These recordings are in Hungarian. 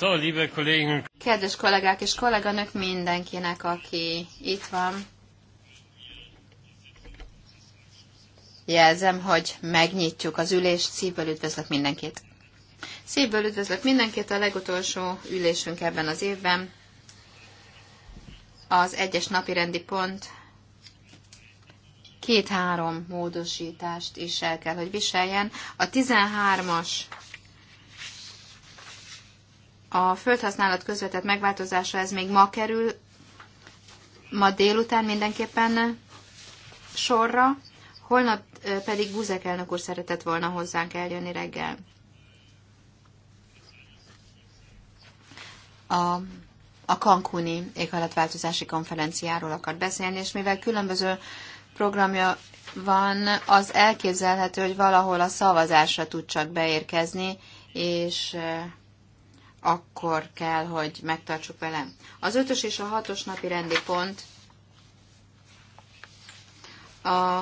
So, liebe Kollegen. Kedves kollégák és kolléganők mindenkinek, aki itt van. Jelzem, hogy megnyitjuk az ülést, szívből üdvözlök mindenkit. Szívből üdvözlök mindenkit a legutolsó ülésünk ebben az évben. Az egyes napi rendi pont két-három módosítást is el kell, hogy viseljen. A 13-as a földhasználat közvetett megváltozása ez még ma kerül, ma délután mindenképpen sorra, holnap pedig Buzek elnök úr szeretett volna hozzánk eljönni reggel. A, a Cancuni éghajlatváltozási konferenciáról akart beszélni, és mivel különböző programja van, az elképzelhető, hogy valahol a szavazásra tud csak beérkezni, és akkor kell, hogy megtartsuk velem. Az ötös és a hatos napi rendi pont a,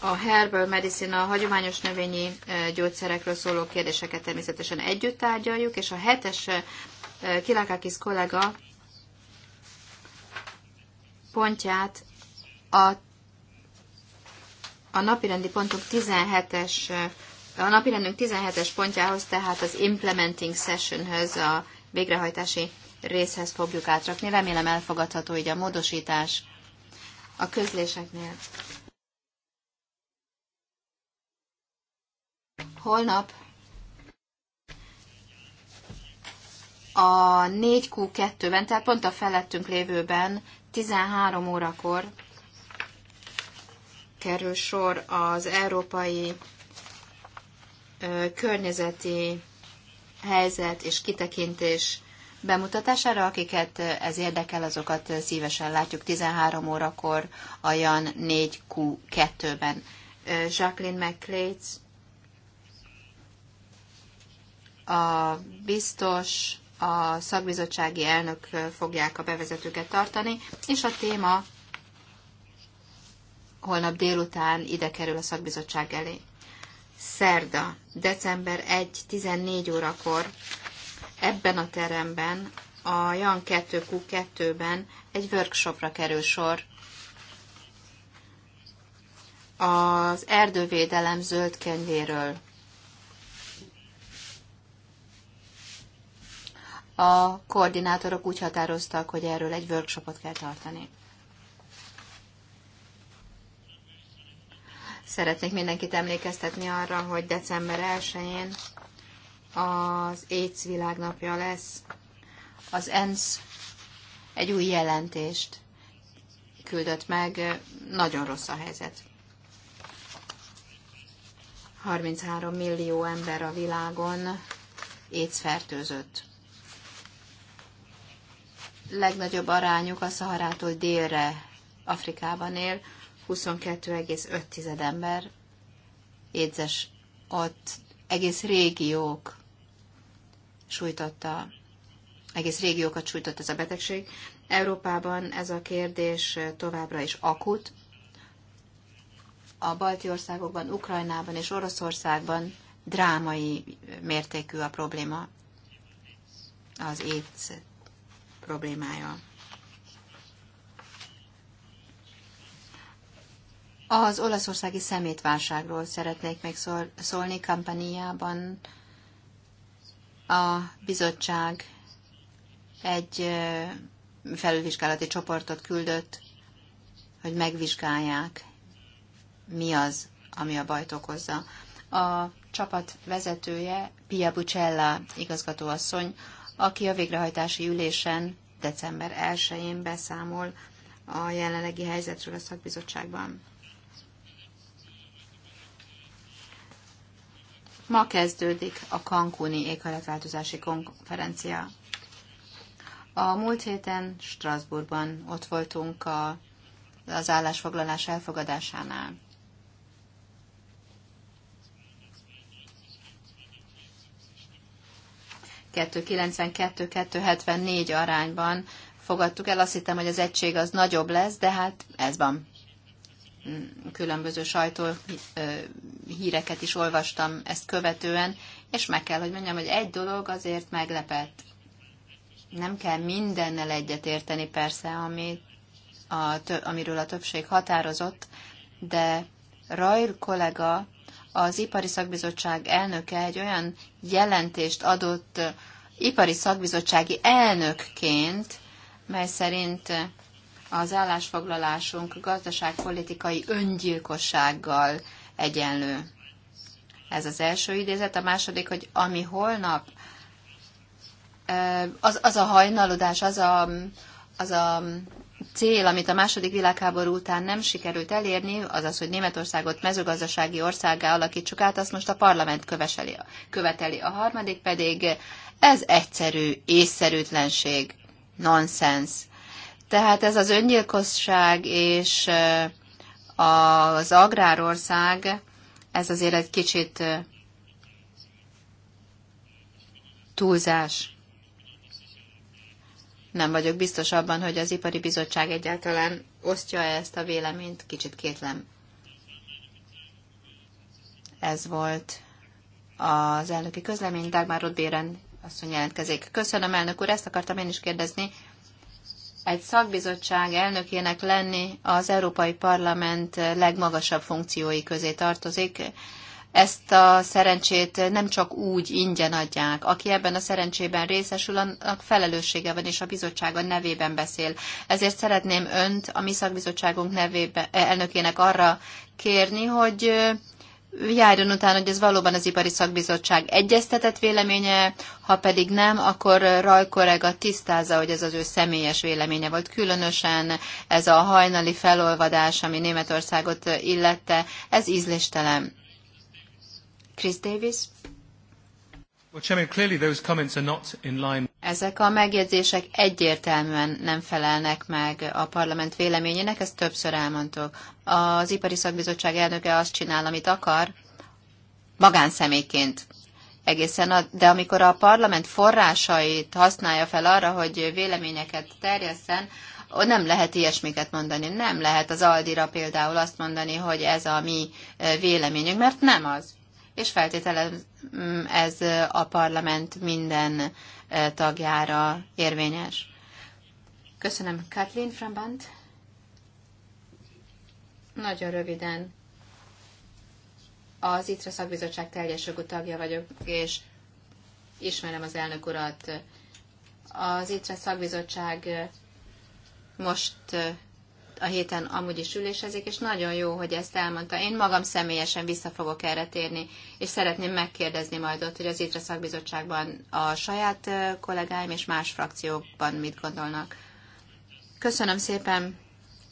a herbal medicine, a hagyományos növényi gyógyszerekről szóló kérdéseket természetesen együtt tárgyaljuk, és a hetes Kilákákis kollega pontját a, a napirendi pontok 17-es a napi rendünk 17-es pontjához, tehát az implementing sessionhöz, a végrehajtási részhez fogjuk átrakni. Remélem elfogadható így a módosítás a közléseknél. Holnap a 4Q2-ben, tehát pont a felettünk lévőben 13 órakor kerül sor az Európai környezeti helyzet és kitekintés bemutatására, akiket ez érdekel, azokat szívesen látjuk 13 órakor a Jan 4Q2-ben. Jacqueline McClates, a biztos, a szakbizottsági elnök fogják a bevezetőket tartani, és a téma holnap délután ide kerül a szakbizottság elé szerda, december 1, 14 órakor ebben a teremben, a Jan 2Q2-ben egy workshopra kerül sor az erdővédelem zöld könyvéről. A koordinátorok úgy határoztak, hogy erről egy workshopot kell tartani. Szeretnék mindenkit emlékeztetni arra, hogy december 1-én az AIDS világnapja lesz. Az ENSZ egy új jelentést küldött meg, nagyon rossz a helyzet. 33 millió ember a világon fertőzött. Legnagyobb arányuk a Szaharától délre Afrikában él, 22,5 ember, édes ott egész régiók sújtotta, egész régiókat sújtott ez a betegség. Európában ez a kérdés továbbra is akut. A balti országokban, Ukrajnában és Oroszországban drámai mértékű a probléma, az AIDS problémája. Az olaszországi szemétválságról szeretnék még szólni. Kampaniában a bizottság egy felülvizsgálati csoportot küldött, hogy megvizsgálják, mi az, ami a bajt okozza. A csapat vezetője Pia Bucella igazgatóasszony, aki a végrehajtási ülésen december 1-én beszámol a jelenlegi helyzetről a szakbizottságban. Ma kezdődik a Cancúni éghajlatváltozási konferencia. A múlt héten Strasbourgban ott voltunk a, az állásfoglalás elfogadásánál. ...292-274 arányban fogadtuk el. Azt hittem, hogy az egység az nagyobb lesz, de hát ez van különböző sajtó híreket is olvastam ezt követően, és meg kell, hogy mondjam, hogy egy dolog azért meglepett. Nem kell mindennel egyetérteni persze, ami a, amiről a többség határozott, de Rajl kollega, az Ipari Szakbizottság elnöke egy olyan jelentést adott ipari szakbizottsági elnökként, mely szerint az állásfoglalásunk gazdaságpolitikai öngyilkossággal egyenlő. Ez az első idézet. A második, hogy ami holnap, az, az a hajnalodás, az a, az a cél, amit a második világháború után nem sikerült elérni, azaz, hogy Németországot mezőgazdasági országá alakítsuk át, azt most a parlament köveseli, követeli. A harmadik pedig ez egyszerű észszerűtlenség, nonsense. Tehát ez az öngyilkosság és az agrárország, ez azért egy kicsit túlzás. Nem vagyok biztos abban, hogy az ipari bizottság egyáltalán osztja -e ezt a véleményt, kicsit kétlem. Ez volt az elnöki közlemény, Dagmar Béren asszony jelentkezik. Köszönöm, elnök úr, ezt akartam én is kérdezni, egy szakbizottság elnökének lenni az Európai Parlament legmagasabb funkciói közé tartozik. Ezt a szerencsét nem csak úgy ingyen adják. Aki ebben a szerencsében részesül, annak felelőssége van, és a bizottsága nevében beszél. Ezért szeretném önt, a mi szakbizottságunk nevében, elnökének arra kérni, hogy járjon utána, hogy ez valóban az Ipari Szakbizottság egyeztetett véleménye, ha pedig nem, akkor Rajkorega tisztázza, hogy ez az ő személyes véleménye volt. Különösen ez a hajnali felolvadás, ami Németországot illette, ez ízléstelen. Chris Davis? Ezek a megjegyzések egyértelműen nem felelnek meg a parlament véleményének, ezt többször elmondtuk. Az Ipari Szakbizottság elnöke azt csinál, amit akar, magánszemélyként egészen, a, de amikor a parlament forrásait használja fel arra, hogy véleményeket terjesszen, nem lehet ilyesmiket mondani. Nem lehet az Aldira például azt mondani, hogy ez a mi véleményünk, mert nem az és feltételem mm, ez a parlament minden e, tagjára érvényes. Köszönöm. Kathleen Frambant? Nagyon röviden. Az ITRA szakbizottság teljes jogú tagja vagyok, és ismerem az elnök urat. Az ITRA szakbizottság e, most e, a héten amúgy is ülésezik, és nagyon jó, hogy ezt elmondta. Én magam személyesen vissza fogok erre térni, és szeretném megkérdezni majd ott, hogy az ITRE szakbizottságban a saját kollégáim és más frakciókban mit gondolnak. Köszönöm szépen,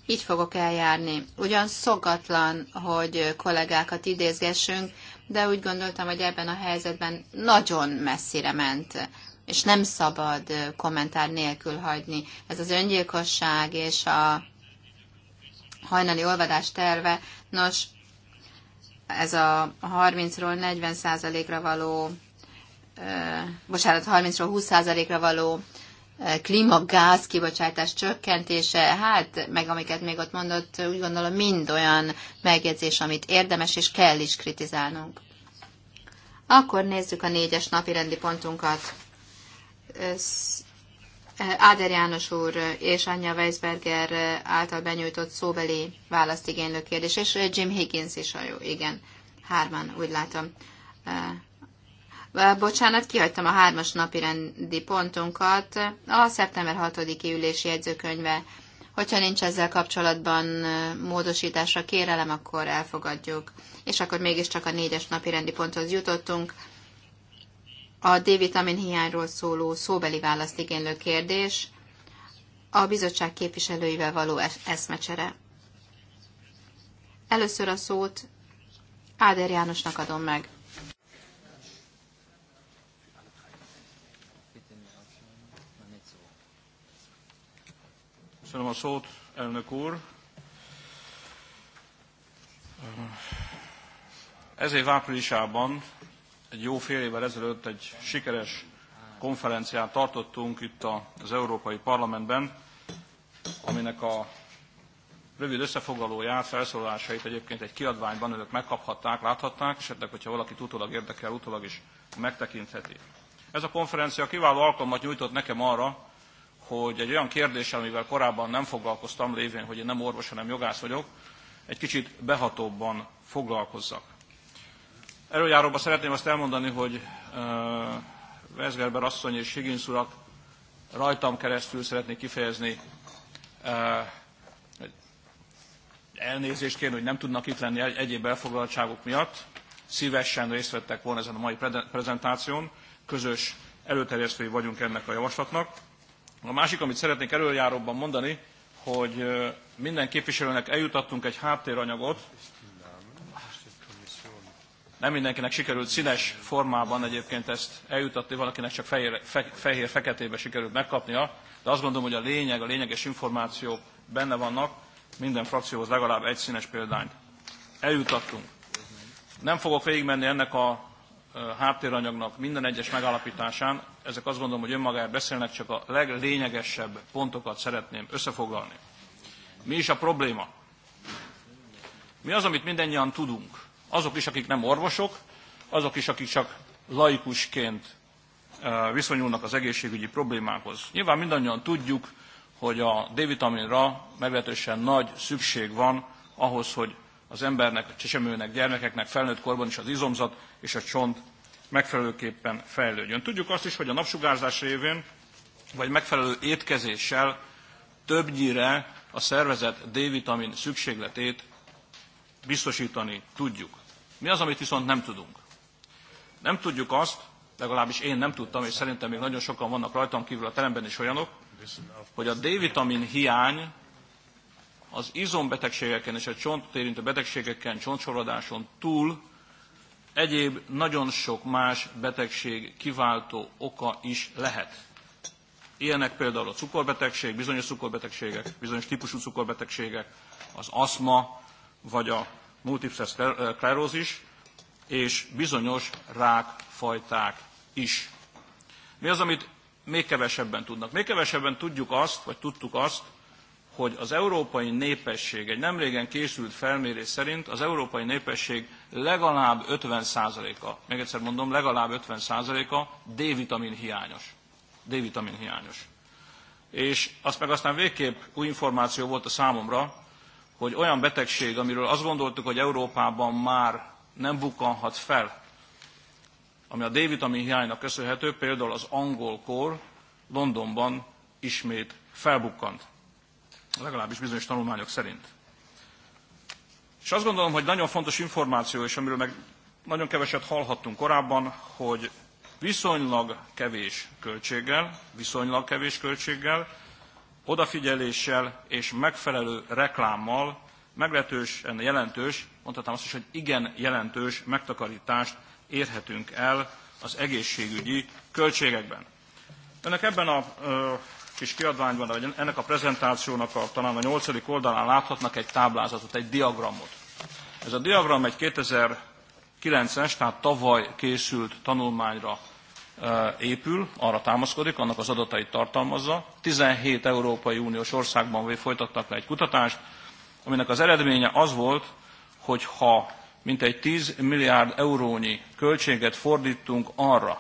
így fogok eljárni. Ugyan szokatlan, hogy kollégákat idézgessünk, de úgy gondoltam, hogy ebben a helyzetben nagyon messzire ment és nem szabad kommentár nélkül hagyni. Ez az öngyilkosság és a, hajnali olvadás terve. Nos, ez a 30-ról 40 ra való, bocsánat, 30-ról 20 ra való klímagáz kibocsátás csökkentése, hát meg amiket még ott mondott, úgy gondolom mind olyan megjegyzés, amit érdemes és kell is kritizálnunk. Akkor nézzük a négyes napi rendi pontunkat. Áder János úr és Anja Weisberger által benyújtott szóbeli választ igénylő kérdés, és Jim Higgins is a jó, igen. Hárman, úgy látom. Eh, bocsánat, kihagytam a hármas napi rendi pontunkat, a szeptember 6-i ülési jegyzőkönyve. Hogyha nincs ezzel kapcsolatban eh, módosításra kérelem, akkor elfogadjuk. És akkor mégiscsak a négyes napi rendi ponthoz jutottunk a D-vitamin hiányról szóló szóbeli választ igénylő kérdés, a bizottság képviselőivel való eszmecsere. Először a szót Áder Jánosnak adom meg. Köszönöm a szót, elnök úr. év áprilisában egy jó fél évvel ezelőtt egy sikeres konferenciát tartottunk itt az Európai Parlamentben, aminek a rövid összefoglalóját, felszólalásait egyébként egy kiadványban önök megkaphatták, láthatták, esetleg, hát hogyha valakit utólag érdekel, utólag is megtekintheti. Ez a konferencia kiváló alkalmat nyújtott nekem arra, hogy egy olyan kérdéssel, amivel korábban nem foglalkoztam lévén, hogy én nem orvos, hanem jogász vagyok, egy kicsit behatóbban foglalkozzak. Előjáróban szeretném azt elmondani, hogy uh, Weisgerber asszony és Higgins urak rajtam keresztül szeretnék kifejezni uh, elnézést kérni, hogy nem tudnak itt lenni egyéb elfoglaltságok miatt. Szívesen részt vettek volna ezen a mai prezentáción, közös előterjesztői vagyunk ennek a javaslatnak. A másik, amit szeretnék előjáróban mondani, hogy minden képviselőnek eljutattunk egy háttéranyagot, nem mindenkinek sikerült színes formában egyébként ezt eljutatni, valakinek csak fehér-feketébe sikerült megkapnia, de azt gondolom, hogy a lényeg, a lényeges információk benne vannak, minden frakcióhoz legalább egy színes példányt. Eljutattunk. Nem fogok végigmenni ennek a háttéranyagnak minden egyes megállapításán, ezek azt gondolom, hogy önmagáért beszélnek, csak a leglényegesebb pontokat szeretném összefoglalni. Mi is a probléma? Mi az, amit mindannyian tudunk? azok is, akik nem orvosok, azok is, akik csak laikusként e, viszonyulnak az egészségügyi problémákhoz. Nyilván mindannyian tudjuk, hogy a D-vitaminra meglehetősen nagy szükség van ahhoz, hogy az embernek, csecsemőnek, gyermekeknek felnőtt korban is az izomzat és a csont megfelelőképpen fejlődjön. Tudjuk azt is, hogy a napsugárzás révén, vagy megfelelő étkezéssel többnyire a szervezet D-vitamin szükségletét biztosítani tudjuk. Mi az, amit viszont nem tudunk? Nem tudjuk azt, legalábbis én nem tudtam, és szerintem még nagyon sokan vannak rajtam kívül a teremben is olyanok, hogy a D-vitamin hiány az izombetegségeken és a csontot érintő betegségeken, csontsorvadáson túl egyéb nagyon sok más betegség kiváltó oka is lehet. Ilyenek például a cukorbetegség, bizonyos cukorbetegségek, bizonyos típusú cukorbetegségek, az aszma, vagy a multiple eh, szklerózis és bizonyos rákfajták is. Mi az, amit még kevesebben tudnak? Még kevesebben tudjuk azt, vagy tudtuk azt, hogy az európai népesség, egy nemrégen készült felmérés szerint az európai népesség legalább 50%-a, még egyszer mondom, legalább 50%-a D-vitamin hiányos. D-vitamin hiányos. És azt meg aztán végképp új információ volt a számomra, hogy olyan betegség, amiről azt gondoltuk, hogy Európában már nem bukkanhat fel, ami a D-vitamin hiánynak köszönhető, például az angol kor Londonban ismét felbukkant. Legalábbis bizonyos tanulmányok szerint. És azt gondolom, hogy nagyon fontos információ, és amiről meg nagyon keveset hallhattunk korábban, hogy viszonylag kevés költséggel, viszonylag kevés költséggel odafigyeléssel és megfelelő reklámmal meglehetősen jelentős, mondhatnám azt is, hogy igen jelentős megtakarítást érhetünk el az egészségügyi költségekben. Önök ebben a ö, kis kiadványban, vagy ennek a prezentációnak a, talán a nyolcadik oldalán láthatnak egy táblázatot, egy diagramot. Ez a diagram egy 2009-es, tehát tavaly készült tanulmányra épül, arra támaszkodik, annak az adatait tartalmazza. 17 Európai Uniós országban folytattak le egy kutatást, aminek az eredménye az volt, hogy ha mintegy 10 milliárd eurónyi költséget fordítunk arra,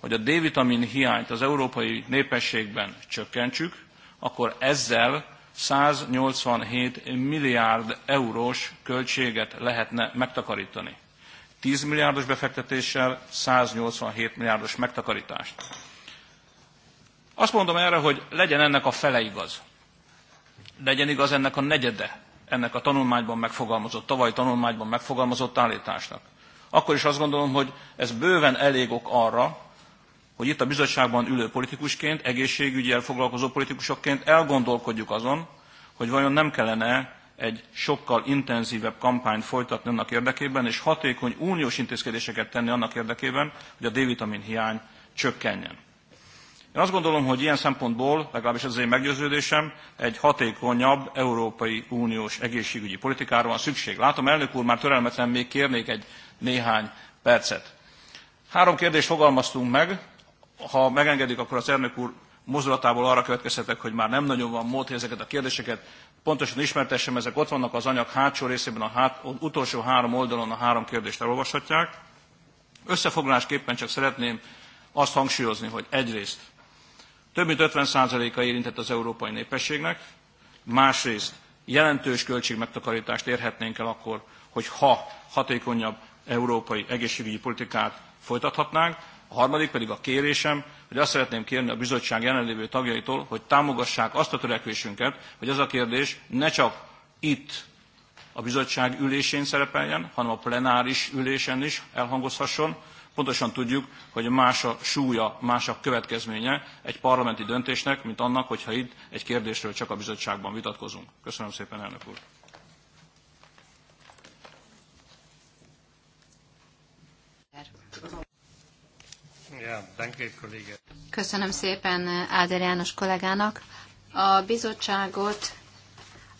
hogy a D-vitamin hiányt az európai népességben csökkentsük, akkor ezzel 187 milliárd eurós költséget lehetne megtakarítani. 10 milliárdos befektetéssel 187 milliárdos megtakarítást. Azt mondom erre, hogy legyen ennek a fele igaz. Legyen igaz ennek a negyede, ennek a tanulmányban megfogalmazott, tavaly tanulmányban megfogalmazott állításnak. Akkor is azt gondolom, hogy ez bőven elég ok arra, hogy itt a bizottságban ülő politikusként, egészségügyi foglalkozó politikusokként elgondolkodjuk azon, hogy vajon nem kellene egy sokkal intenzívebb kampányt folytatni annak érdekében, és hatékony uniós intézkedéseket tenni annak érdekében, hogy a D-vitamin hiány csökkenjen. Én azt gondolom, hogy ilyen szempontból, legalábbis ez az én meggyőződésem, egy hatékonyabb Európai Uniós egészségügyi politikára van szükség. Látom, elnök úr, már törelmetlen még kérnék egy néhány percet. Három kérdést fogalmaztunk meg. Ha megengedik, akkor az elnök úr mozdulatából arra következhetek, hogy már nem nagyon van mód, hogy ezeket a kérdéseket pontosan ismertessem, ezek ott vannak az anyag hátsó részében, a hát, utolsó három oldalon a három kérdést elolvashatják. Összefoglalásképpen csak szeretném azt hangsúlyozni, hogy egyrészt több mint 50%-a érintett az európai népességnek, másrészt jelentős költségmegtakarítást érhetnénk el akkor, hogy ha hatékonyabb európai egészségügyi politikát folytathatnánk, a harmadik pedig a kérésem, hogy azt szeretném kérni a bizottság jelenlévő tagjaitól, hogy támogassák azt a törekvésünket, hogy ez a kérdés ne csak itt a bizottság ülésén szerepeljen, hanem a plenáris ülésen is elhangozhasson. Pontosan tudjuk, hogy más a súlya, más a következménye egy parlamenti döntésnek, mint annak, hogyha itt egy kérdésről csak a bizottságban vitatkozunk. Köszönöm szépen, elnök úr! Köszönöm szépen Áder János kollégának. A bizottságot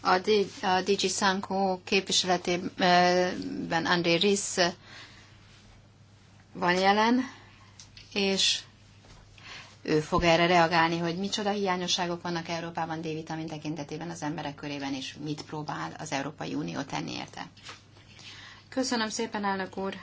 a, D- a DG Sanko képviseletében André Riss van jelen, és ő fog erre reagálni, hogy micsoda hiányosságok vannak Európában D-vitamin tekintetében az emberek körében, és mit próbál az Európai Unió tenni érte. Köszönöm szépen, elnök úr!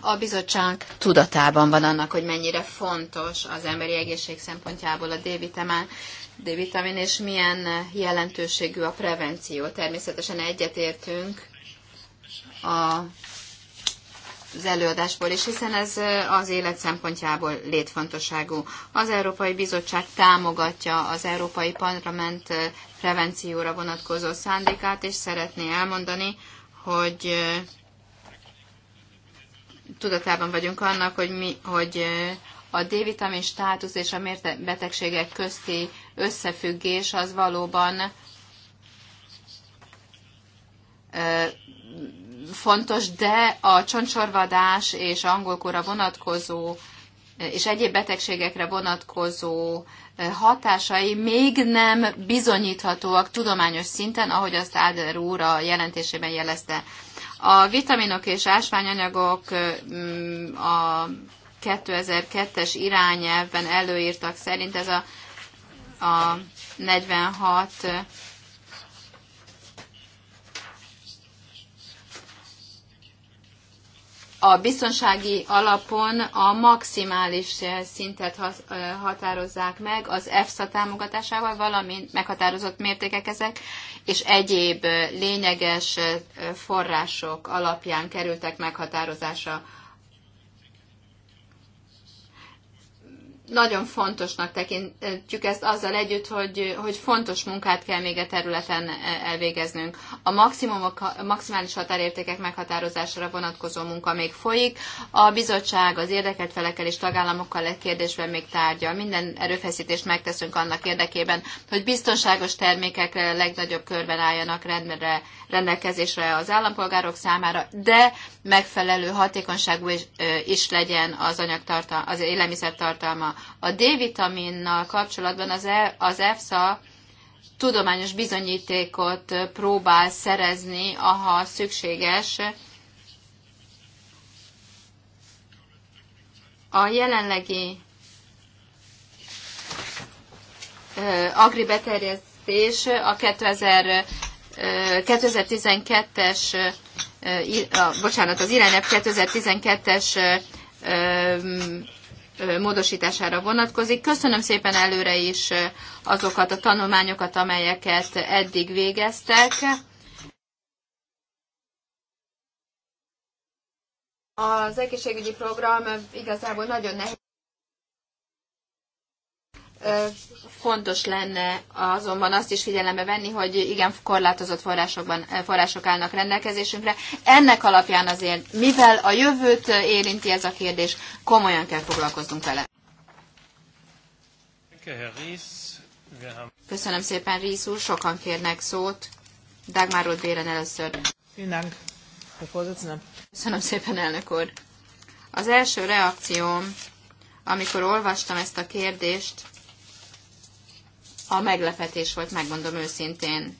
A bizottság tudatában van annak, hogy mennyire fontos az emberi egészség szempontjából a D-vitamin, D-vitamin és milyen jelentőségű a prevenció. Természetesen egyetértünk a az előadásból is, hiszen ez eh, az élet szempontjából létfontosságú. Az Európai Bizottság támogatja az Európai Parlament eh, prevencióra vonatkozó szándékát, és szeretné elmondani, hogy eh, tudatában vagyunk annak, hogy, mi, hogy a D-vitamin státusz és a betegségek közti összefüggés az valóban fontos, de a csontsorvadás és angolkora vonatkozó és egyéb betegségekre vonatkozó hatásai még nem bizonyíthatóak tudományos szinten, ahogy azt Áder úr a jelentésében jelezte. A vitaminok és ásványanyagok mm, a 2002-es irányelvben előírtak szerint ez a, a 46 a biztonsági alapon a maximális szintet határozzák meg az EFSA támogatásával, valamint meghatározott mértékek ezek, és egyéb lényeges források alapján kerültek meghatározásra nagyon fontosnak tekintjük ezt azzal együtt, hogy, hogy fontos munkát kell még a területen e, elvégeznünk. A maximumok, maximális határértékek meghatározására vonatkozó munka még folyik. A bizottság az érdekelt felekkel és tagállamokkal egy kérdésben még tárgya. Minden erőfeszítést megteszünk annak érdekében, hogy biztonságos termékek legnagyobb körben álljanak rendre, rendelkezésre az állampolgárok számára, de megfelelő hatékonyságú is, is legyen az, anyagtartal, az élelmiszer tartalma a D-vitaminnal kapcsolatban az, e, az EFSA tudományos bizonyítékot próbál szerezni, ha szükséges. A jelenlegi agribeterjesztés a 2000 2012-es, bocsánat, az irányabb 2012-es módosítására vonatkozik. Köszönöm szépen előre is azokat a tanulmányokat, amelyeket eddig végeztek. Az egészségügyi program igazából nagyon nehéz Fontos lenne azonban azt is figyelembe venni, hogy igen, korlátozott forrásokban, források állnak rendelkezésünkre. Ennek alapján azért, mivel a jövőt érinti ez a kérdés, komolyan kell foglalkoznunk vele. Köszönöm szépen, Rísz úr. Sokan kérnek szót. Dagmar Ruth Béren először. Köszönöm szépen, elnök úr. Az első reakcióm, amikor olvastam ezt a kérdést, a meglepetés volt, megmondom őszintén.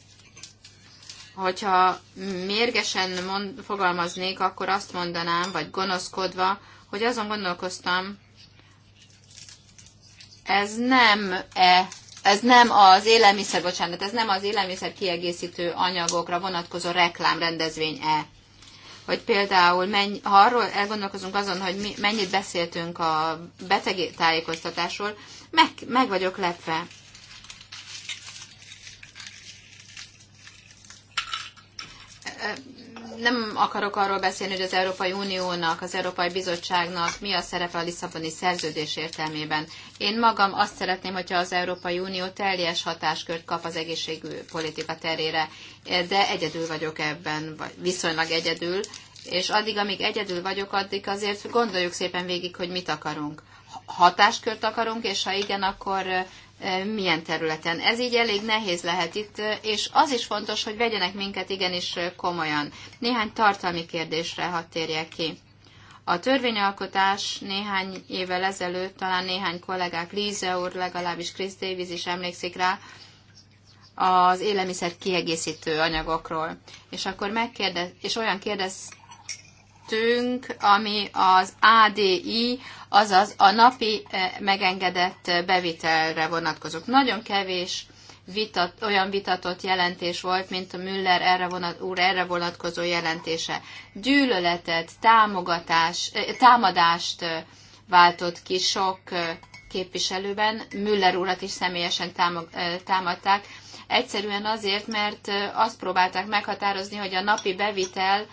Hogyha mérgesen mond, fogalmaznék, akkor azt mondanám, vagy gonoszkodva, hogy azon gondolkoztam, ez nem e ez nem az élelmiszer, bocsánat, ez nem az élelmiszer kiegészítő anyagokra vonatkozó reklámrendezvény-e. Hogy például, mennyi, ha arról elgondolkozunk azon, hogy mi, mennyit beszéltünk a beteg tájékoztatásról, meg, meg vagyok lepve. nem akarok arról beszélni, hogy az Európai Uniónak, az Európai Bizottságnak mi a szerepe a Lisszaboni szerződés értelmében. Én magam azt szeretném, hogyha az Európai Unió teljes hatáskört kap az egészségpolitika terére, de egyedül vagyok ebben, vagy viszonylag egyedül, és addig, amíg egyedül vagyok, addig azért gondoljuk szépen végig, hogy mit akarunk hatáskört akarunk, és ha igen, akkor milyen területen. Ez így elég nehéz lehet itt, és az is fontos, hogy vegyenek minket igenis komolyan. Néhány tartalmi kérdésre hadd térjek ki. A törvényalkotás néhány évvel ezelőtt, talán néhány kollégák, Líze úr, legalábbis Chris Davis is emlékszik rá, az élelmiszer kiegészítő anyagokról. És akkor megkérdez, és olyan kérdez, döntöttünk, ami az ADI, azaz a napi eh, megengedett eh, bevitelre vonatkozott. Nagyon kevés vitat, olyan vitatott jelentés volt, mint a Müller erre vonat, úr erre vonatkozó jelentése. Gyűlöletet, támogatás, eh, támadást váltott ki sok képviselőben. Müller urat is személyesen támadták. Egyszerűen azért, mert azt próbálták meghatározni, hogy a napi bevitel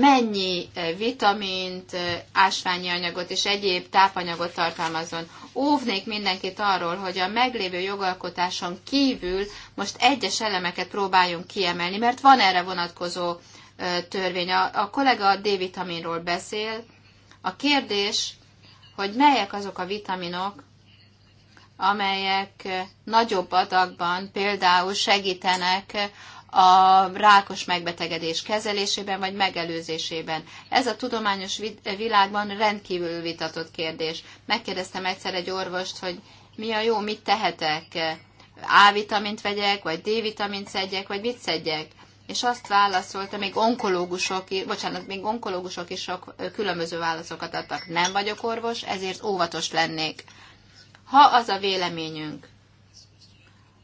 mennyi vitamint, ásványi anyagot és egyéb tápanyagot tartalmazon? Óvnék mindenkit arról, hogy a meglévő jogalkotáson kívül most egyes elemeket próbáljunk kiemelni, mert van erre vonatkozó törvény. A, a kollega a D-vitaminról beszél. A kérdés, hogy melyek azok a vitaminok, amelyek nagyobb adagban például segítenek a rákos megbetegedés kezelésében vagy megelőzésében. Ez a tudományos világban rendkívül vitatott kérdés. Megkérdeztem egyszer egy orvost, hogy mi a jó, mit tehetek, A-vitamint vegyek, vagy D-vitamint szedjek, vagy mit szedjek. És azt válaszolta, még onkológusok, bocsánat, még onkológusok is sok különböző válaszokat adtak. Nem vagyok orvos, ezért óvatos lennék. Ha az a véleményünk,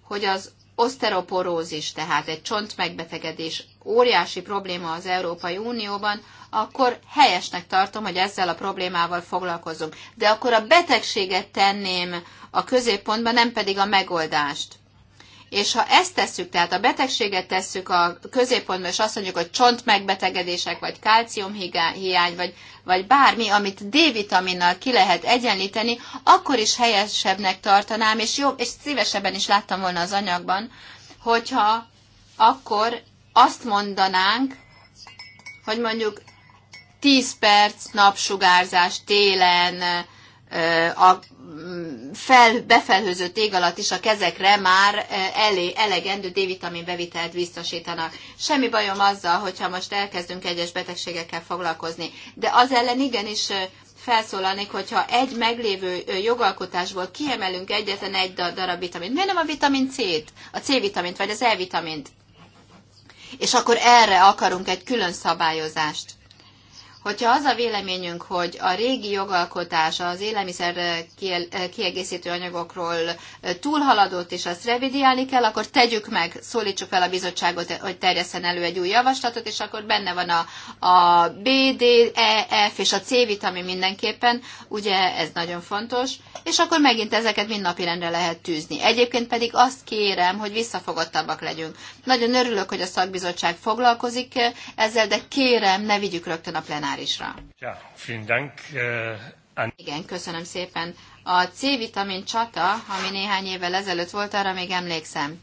hogy az oszteroporózis, tehát egy csontmegbetegedés óriási probléma az Európai Unióban, akkor helyesnek tartom, hogy ezzel a problémával foglalkozunk. De akkor a betegséget tenném a középpontba, nem pedig a megoldást. És ha ezt tesszük, tehát a betegséget tesszük a középpontba, és azt mondjuk, hogy csontmegbetegedések, vagy kálciumhiány, vagy, vagy bármi, amit D-vitaminnal ki lehet egyenlíteni, akkor is helyesebbnek tartanám, és, jó és szívesebben is láttam volna az anyagban, hogyha akkor azt mondanánk, hogy mondjuk 10 perc napsugárzás télen a fel, befelhőző ég alatt is a kezekre már e, elé, elegendő D-vitamin bevitelt biztosítanak. Semmi bajom azzal, hogyha most elkezdünk egyes betegségekkel foglalkozni. De az ellen igenis e, felszólalnék, hogyha egy meglévő e, jogalkotásból kiemelünk egyetlen egy darab vitamint. Miért nem a vitamin C-t? A C-vitamint vagy az E-vitamint? És akkor erre akarunk egy külön szabályozást. Hogyha az a véleményünk, hogy a régi jogalkotás az élelmiszer kiegészítő anyagokról túlhaladott, és azt revidiálni kell, akkor tegyük meg, szólítsuk fel a bizottságot, hogy terjeszen elő egy új javaslatot, és akkor benne van a, a B, D, E, F és a C vitamin mindenképpen, ugye ez nagyon fontos, és akkor megint ezeket mind napirendre lehet tűzni. Egyébként pedig azt kérem, hogy visszafogottabbak legyünk. Nagyon örülök, hogy a szakbizottság foglalkozik ezzel, de kérem, ne vigyük rögtön a plenárisra. Ja, dank, uh, Igen, köszönöm szépen. A C-vitamin csata, ami néhány évvel ezelőtt volt, arra még emlékszem.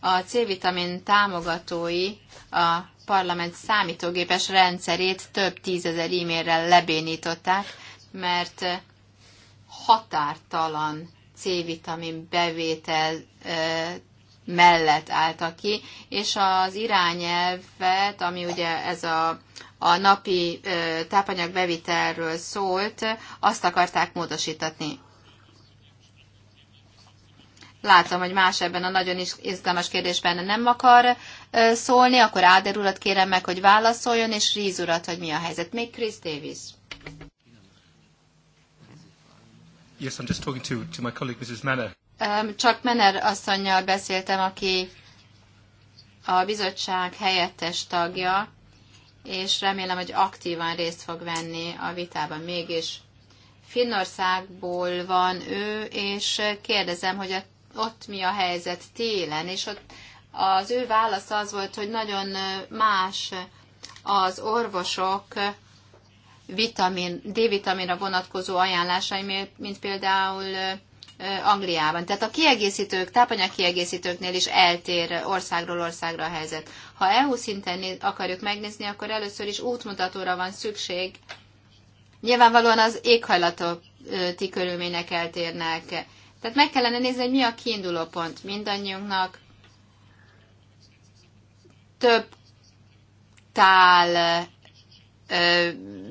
A C-vitamin támogatói a parlament számítógépes rendszerét több tízezer e-mailrel lebénították, mert határtalan C-vitamin bevétel eh, mellett állta ki, és az irányelvet, ami ugye ez a, a napi tápanyagbevitelről szólt, azt akarták módosítatni. Látom, hogy más ebben a nagyon izgalmas kérdésben nem akar szólni, akkor Áder urat kérem meg, hogy válaszoljon, és Ríz urat, hogy mi a helyzet. Még Chris Davis. Yes, I'm just talking to, to my colleague Mrs. Manner. Csak Mener asszonynal beszéltem, aki a bizottság helyettes tagja, és remélem, hogy aktívan részt fog venni a vitában mégis. Finnországból van ő, és kérdezem, hogy ott mi a helyzet télen, és ott az ő válasz az volt, hogy nagyon más az orvosok vitamin, D-vitaminra vonatkozó ajánlásai, mint például Angliában. Tehát a kiegészítők, tápanyagkiegészítőknél is eltér országról országra a helyzet. Ha EU szinten akarjuk megnézni, akkor először is útmutatóra van szükség. Nyilvánvalóan az éghajlati körülmények eltérnek. Tehát meg kellene nézni, hogy mi a kiinduló pont mindannyiunknak. Több tál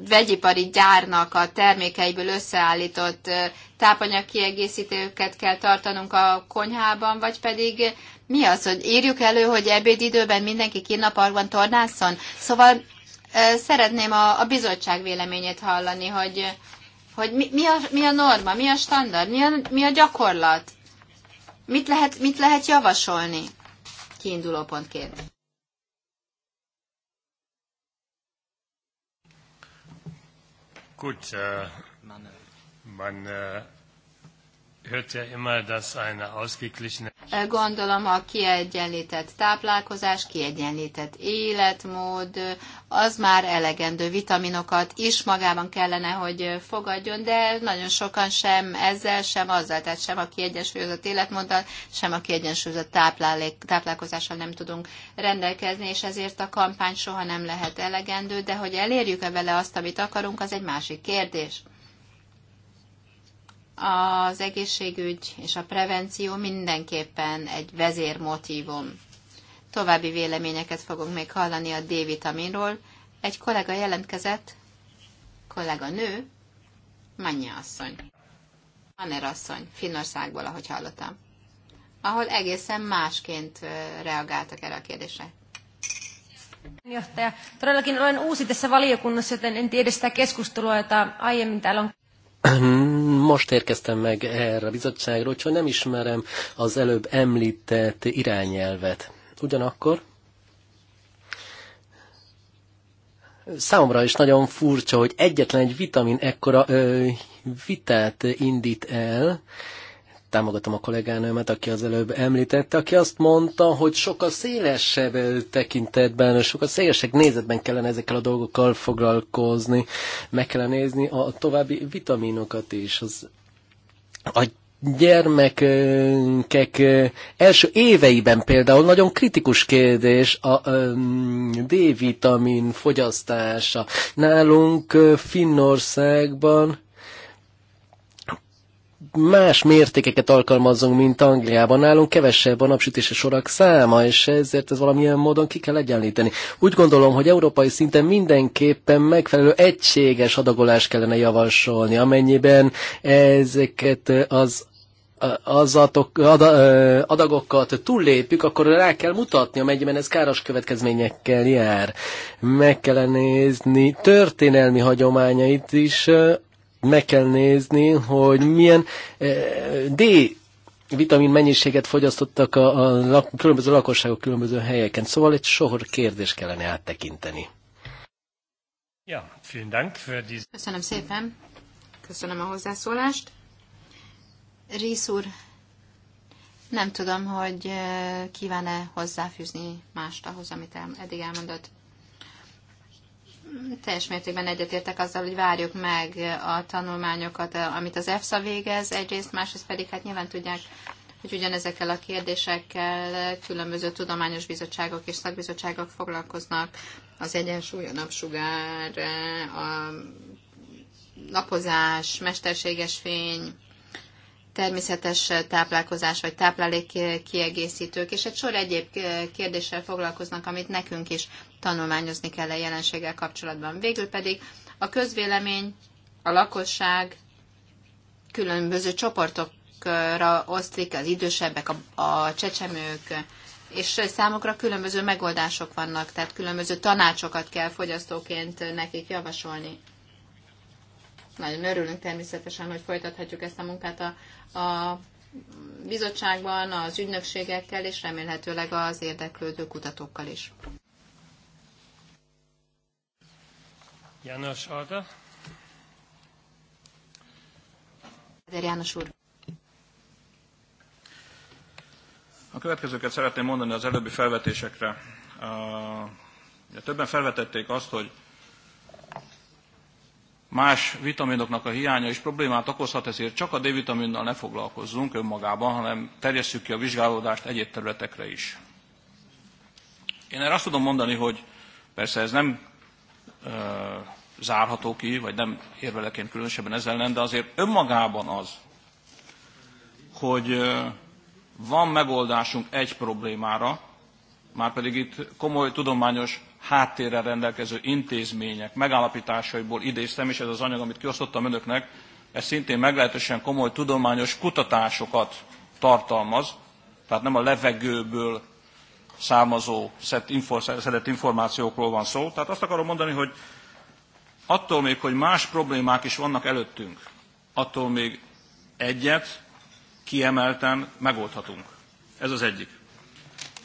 vegyipari gyárnak a termékeiből összeállított tápanyagkiegészítőket kell tartanunk a konyhában, vagy pedig mi az, hogy írjuk elő, hogy ebédidőben mindenki kinnaparkban tornászon? Szóval szeretném a, a bizottság véleményét hallani, hogy, hogy mi, mi, a, mi a norma, mi a standard, mi a, mi a gyakorlat, mit lehet, mit lehet javasolni kiinduló pontként. Gut, äh, man äh, Gondolom a kiegyenlített táplálkozás, kiegyenlített életmód, az már elegendő vitaminokat is magában kellene, hogy fogadjon, de nagyon sokan sem ezzel, sem azzal, tehát sem a kiegyensúlyozott életmóddal, sem a kiegyensúlyozott táplálék, táplálkozással nem tudunk rendelkezni, és ezért a kampány soha nem lehet elegendő, de hogy elérjük-e vele azt, amit akarunk, az egy másik kérdés az egészségügy és a prevenció mindenképpen egy vezérmotívum. További véleményeket fogunk még hallani a D-vitaminról. Egy kollega jelentkezett, kollega nő, Manya asszony. Aner asszony, Finnországból, ahogy hallottam. Ahol egészen másként reagáltak erre a kérdésre. Johtaja, todellakin olen uusi tässä valiokunnassa, joten en tiedä sitä keskustelua, jota aiemmin täällä on most érkeztem meg erre a bizottságra, úgyhogy nem ismerem az előbb említett irányelvet. Ugyanakkor számomra is nagyon furcsa, hogy egyetlen egy vitamin ekkora ö, vitát indít el, támogatom a kollégánőmet, aki az előbb említette, aki azt mondta, hogy sokkal szélesebb tekintetben, sokkal szélesebb nézetben kellene ezekkel a dolgokkal foglalkozni, meg kellene nézni a további vitaminokat is. Az, a gyermekek első éveiben például nagyon kritikus kérdés a D-vitamin fogyasztása. Nálunk Finnországban más mértékeket alkalmazzunk, mint Angliában. Nálunk kevesebb a napsütése sorak száma, és ezért ez valamilyen módon ki kell egyenlíteni. Úgy gondolom, hogy európai szinten mindenképpen megfelelő egységes adagolást kellene javasolni, amennyiben ezeket az azatok, ada, adagokat túllépjük, akkor rá kell mutatni, amennyiben ez káros következményekkel jár. Meg kell nézni történelmi hagyományait is meg kell nézni, hogy milyen eh, D vitamin mennyiséget fogyasztottak a, a lak, különböző lakosságok különböző helyeken. Szóval egy sohor kérdés kellene áttekinteni. Ja, vielen Dank für diese... Köszönöm szépen. Köszönöm a hozzászólást. Rész úr, nem tudom, hogy eh, kíván-e hozzáfűzni mást ahhoz, amit eddig elmondott teljes mértékben egyetértek azzal, hogy várjuk meg a tanulmányokat, eh, amit az EFSA végez egyrészt, másrészt pedig hát nyilván tudják, hogy ugyanezekkel a kérdésekkel különböző tudományos bizottságok és szakbizottságok foglalkoznak, az egyensúly, a napsugár, eh, a napozás, mesterséges fény, természetes táplálkozás vagy táplálék kiegészítők, és egy sor egyéb kérdéssel foglalkoznak, amit nekünk is tanulmányozni kell a jelenséggel kapcsolatban. Végül pedig a közvélemény, a lakosság különböző csoportokra osztik, az idősebbek, a, a csecsemők, és számukra különböző megoldások vannak, tehát különböző tanácsokat kell fogyasztóként nekik javasolni. Nagyon örülünk természetesen, hogy folytathatjuk ezt a munkát a, a bizottságban, az ügynökségekkel, és remélhetőleg az érdeklődő kutatókkal is. János Arda. Eder János úr. A következőket szeretném mondani az előbbi felvetésekre. A többen felvetették azt, hogy más vitaminoknak a hiánya is problémát okozhat, ezért csak a D-vitaminnal ne foglalkozzunk önmagában, hanem terjesszük ki a vizsgálódást egyéb területekre is. Én erre azt tudom mondani, hogy persze ez nem ö, zárható ki, vagy nem érveleként különösebben ezzel ellen, de azért önmagában az, hogy ö, van megoldásunk egy problémára, már pedig itt komoly tudományos háttérrel rendelkező intézmények megállapításaiból idéztem, és ez az anyag, amit kiosztottam önöknek, ez szintén meglehetősen komoly tudományos kutatásokat tartalmaz, tehát nem a levegőből származó szedett információkról van szó. Tehát azt akarom mondani, hogy attól még, hogy más problémák is vannak előttünk, attól még egyet kiemelten megoldhatunk. Ez az egyik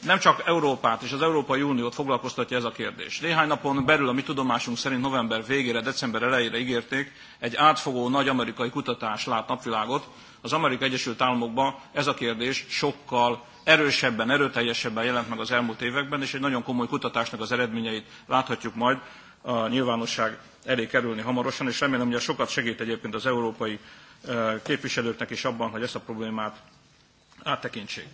nem csak Európát és az Európai Uniót foglalkoztatja ez a kérdés. Néhány napon belül, ami tudomásunk szerint november végére, december elejére ígérték, egy átfogó nagy amerikai kutatás lát napvilágot. Az Amerikai Egyesült Államokban ez a kérdés sokkal erősebben, erőteljesebben jelent meg az elmúlt években, és egy nagyon komoly kutatásnak az eredményeit láthatjuk majd a nyilvánosság elé kerülni hamarosan, és remélem, hogy sokat segít egyébként az európai eh, képviselőknek is abban, hogy ezt a problémát áttekintsék.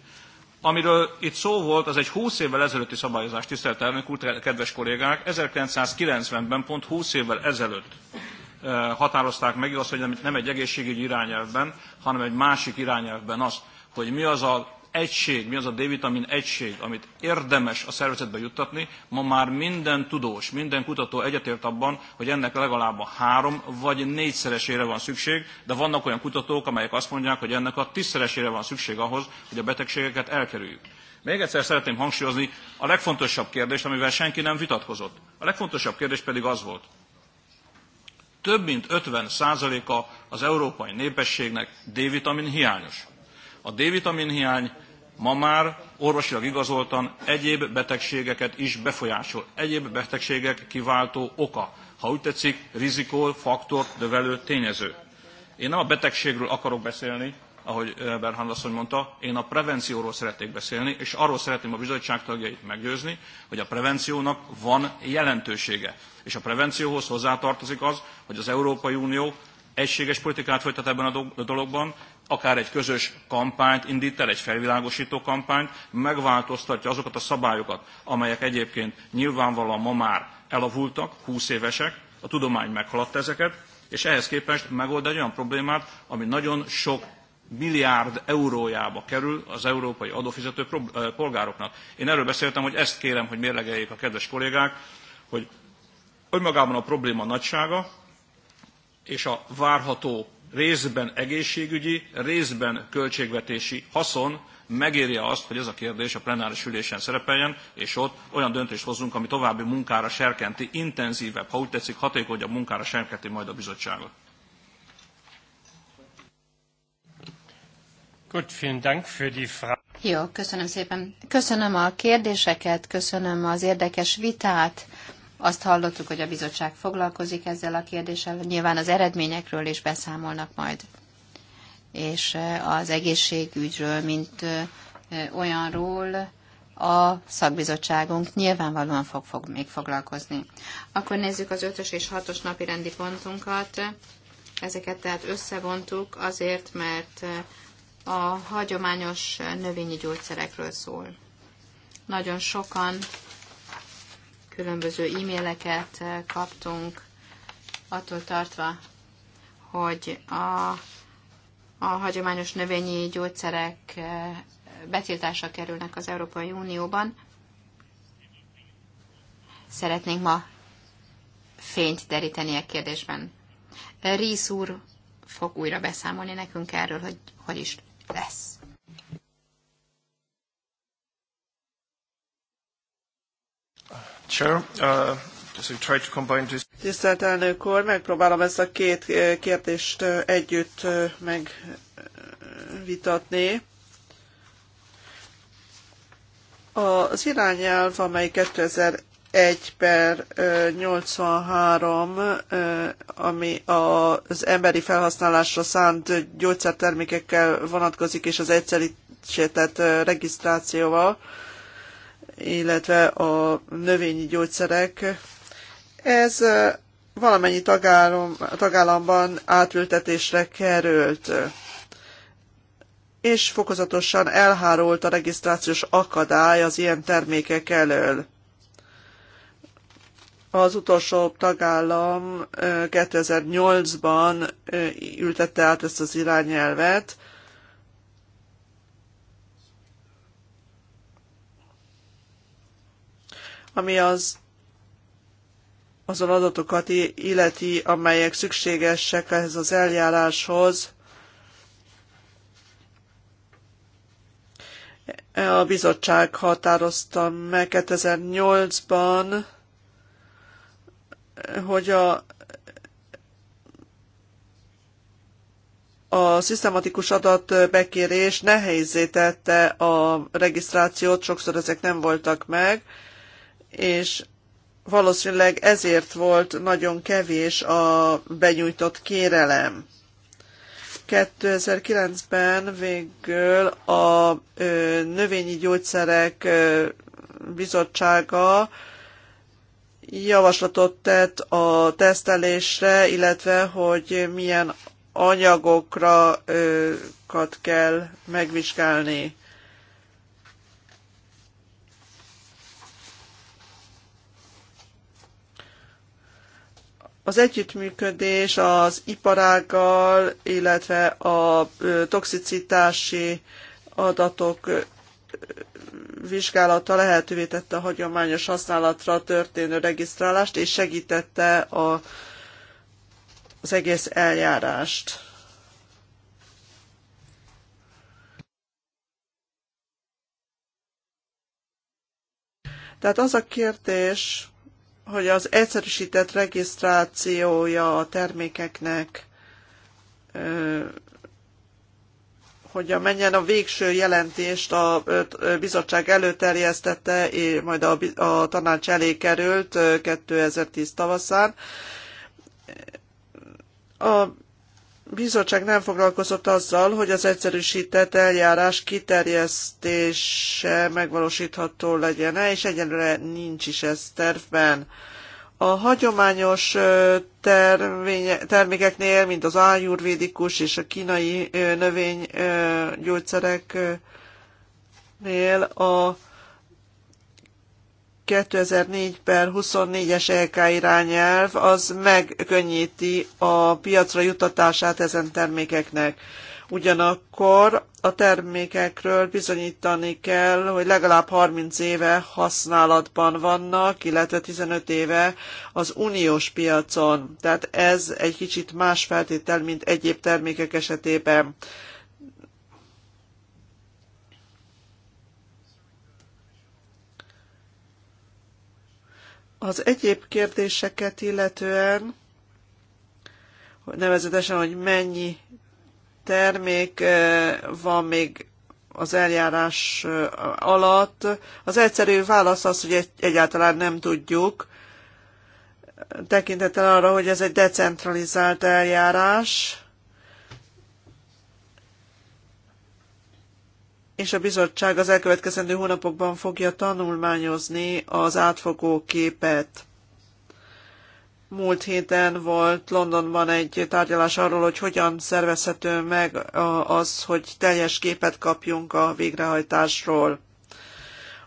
Amiről itt szó volt, az egy 20 évvel ezelőtti szabályozás, tisztelt elnök úr, kedves kollégák, 1990-ben pont 20 évvel ezelőtt eh, határozták meg, igaz, hogy nem egy egészségügyi irányelvben, hanem egy másik irányelvben az, hogy mi az a egység, mi az a D-vitamin egység, amit érdemes a szervezetbe juttatni, ma már minden tudós, minden kutató egyetért abban, hogy ennek legalább a három vagy négyszeresére van szükség, de vannak olyan kutatók, amelyek azt mondják, hogy ennek a tízszeresére van szükség ahhoz, hogy a betegségeket elkerüljük. Még egyszer szeretném hangsúlyozni a legfontosabb kérdést, amivel senki nem vitatkozott. A legfontosabb kérdés pedig az volt, több mint 50%-a az európai népességnek D-vitamin hiányos. A D-vitamin hiány ma már orvosilag igazoltan egyéb betegségeket is befolyásol. Egyéb betegségek kiváltó oka, ha úgy tetszik, rizikó, faktor, dövelő, tényező. Én nem a betegségről akarok beszélni, ahogy eh, Berhan asszony mondta, én a prevencióról szeretnék beszélni, és arról szeretném a bizottság tagjait meggyőzni, hogy a prevenciónak van jelentősége. És a prevencióhoz hozzátartozik az, hogy az Európai Unió egységes politikát folytat ebben a dologban, akár egy közös kampányt indít el, egy felvilágosító kampányt, megváltoztatja azokat a szabályokat, amelyek egyébként nyilvánvalóan ma már elavultak, húsz évesek, a tudomány meghaladt ezeket, és ehhez képest megold egy olyan problémát, ami nagyon sok milliárd eurójába kerül az európai adófizető polgároknak. Én erről beszéltem, hogy ezt kérem, hogy mérlegeljék a kedves kollégák, hogy önmagában a probléma nagysága, és a várható részben egészségügyi, részben költségvetési haszon megéri azt, hogy ez a kérdés a plenáris ülésen szerepeljen, és ott olyan döntést hozzunk, ami további munkára serkenti, intenzívebb, ha úgy tetszik, hatékonyabb munkára serkenti majd a bizottságot. Jó, köszönöm szépen. Köszönöm a kérdéseket, köszönöm az érdekes vitát, azt hallottuk, hogy a bizottság foglalkozik ezzel a kérdéssel, nyilván az eredményekről is beszámolnak majd, és az egészségügyről, mint olyanról, a szakbizottságunk nyilvánvalóan fog, fog még foglalkozni. Akkor nézzük az 5-ös és 6-os napi rendi pontunkat. Ezeket tehát összevontuk azért, mert a hagyományos növényi gyógyszerekről szól. Nagyon sokan különböző e-maileket eh, kaptunk, attól tartva, hogy a, a hagyományos növényi gyógyszerek eh, betiltásra kerülnek az Európai Unióban. Szeretnénk ma fényt deríteni a kérdésben. Rísz úr fog újra beszámolni nekünk erről, hogy hogy is lesz. Uh, Tisztelt elnök úr, megpróbálom ezt a két uh, kérdést uh, együtt megvitatni. Az irányelv, amely 2001 per 83, ami az emberi felhasználásra szánt gyógyszertermékekkel vonatkozik, és az egyszerűsített regisztrációval, illetve a növényi gyógyszerek. Ez valamennyi tagállam, tagállamban átültetésre került, és fokozatosan elhárult a regisztrációs akadály az ilyen termékek elől. Az utolsó tagállam 2008-ban ültette át ezt az irányelvet, ami az azon adatokat illeti, amelyek szükségesek ehhez az eljáráshoz, a bizottság határozta meg 2008-ban, hogy a, a szisztematikus adatbekérés nehézé tette a regisztrációt, sokszor ezek nem voltak meg, és valószínűleg ezért volt nagyon kevés a benyújtott kérelem. 2009-ben végül a Növényi Gyógyszerek Bizottsága javaslatot tett a tesztelésre, illetve hogy milyen anyagokra kell megvizsgálni. Az együttműködés az iparággal, illetve a toxicitási adatok vizsgálata lehetővé tette a hagyományos használatra történő regisztrálást, és segítette a, az egész eljárást. Tehát az a kérdés, hogy az egyszerűsített regisztrációja a termékeknek hogy menjen a végső jelentést a bizottság előterjesztette, és majd a, a tanács elé került 2010 tavaszán. A bizottság nem foglalkozott azzal, hogy az egyszerűsített eljárás kiterjesztése megvalósítható legyen, és egyenlőre nincs is ez tervben. A hagyományos termékeknél, mint az ájurvédikus és a kínai növénygyógyszereknél a 2004 per 24-es LK irányelv az megkönnyíti a piacra jutatását ezen termékeknek. Ugyanakkor a termékekről bizonyítani kell, hogy legalább 30 éve használatban vannak, illetve 15 éve az uniós piacon. Tehát ez egy kicsit más feltétel, mint egyéb termékek esetében. Az egyéb kérdéseket illetően, nevezetesen, hogy mennyi termék eh, van még az eljárás eh, alatt. Az egyszerű válasz az, hogy egyáltalán nem tudjuk, tekintettel arra, hogy ez egy decentralizált eljárás, és a bizottság az elkövetkezendő hónapokban fogja tanulmányozni az átfogó képet. Múlt héten volt Londonban egy tárgyalás arról, hogy hogyan szervezhető meg az, hogy teljes képet kapjunk a végrehajtásról.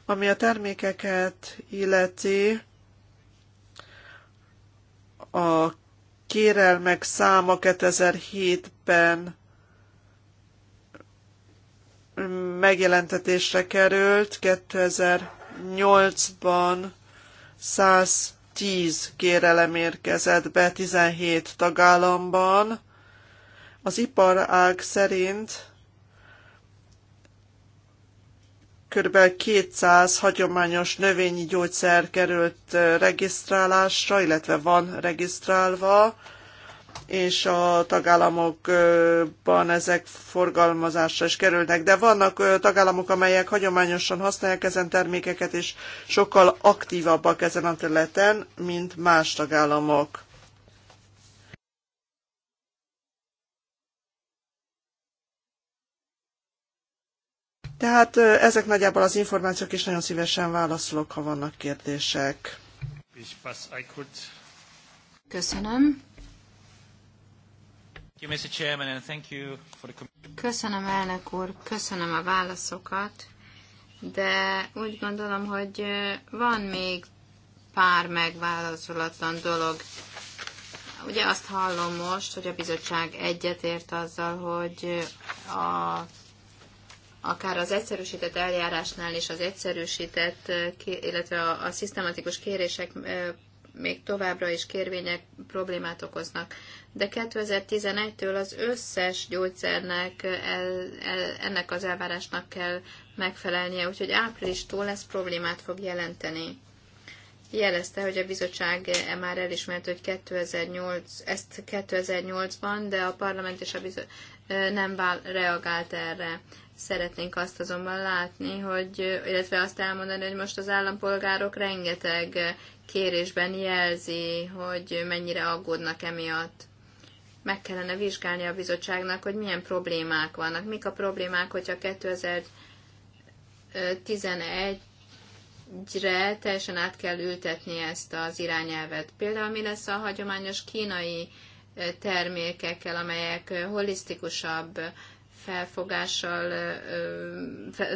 Ami a termékeket illeti, a kérelmek száma 2007-ben megjelentetésre került 2008-ban 110 kérelem érkezett be 17 tagállamban. Az iparág szerint kb. 200 hagyományos növényi gyógyszer került regisztrálásra, illetve van regisztrálva és a tagállamokban ezek forgalmazásra is kerülnek. De vannak tagállamok, amelyek hagyományosan használják ezen termékeket, és sokkal aktívabbak ezen a területen, mint más tagállamok. Tehát ezek nagyjából az információk, és nagyon szívesen válaszolok, ha vannak kérdések. Köszönöm. Köszönöm, elnök úr, köszönöm a válaszokat, de úgy gondolom, hogy van még pár megválaszolatlan dolog. Ugye azt hallom most, hogy a bizottság egyetért azzal, hogy a, akár az egyszerűsített eljárásnál is az egyszerűsített, illetve a, a szisztematikus kérések még továbbra is kérvények problémát okoznak. De 2011-től az összes gyógyszernek el, el, ennek az elvárásnak kell megfelelnie, úgyhogy áprilistól ez problémát fog jelenteni. Jelezte, hogy a bizottság e már elismert, hogy 2008, ezt 2008-ban, de a parlament és a bizottság nem reagált erre. Szeretnénk azt azonban látni, hogy, illetve azt elmondani, hogy most az állampolgárok rengeteg kérésben jelzi, hogy mennyire aggódnak emiatt. Meg kellene vizsgálni a bizottságnak, hogy milyen problémák vannak. Mik a problémák, hogyha 2011 re teljesen át kell ültetni ezt az irányelvet. Például mi lesz a hagyományos kínai termékekkel, amelyek holisztikusabb felfogással,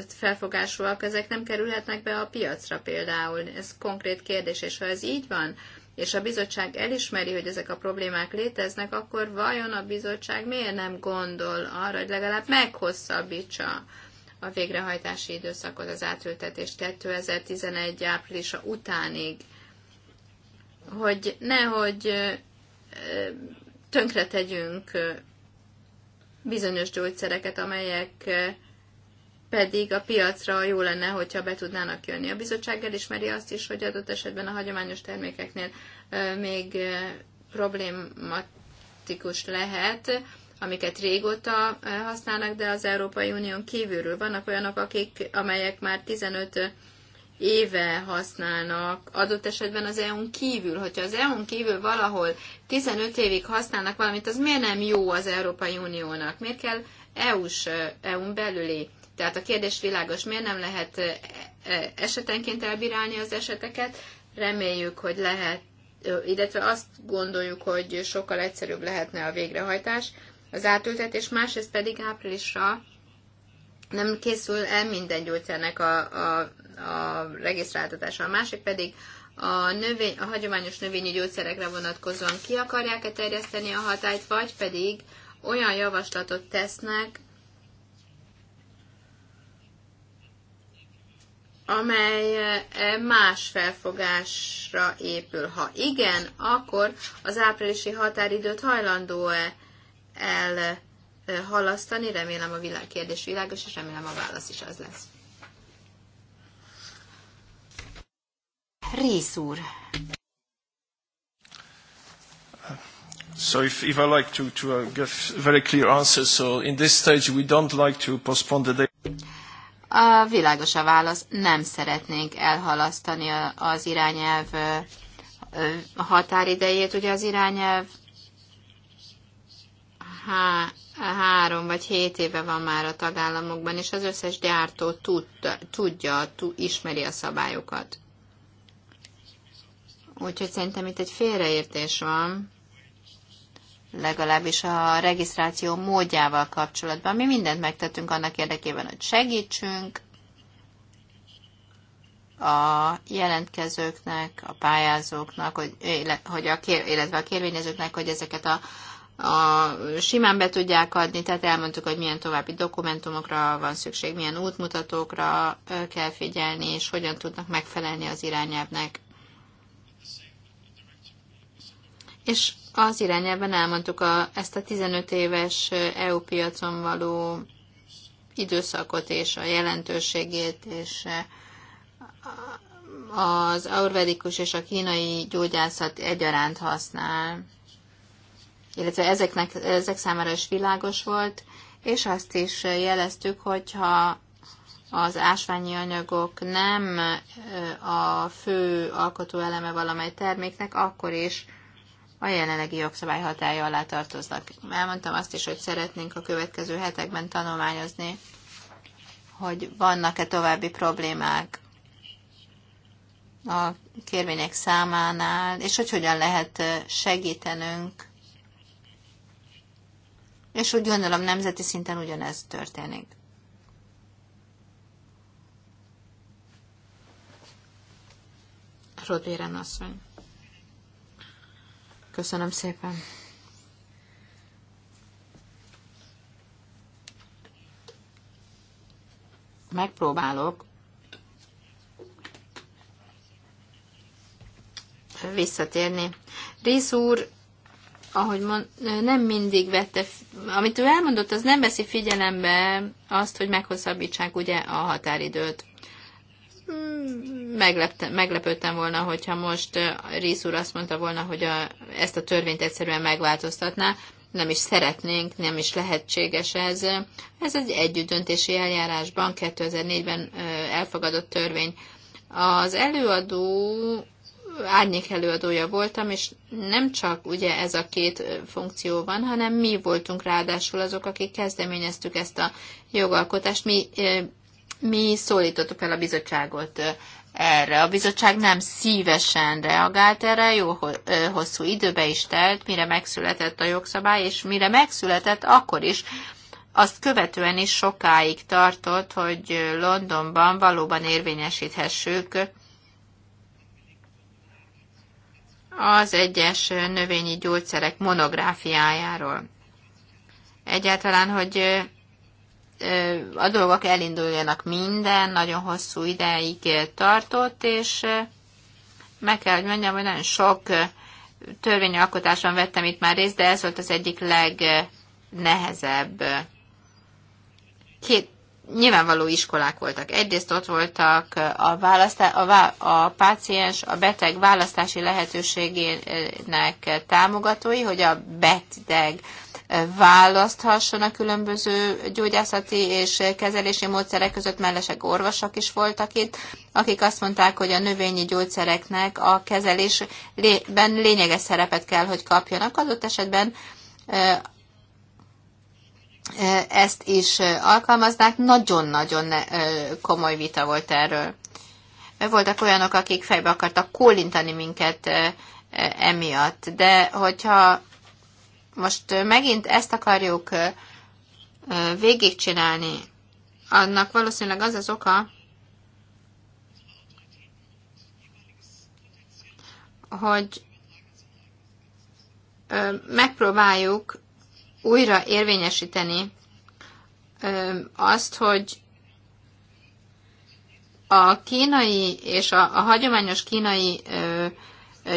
felfogásúak, ezek nem kerülhetnek be a piacra például. Ez konkrét kérdés, és ha ez így van, és a bizottság elismeri, hogy ezek a problémák léteznek, akkor vajon a bizottság miért nem gondol arra, hogy legalább meghosszabbítsa a végrehajtási időszakot, az átültetést 2011. áprilisa utánig, hogy nehogy tönkre tegyünk bizonyos gyógyszereket, amelyek pedig a piacra jó lenne, hogyha be tudnának jönni. A bizottság elismeri azt is, hogy adott esetben a hagyományos termékeknél még problématikus lehet, amiket régóta használnak, de az Európai Unión kívülről vannak olyanok, akik, amelyek már 15 éve használnak, adott esetben az EU-n kívül. Hogyha az EU-n kívül valahol 15 évig használnak valamit, az miért nem jó az Európai Uniónak? Miért kell EU-s, EU-n belüli? Tehát a kérdés világos, miért nem lehet e, e, esetenként elbírálni az eseteket? Reméljük, hogy lehet, illetve azt gondoljuk, hogy sokkal egyszerűbb lehetne a végrehajtás, az átültetés, másrészt pedig áprilisra nem készül el minden gyógyszernek a, a, a regisztráltatása. A másik pedig a, növény, a hagyományos növényi gyógyszerekre vonatkozóan ki akarják-e terjeszteni a hatályt, vagy pedig olyan javaslatot tesznek, amely e, más felfogásra épül. Ha igen, akkor az áprilisi határidőt hajlandó-e el hallasztani, Remélem a világ kérdés világos, és remélem a válasz is az lesz. Rész úr. So if, if I like to, to uh, give very clear answer, so in this stage we don't like to postpone the day. A világos a válasz, nem szeretnénk elhalasztani az irányelv határidejét. Ugye az irányelv há, három vagy hét éve van már a tagállamokban, és az összes gyártó tud, tudja, tud, ismeri a szabályokat. Úgyhogy szerintem itt egy félreértés van, legalábbis a regisztráció módjával kapcsolatban. Mi mindent megtettünk annak érdekében, hogy segítsünk a jelentkezőknek, a pályázóknak, hogy, hogy a kér, illetve a kérvényezőknek, hogy ezeket a a, simán be tudják adni, tehát elmondtuk, hogy milyen további dokumentumokra van szükség, milyen útmutatókra kell figyelni, és hogyan tudnak megfelelni az irányelvnek. És az irányelven elmondtuk a, ezt a 15 éves EU piacon való időszakot és a jelentőségét, és az aurvedikus és a kínai gyógyászat egyaránt használ illetve ezeknek, ezek számára is világos volt, és azt is jeleztük, hogyha az ásványi anyagok nem a fő alkotó eleme valamely terméknek, akkor is a jelenlegi jogszabály hatája alá tartoznak. Elmondtam azt is, hogy szeretnénk a következő hetekben tanulmányozni, hogy vannak-e további problémák a kérvények számánál, és hogy hogyan lehet segítenünk és úgy gondolom, nemzeti szinten ugyanez történik. Rodvéren asszony. Köszönöm szépen. Megpróbálok visszatérni. Rész úr ahogy mond, nem mindig vette, amit ő elmondott, az nem veszi figyelembe azt, hogy meghosszabbítsák ugye a határidőt. Meglepte, meglepődtem volna, hogyha most Rész úr azt mondta volna, hogy a, ezt a törvényt egyszerűen megváltoztatná, nem is szeretnénk, nem is lehetséges ez. Ez egy együttdöntési eljárásban 2004-ben elfogadott törvény. Az előadó árnyék előadója voltam, és nem csak ugye ez a két funkció van, hanem mi voltunk ráadásul azok, akik kezdeményeztük ezt a jogalkotást, mi, mi szólítottuk el a bizottságot erre. A bizottság nem szívesen reagált erre, jó hosszú időbe is telt, mire megszületett a jogszabály, és mire megszületett, akkor is azt követően is sokáig tartott, hogy Londonban valóban érvényesíthessük az egyes növényi gyógyszerek monográfiájáról. Egyáltalán, hogy a dolgok elinduljanak minden, nagyon hosszú ideig tartott, és meg kell, hogy mondjam, hogy nagyon sok törvényalkotáson vettem itt már részt, de ez volt az egyik legnehezebb. Két, nyilvánvaló iskolák voltak. Egyrészt ott voltak a, választá- a, vá- a páciens, a beteg választási lehetőségének támogatói, hogy a beteg választhasson a különböző gyógyászati és kezelési módszerek között mellesek orvosok is voltak itt, akik azt mondták, hogy a növényi gyógyszereknek a kezelésben lényeges szerepet kell, hogy kapjanak. Adott esetben ezt is alkalmaznák. Nagyon-nagyon komoly vita volt erről. Voltak olyanok, akik fejbe akartak kólintani minket emiatt, de hogyha most megint ezt akarjuk végigcsinálni, annak valószínűleg az az oka, hogy megpróbáljuk újra érvényesíteni azt, hogy a kínai és a, a hagyományos kínai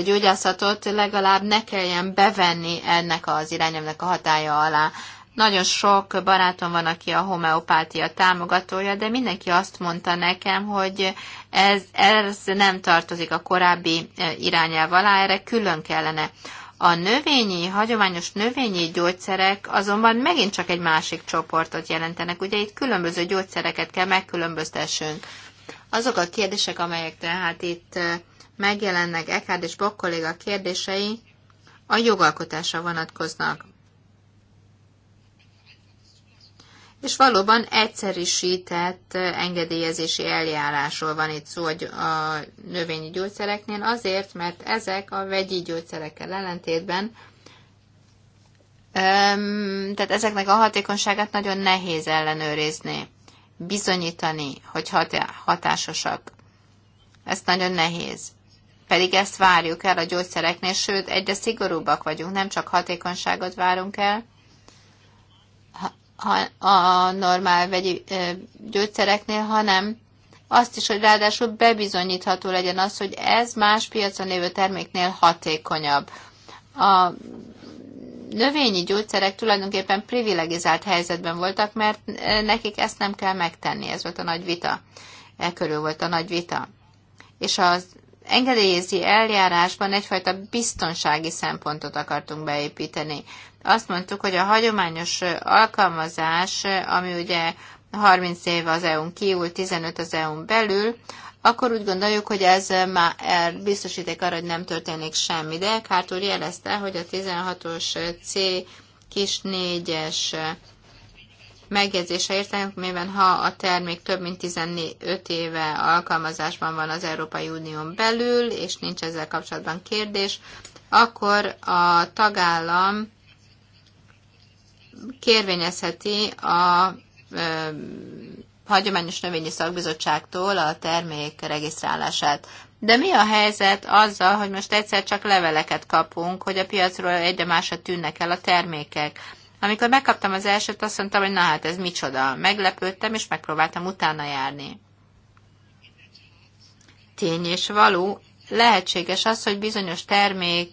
gyógyászatot legalább ne kelljen bevenni ennek az irányomnak a hatája alá. Nagyon sok barátom van, aki a homeopátia támogatója, de mindenki azt mondta nekem, hogy ez, ez nem tartozik a korábbi irányával alá, erre külön kellene a növényi, hagyományos növényi gyógyszerek azonban megint csak egy másik csoportot jelentenek. Ugye itt különböző gyógyszereket kell megkülönböztessünk. Azok a kérdések, amelyek tehát itt eh, megjelennek Ekád és Bok kolléga kérdései, a jogalkotásra vonatkoznak. és valóban egyszerűsített engedélyezési eljárásról van itt szó a növényi gyógyszereknél, azért, mert ezek a vegyi gyógyszerekkel ellentétben, tehát ezeknek a hatékonyságát nagyon nehéz ellenőrizni, bizonyítani, hogy hatásosak. Ez nagyon nehéz. Pedig ezt várjuk el a gyógyszereknél, sőt, egyre szigorúbbak vagyunk, nem csak hatékonyságot várunk el, a, normál vegyi gyógyszereknél, hanem azt is, hogy ráadásul bebizonyítható legyen az, hogy ez más piacon lévő terméknél hatékonyabb. A növényi gyógyszerek tulajdonképpen privilegizált helyzetben voltak, mert nekik ezt nem kell megtenni. Ez volt a nagy vita. E körül volt a nagy vita. És az engedélyezi eljárásban egyfajta biztonsági szempontot akartunk beépíteni azt mondtuk, hogy a hagyományos alkalmazás, ami ugye 30 év az EU-n kívül, 15 az EU-n belül, akkor úgy gondoljuk, hogy ez már er, biztosíték arra, hogy nem történik semmi. De Kárt úr jelezte, hogy a 16-os C kis 4-es megjegyzése értelmében, ha a termék több mint 15 éve alkalmazásban van az Európai Unión belül, és nincs ezzel kapcsolatban kérdés, akkor a tagállam kérvényezheti a hagyományos növényi szakbizottságtól a termék regisztrálását. De mi a helyzet azzal, hogy most egyszer csak leveleket kapunk, hogy a piacról egyre másra tűnnek el a termékek? Amikor megkaptam az elsőt, azt mondtam, hogy na hát ez micsoda. Meglepődtem, és megpróbáltam utána járni. Tény és való, lehetséges az, hogy bizonyos termék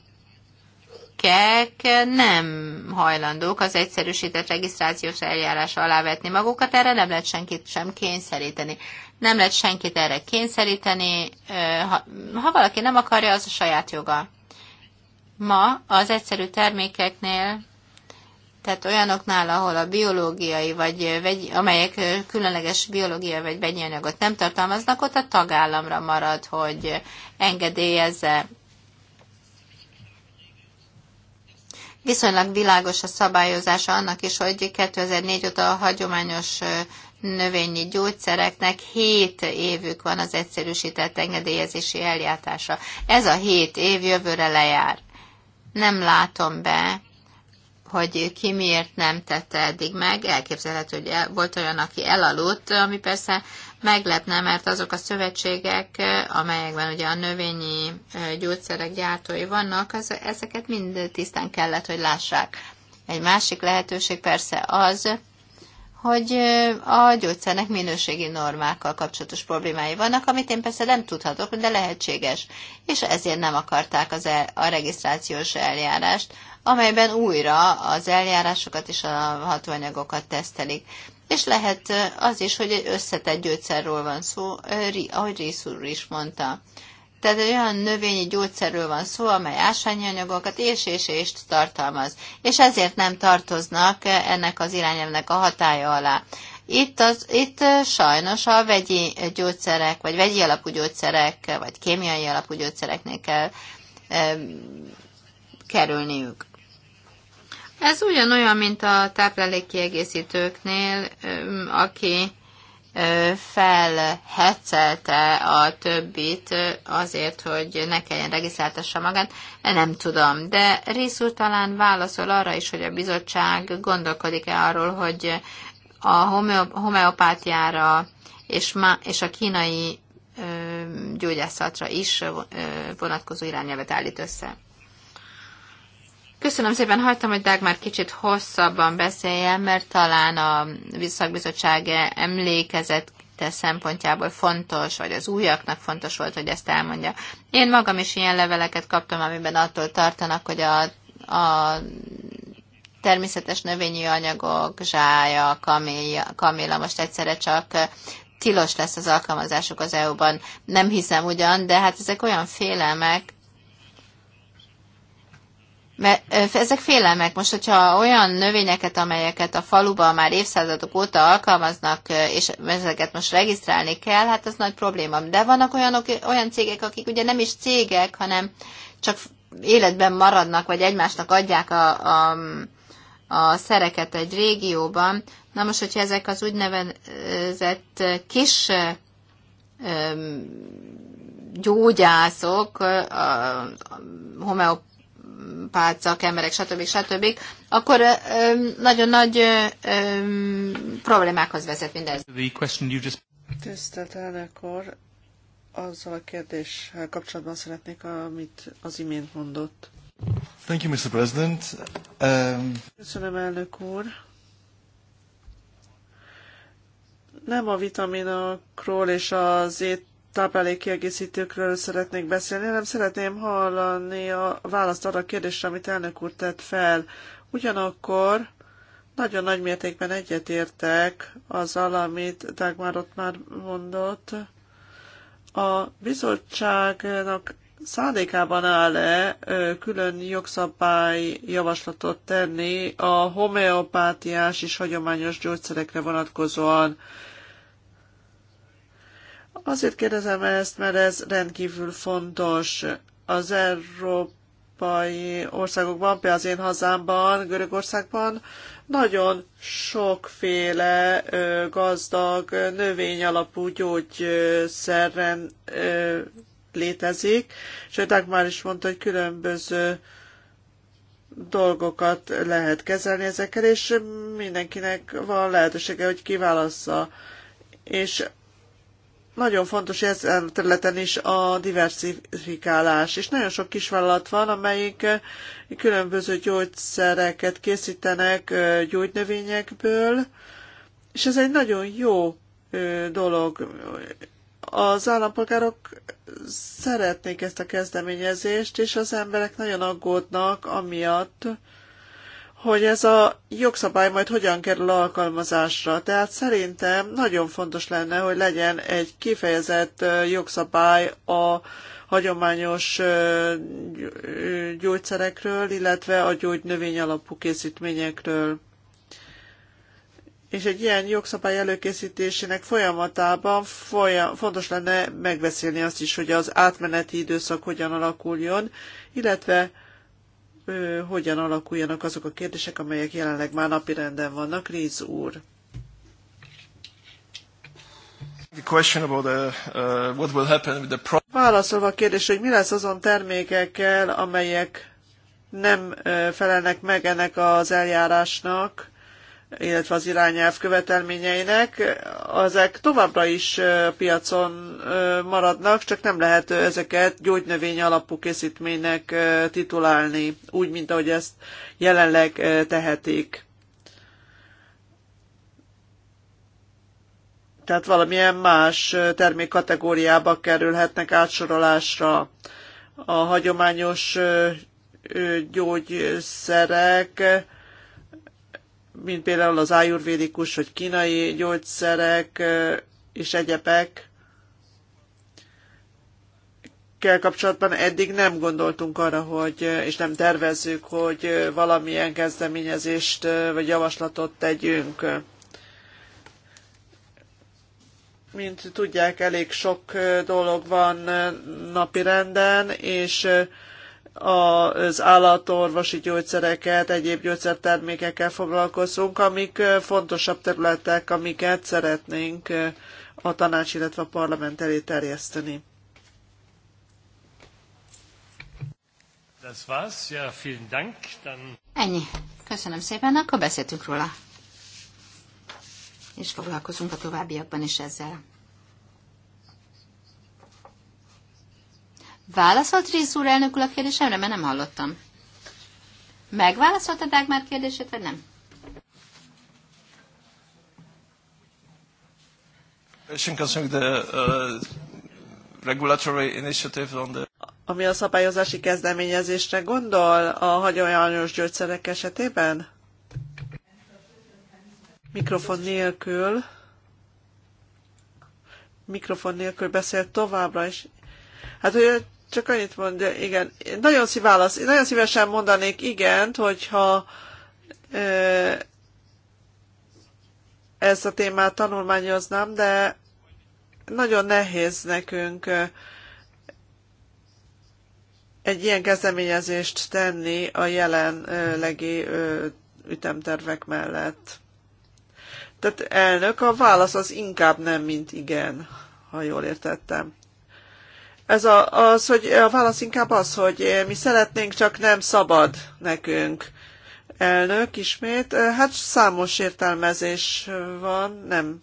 cikkek nem hajlandók az egyszerűsített regisztrációs eljárás alá vetni magukat, erre nem lehet senkit sem kényszeríteni. Nem lehet senkit erre kényszeríteni, ha, ha valaki nem akarja, az a saját joga. Ma az egyszerű termékeknél tehát olyanoknál, ahol a biológiai, vagy vegy, amelyek különleges biológiai vagy vegyi anyagot nem tartalmaznak, ott a tagállamra marad, hogy engedélyezze viszonylag világos a szabályozása annak is, hogy 2004 óta a hagyományos növényi gyógyszereknek 7 évük van az egyszerűsített engedélyezési eljátása. Ez a 7 év jövőre lejár. Nem látom be, hogy ki miért nem tette eddig meg. Elképzelhető, hogy volt olyan, aki elaludt, ami persze meglepne, mert azok a szövetségek, amelyekben ugye a növényi gyógyszerek gyártói vannak, az, ezeket mind tisztán kellett, hogy lássák. Egy másik lehetőség persze az, hogy a gyógyszernek minőségi normákkal kapcsolatos problémái vannak, amit én persze nem tudhatok, de lehetséges. És ezért nem akarták az el, a regisztrációs eljárást, amelyben újra az eljárásokat és a hatóanyagokat tesztelik és lehet az is, hogy egy összetett gyógyszerről van szó, ahogy Rész úr is mondta. Tehát egy olyan növényi gyógyszerről van szó, amely ásványi anyagokat és és és tartalmaz, és ezért nem tartoznak ennek az irányelvnek a hatája alá. Itt, az, itt sajnos a vegyi gyógyszerek, vagy vegyi alapú gyógyszerek, vagy kémiai alapú gyógyszereknél kell e, kerülniük. Ez ugyanolyan, mint a kiegészítőknél, aki felhecelte a többit azért, hogy ne kelljen regisztráltassa magát, nem tudom. De Rész úr talán válaszol arra is, hogy a bizottság gondolkodik-e arról, hogy a homeopátiára és, má, és a kínai gyógyászatra is vonatkozó irányelvet állít össze. Köszönöm szépen, hagytam, hogy Dág már kicsit hosszabban beszéljen, mert talán a visszakbizottság emlékezett szempontjából fontos, vagy az újaknak fontos volt, hogy ezt elmondja. Én magam is ilyen leveleket kaptam, amiben attól tartanak, hogy a, a természetes növényi anyagok, zsája, kamélia, kaméla most egyszerre csak tilos lesz az alkalmazásuk az EU-ban. Nem hiszem ugyan, de hát ezek olyan félelmek, mert ezek félelmek. Most, hogyha olyan növényeket, amelyeket a faluban már évszázadok óta alkalmaznak, és ezeket most regisztrálni kell, hát az nagy probléma. De vannak olyanok, olyan cégek, akik ugye nem is cégek, hanem csak életben maradnak, vagy egymásnak adják a, a, a szereket egy régióban. Na most, hogyha ezek az úgynevezett kis gyógyászok, a homeop pálcak, emberek, stb. stb., akkor nagyon nagy problémákhoz vezet mindez. Tisztelt elnök úr, azzal a kérdéssel kapcsolatban szeretnék, amit az imént mondott. Thank you, Mr. President. Um... Köszönöm, elnök úr nem a vitaminokról és az ét táplálékkiegészítőkről szeretnék beszélni, hanem szeretném hallani a választ arra a kérdésre, amit elnök úr tett fel. Ugyanakkor nagyon nagy mértékben egyetértek azzal, amit Dagmar ott már mondott. A bizottságnak szándékában áll-e külön jogszabály javaslatot tenni a homeopátiás és hagyományos gyógyszerekre vonatkozóan? Azért kérdezem ezt, mert ez rendkívül fontos. Az európai országokban, például az én hazámban, Görögországban nagyon sokféle ö, gazdag alapú gyógyszerren ö, létezik, sőt, már is mondta, hogy különböző dolgokat lehet kezelni ezekkel, és mindenkinek van lehetősége, hogy kiválassza. És nagyon fontos ezen területen is a diversifikálás, és nagyon sok kisvállalat van, amelyik eh, különböző gyógyszereket készítenek eh, gyógynövényekből, és ez egy nagyon jó eh, dolog. Az állampolgárok szeretnék ezt a kezdeményezést, és az emberek nagyon aggódnak amiatt, hogy ez a jogszabály majd hogyan kerül alkalmazásra. Tehát szerintem nagyon fontos lenne, hogy legyen egy kifejezett jogszabály a hagyományos gyógyszerekről, illetve a gyógynövény alapú készítményekről. És egy ilyen jogszabály előkészítésének folyamatában folyam, fontos lenne megbeszélni azt is, hogy az átmeneti időszak hogyan alakuljon, illetve hogyan alakuljanak azok a kérdések, amelyek jelenleg már napirenden vannak. Ríz úr. Uh, uh, Válaszolva a kérdés, hogy mi lesz azon termékekkel, amelyek nem felelnek meg ennek az eljárásnak, illetve az irányelv követelményeinek, ezek továbbra is piacon maradnak, csak nem lehet ezeket gyógynövény alapú készítménynek titulálni, úgy, mint ahogy ezt jelenleg tehetik. Tehát valamilyen más termékkategóriába kerülhetnek átsorolásra. A hagyományos gyógyszerek mint például az ájurvédikus hogy kínai gyógyszerek és egyebek kell kapcsolatban eddig nem gondoltunk arra, hogy, és nem tervezzük, hogy valamilyen kezdeményezést vagy javaslatot tegyünk. Mint tudják, elég sok dolog van renden, és az állatorvosi gyógyszereket, egyéb gyógyszertermékekkel foglalkozunk, amik fontosabb területek, amiket szeretnénk a tanács, illetve a parlament elé terjeszteni. Ja, vielen Dank. Ennyi. Köszönöm szépen, akkor beszéltünk róla. És foglalkozunk a továbbiakban is ezzel. Válaszolt Rész úr elnökül a kérdésemre, mert nem hallottam. Megválaszolta már kérdését, vagy nem? Uh, Ami a szabályozási kezdeményezésre gondol a hagyományos gyógyszerek esetében? Mikrofon nélkül. Mikrofon nélkül beszél továbbra is. Hát, hogy csak annyit mondja, igen. Nagyon, válasz, nagyon szívesen mondanék igent, hogyha ezt a témát tanulmányoznám, de nagyon nehéz nekünk egy ilyen kezdeményezést tenni a jelenlegi ütemtervek mellett. Tehát elnök, a válasz az inkább nem, mint igen, ha jól értettem ez a, az, hogy a válasz inkább az, hogy mi szeretnénk, csak nem szabad nekünk. Elnök ismét, hát számos értelmezés van, nem.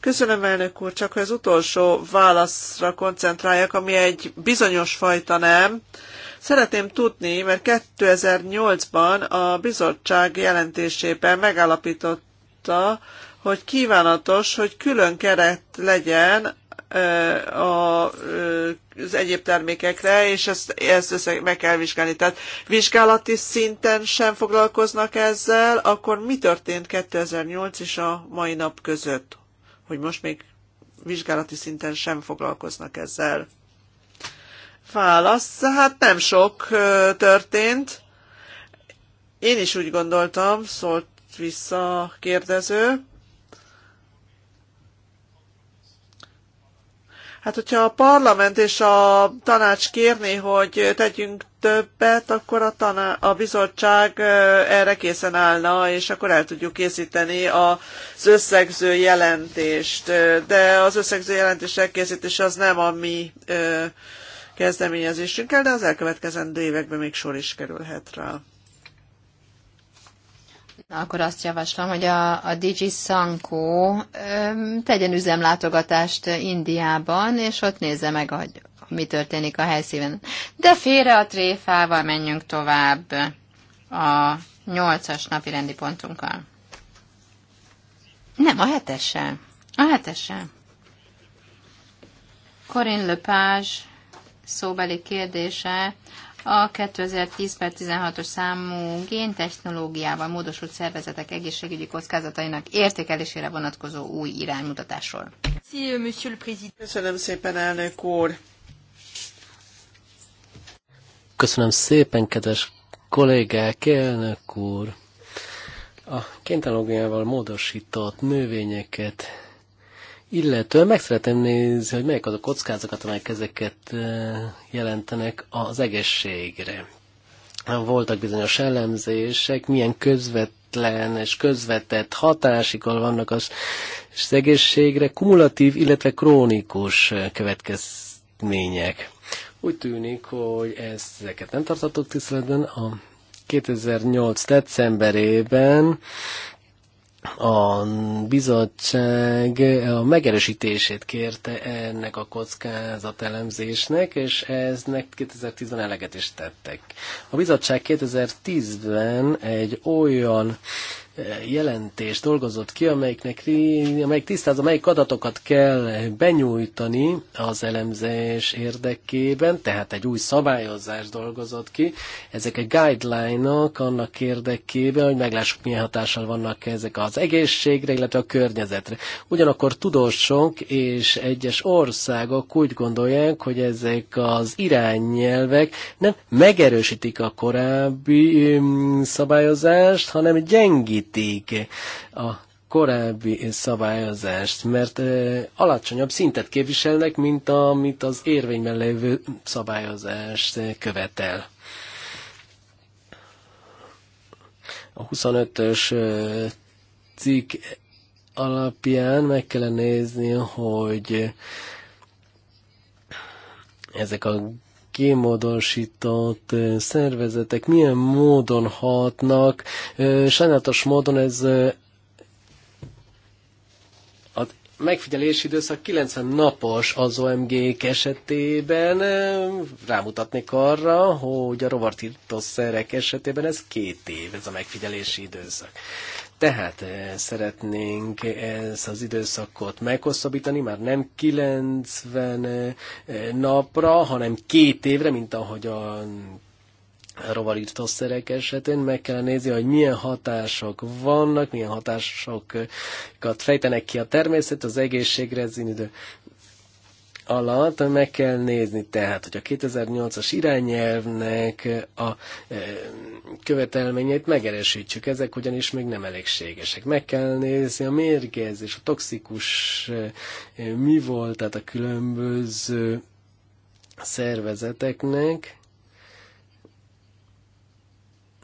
Köszönöm, elnök úr, csak hogy az utolsó válaszra koncentráljak, ami egy bizonyos fajta nem. Szeretném tudni, mert 2008-ban a bizottság jelentésében megállapította, hogy kívánatos, hogy külön keret legyen az egyéb termékekre, és ezt, ezt össze meg kell vizsgálni. Tehát vizsgálati szinten sem foglalkoznak ezzel, akkor mi történt 2008 és a mai nap között, hogy most még vizsgálati szinten sem foglalkoznak ezzel? Válasz, hát nem sok történt. Én is úgy gondoltam, szólt vissza a kérdező, Hát, hogyha a parlament és a tanács kérné, hogy tegyünk többet, akkor a, taná- a bizottság erre készen állna, és akkor el tudjuk készíteni az összegző jelentést. De az összegző jelentés elkészítése az nem a mi kezdeményezésünkkel, de az elkövetkezendő években még sor is kerülhet rá. Na Akkor azt javaslom, hogy a, a Digi Sanko tegyen üzemlátogatást Indiában, és ott nézze meg, hogy mi történik a helyszínen. De félre a tréfával menjünk tovább a nyolcas napi rendi pontunkkal. Nem, a hetese. A hetese. Corinne Lepage szóbeli kérdése a 2010 per 16-os számú géntechnológiával módosult szervezetek egészségügyi kockázatainak értékelésére vonatkozó új iránymutatásról. Euh, Köszönöm szépen, elnök úr! Köszönöm szépen, kedves kollégák, elnök úr! A géntechnológiával módosított növényeket illetve meg szeretném nézni, hogy melyek azok a kockázatokat, amelyek ezeket jelentenek az egészségre. Voltak bizonyos elemzések, milyen közvetlen és közvetett hatásikkal vannak az, az egészségre, kumulatív, illetve krónikus következmények. Úgy tűnik, hogy ezeket nem tartottuk tiszteletben. A 2008. decemberében a bizottság a megerősítését kérte ennek a kockázatelemzésnek, és eznek 2010-ben eleget is tettek. A bizottság 2010-ben egy olyan jelentést dolgozott ki, amelyiknek, amelyik tisztáz, melyik adatokat kell benyújtani az elemzés érdekében, tehát egy új szabályozás dolgozott ki. Ezek egy guideline-ok annak érdekében, hogy meglássuk, milyen hatással vannak ezek az egészségre, illetve a környezetre. Ugyanakkor tudósok és egyes országok úgy gondolják, hogy ezek az irányelvek nem megerősítik a korábbi mm, szabályozást, hanem gyengít rövidítik a korábbi szabályozást, mert alacsonyabb szintet képviselnek, mint amit az érvényben lévő szabályozást követel. A 25-ös cikk alapján meg kellene nézni, hogy ezek a gémodonsított szervezetek milyen módon hatnak. Sajnálatos módon ez a megfigyelési időszak 90 napos az omg esetében. Rámutatnék arra, hogy a rovartitosszerek esetében ez két év, ez a megfigyelési időszak. Tehát eh, szeretnénk ezt az időszakot meghosszabbítani, már nem 90 eh, napra, hanem két évre, mint ahogy a rovarítószerek esetén meg kell nézni, hogy milyen hatások vannak, milyen hatásokat fejtenek ki a természet az egészségre az idő alatt meg kell nézni tehát, hogy a 2008-as irányelvnek a e, követelményeit megeresítsük, ezek ugyanis még nem elégségesek. Meg kell nézni a mérgezés, a toxikus e, e, mi volt, tehát a különböző szervezeteknek.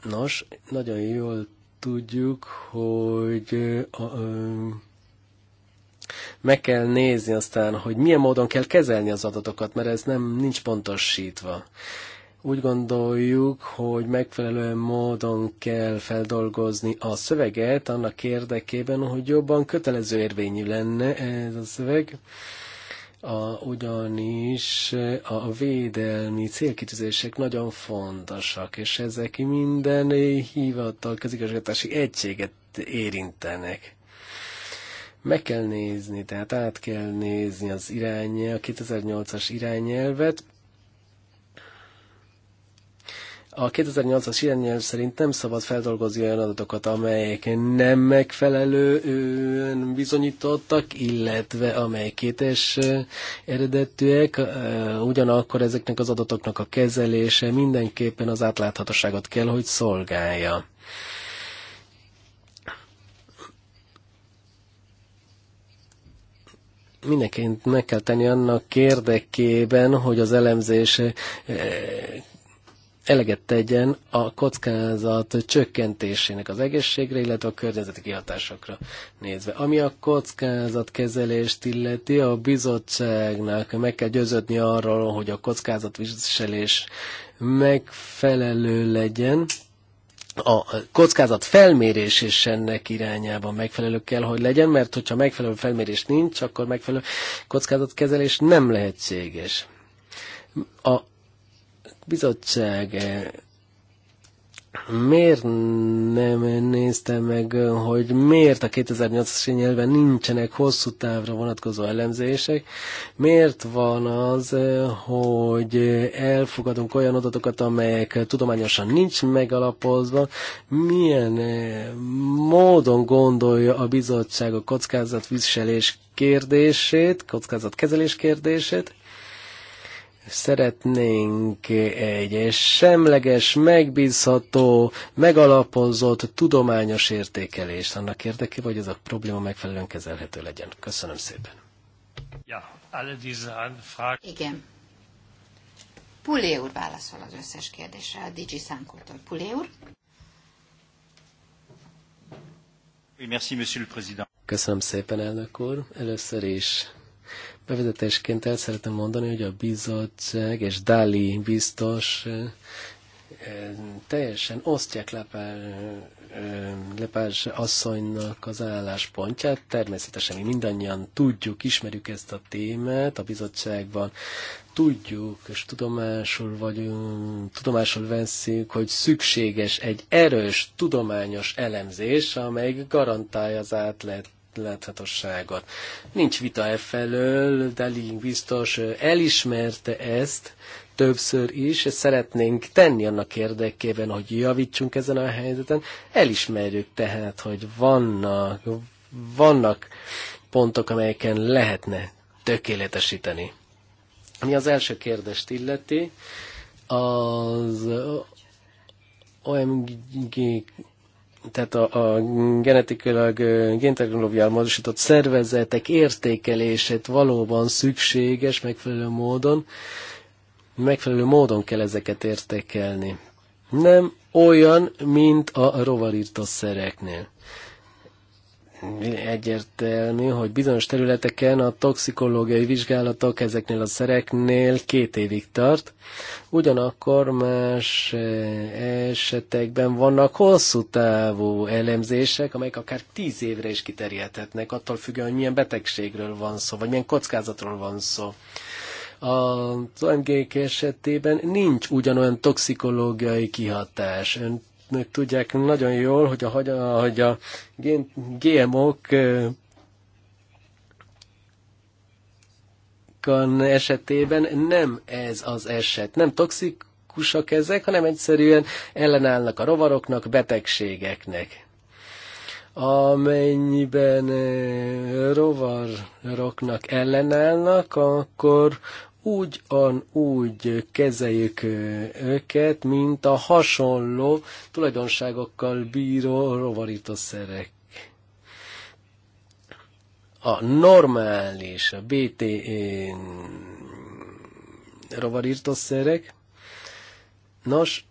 Nos, nagyon jól tudjuk, hogy a, a, meg kell nézni aztán, hogy milyen módon kell kezelni az adatokat, mert ez nem nincs pontosítva úgy gondoljuk, hogy megfelelő módon kell feldolgozni a szöveget annak érdekében, hogy jobban kötelező érvényű lenne ez a szöveg, a, ugyanis a védelmi célkitűzések nagyon fontosak, és ezek minden hivatal közigazgatási egységet érintenek. Meg kell nézni, tehát át kell nézni az irányel, 2008-as irányelvet, a 2008-as irányelv szerint nem szabad feldolgozni olyan adatokat, amelyek nem megfelelően bizonyítottak, illetve amelyek kétes eredetűek. Ugyanakkor ezeknek az adatoknak a kezelése mindenképpen az átláthatóságot kell, hogy szolgálja. mindenként meg kell tenni annak érdekében, hogy az elemzés eh, eleget tegyen a kockázat csökkentésének az egészségre, illetve a környezeti kihatásokra nézve. Ami a kezelést illeti, a bizottságnak meg kell győződni arról, hogy a kockázatviselés megfelelő legyen, a kockázat felmérés is ennek irányában megfelelő kell, hogy legyen, mert hogyha megfelelő felmérés nincs, akkor megfelelő kockázatkezelés nem lehetséges. A bizottság miért nem nézte meg, hogy miért a 2008-as nyelven nincsenek hosszú távra vonatkozó elemzések, miért van az, hogy elfogadunk olyan adatokat, amelyek tudományosan nincs megalapozva, milyen módon gondolja a bizottság a kockázatviselés kérdését, kockázatkezelés kérdését, szeretnénk egy semleges, megbízható, megalapozott tudományos értékelést annak érdekében, hogy ez a probléma megfelelően kezelhető legyen. Köszönöm szépen. Igen. Pulé úr válaszol az összes kérdésre a Digi Szánkótól. Pulé úr? Köszönöm szépen, elnök úr. Először is Bevezetésként el szeretném mondani, hogy a bizottság és Dali biztos teljesen osztják Lepás asszonynak az álláspontját. Természetesen mi mindannyian tudjuk, ismerjük ezt a témát a bizottságban, tudjuk és tudomásul vagyunk, tudomásul veszünk, hogy szükséges egy erős, tudományos elemzés, amely garantálja az átlet láthatosságot. Nincs vita e felől, Dalin biztos elismerte ezt többször is, és szeretnénk tenni annak érdekében, hogy javítsunk ezen a helyzeten. Elismerjük tehát, hogy vannak, vannak pontok, amelyeken lehetne tökéletesíteni. Ami az első kérdést illeti, az OMG tehát a, a genetikailag géntechnológiával módosított szervezetek értékelését valóban szükséges megfelelő módon, megfelelő módon kell ezeket értékelni. Nem olyan, mint a rovarírtószereknél egyértelmű, hogy bizonyos területeken a toxikológiai vizsgálatok ezeknél a szereknél két évig tart, ugyanakkor más eh, esetekben vannak hosszú távú elemzések, amelyek akár tíz évre is kiterjedhetnek, attól függően, hogy milyen betegségről van szó, vagy milyen kockázatról van szó az omg esetében nincs ugyanolyan toxikológiai kihatás. Ön tudják nagyon jól, hogy a, hogy a GMO-k esetében nem ez az eset. Nem toxikusak ezek, hanem egyszerűen ellenállnak a rovaroknak, betegségeknek amennyiben rovaroknak ellenállnak, akkor úgy an úgy kezeljük őket, mint a hasonló tulajdonságokkal bíró rovarítószerek. A normális, a BT rovarírtószerek, nos,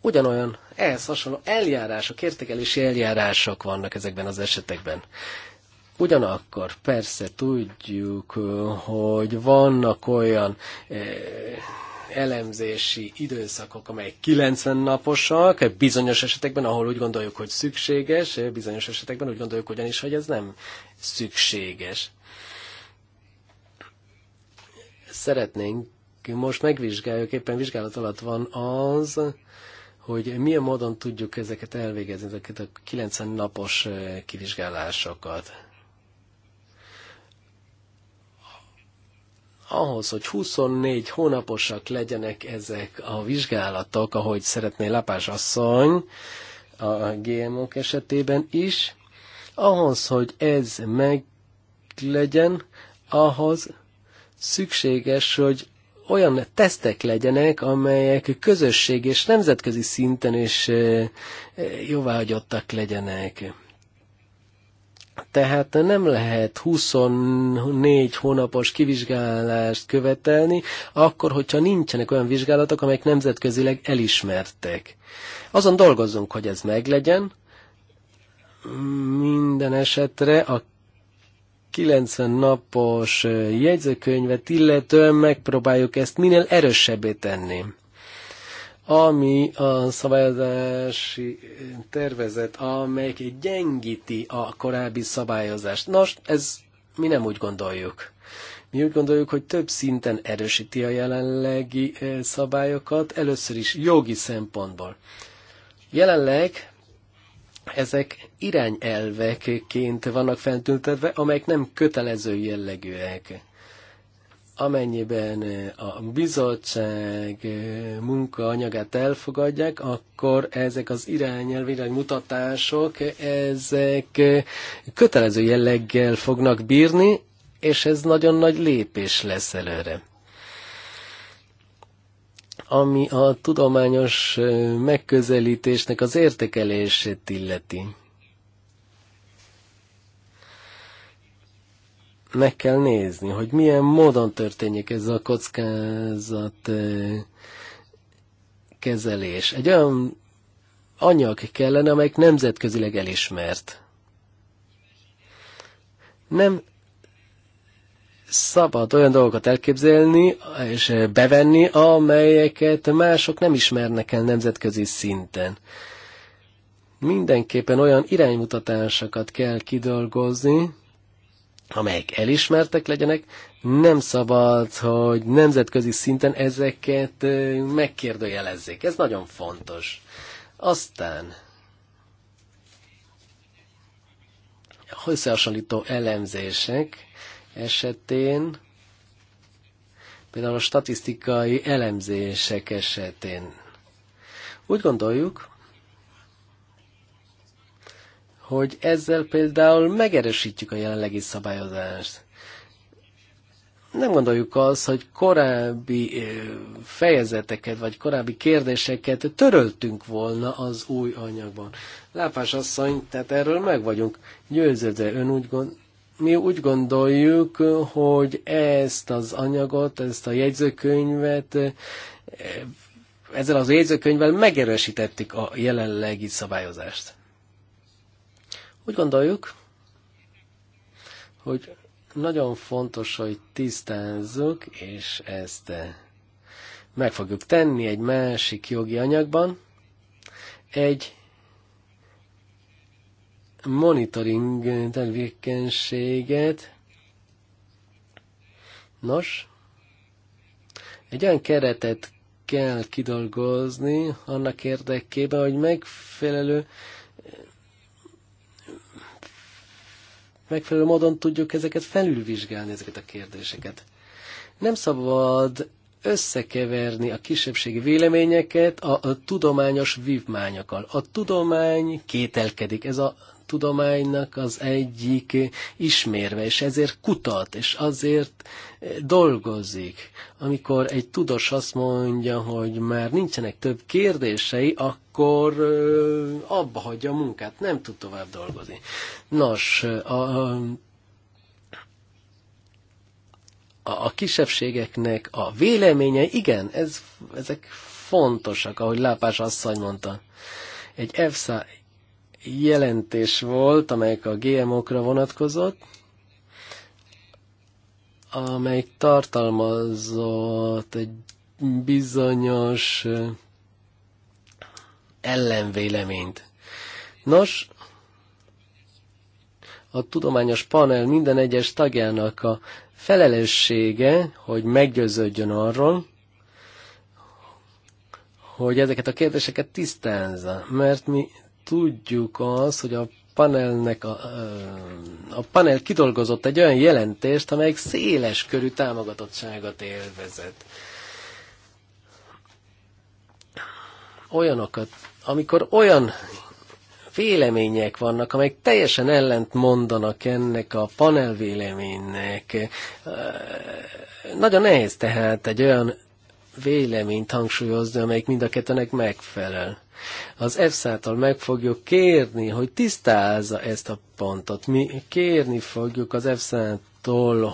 ugyanolyan ehhez hasonló eljárások, értékelési eljárások vannak ezekben az esetekben. Ugyanakkor persze tudjuk, hogy vannak olyan eh, elemzési időszakok, amelyek 90 naposak, eh, bizonyos esetekben, ahol úgy gondoljuk, hogy szükséges, eh, bizonyos esetekben úgy gondoljuk ugyanis, hogy ez nem szükséges. Szeretnénk, most megvizsgáljuk, éppen vizsgálat alatt van az, hogy milyen módon tudjuk ezeket elvégezni, ezeket a 90 napos kivizsgálásokat ahhoz, hogy 24 hónaposak legyenek ezek a vizsgálatok, ahogy szeretné Lapás asszony a GMO-k esetében is, ahhoz, hogy ez meg legyen, ahhoz szükséges, hogy olyan tesztek legyenek, amelyek közösség és nemzetközi szinten is eh, jóváhagyottak legyenek. Tehát nem lehet 24 hónapos kivizsgálást követelni, akkor, hogyha nincsenek olyan vizsgálatok, amelyek nemzetközileg elismertek. Azon dolgozunk, hogy ez meglegyen. Minden esetre a 90 napos jegyzőkönyvet illetően megpróbáljuk ezt minél erősebbé tenni ami a szabályozási tervezet, amelyik gyengíti a korábbi szabályozást. Nos, ez mi nem úgy gondoljuk. Mi úgy gondoljuk, hogy több szinten erősíti a jelenlegi eh, szabályokat, először is jogi szempontból. Jelenleg ezek irányelvekként vannak feltüntetve, amelyek nem kötelező jellegűek amennyiben eh, a bizottság eh, munkaanyagát elfogadják, akkor ezek az irányelv, iránymutatások, ezek eh, kötelező jelleggel fognak bírni, és ez nagyon nagy lépés lesz előre. Ami a tudományos megközelítésnek az értékelését illeti meg kell nézni, hogy milyen módon történik ez a kockázat eh, kezelés. Egy olyan anyag kellene, amelyik nemzetközileg elismert. Nem szabad olyan dolgokat elképzelni és bevenni, amelyeket mások nem ismernek el nemzetközi szinten. Mindenképpen olyan iránymutatásokat kell kidolgozni, amelyek elismertek legyenek, nem szabad, hogy nemzetközi szinten ezeket megkérdőjelezzék. Ez nagyon fontos. Aztán összehasonlító elemzések esetén, például a statisztikai elemzések esetén. Úgy gondoljuk, hogy ezzel például megerősítjük a jelenlegi szabályozást. Nem gondoljuk az, hogy korábbi fejezeteket, vagy korábbi kérdéseket töröltünk volna az új anyagban. Lápás asszony, tehát erről meg vagyunk győződve. Ön úgy gond, mi úgy gondoljuk, hogy ezt az anyagot, ezt a jegyzőkönyvet, ezzel az jegyzőkönyvvel megerősítettük a jelenlegi szabályozást. Úgy gondoljuk, hogy nagyon fontos, hogy tisztázzuk, és ezt eh, meg fogjuk tenni egy másik jogi anyagban, egy monitoring tevékenységet. Nos, egy olyan keretet kell kidolgozni annak érdekében, hogy megfelelő megfelelő módon tudjuk ezeket felülvizsgálni, ezeket a kérdéseket. Nem szabad összekeverni a kisebbségi véleményeket a, a tudományos vívmányokkal. A tudomány kételkedik, ez a tudománynak az egyik ismérve, és ezért kutat, és azért dolgozik. Amikor egy tudós azt mondja, hogy már nincsenek több kérdései, akkor abba hagyja a munkát, nem tud tovább dolgozni. Nos, a, a kisebbségeknek a véleménye, igen, ez, ezek fontosak, ahogy Lápás asszony mondta. Egy EFSA jelentés volt, amelyik a GMO-kra vonatkozott, amely tartalmazott egy bizonyos ellenvéleményt. Nos, a tudományos panel minden egyes tagjának a felelőssége, hogy meggyőződjön arról, hogy ezeket a kérdéseket tisztázza, mert mi tudjuk az, hogy a panelnek a, a panel kidolgozott egy olyan jelentést, amelyik széles körű támogatottságot élvezett. Olyanokat, amikor olyan vélemények vannak, amelyek teljesen ellent mondanak ennek a panel véleménynek. Nagyon nehéz tehát egy olyan véleményt hangsúlyozni, amelyik mind a kettőnek megfelel. Az EFSA-tal meg fogjuk kérni, hogy tisztázza ezt a pontot. Mi kérni fogjuk az EFSA-t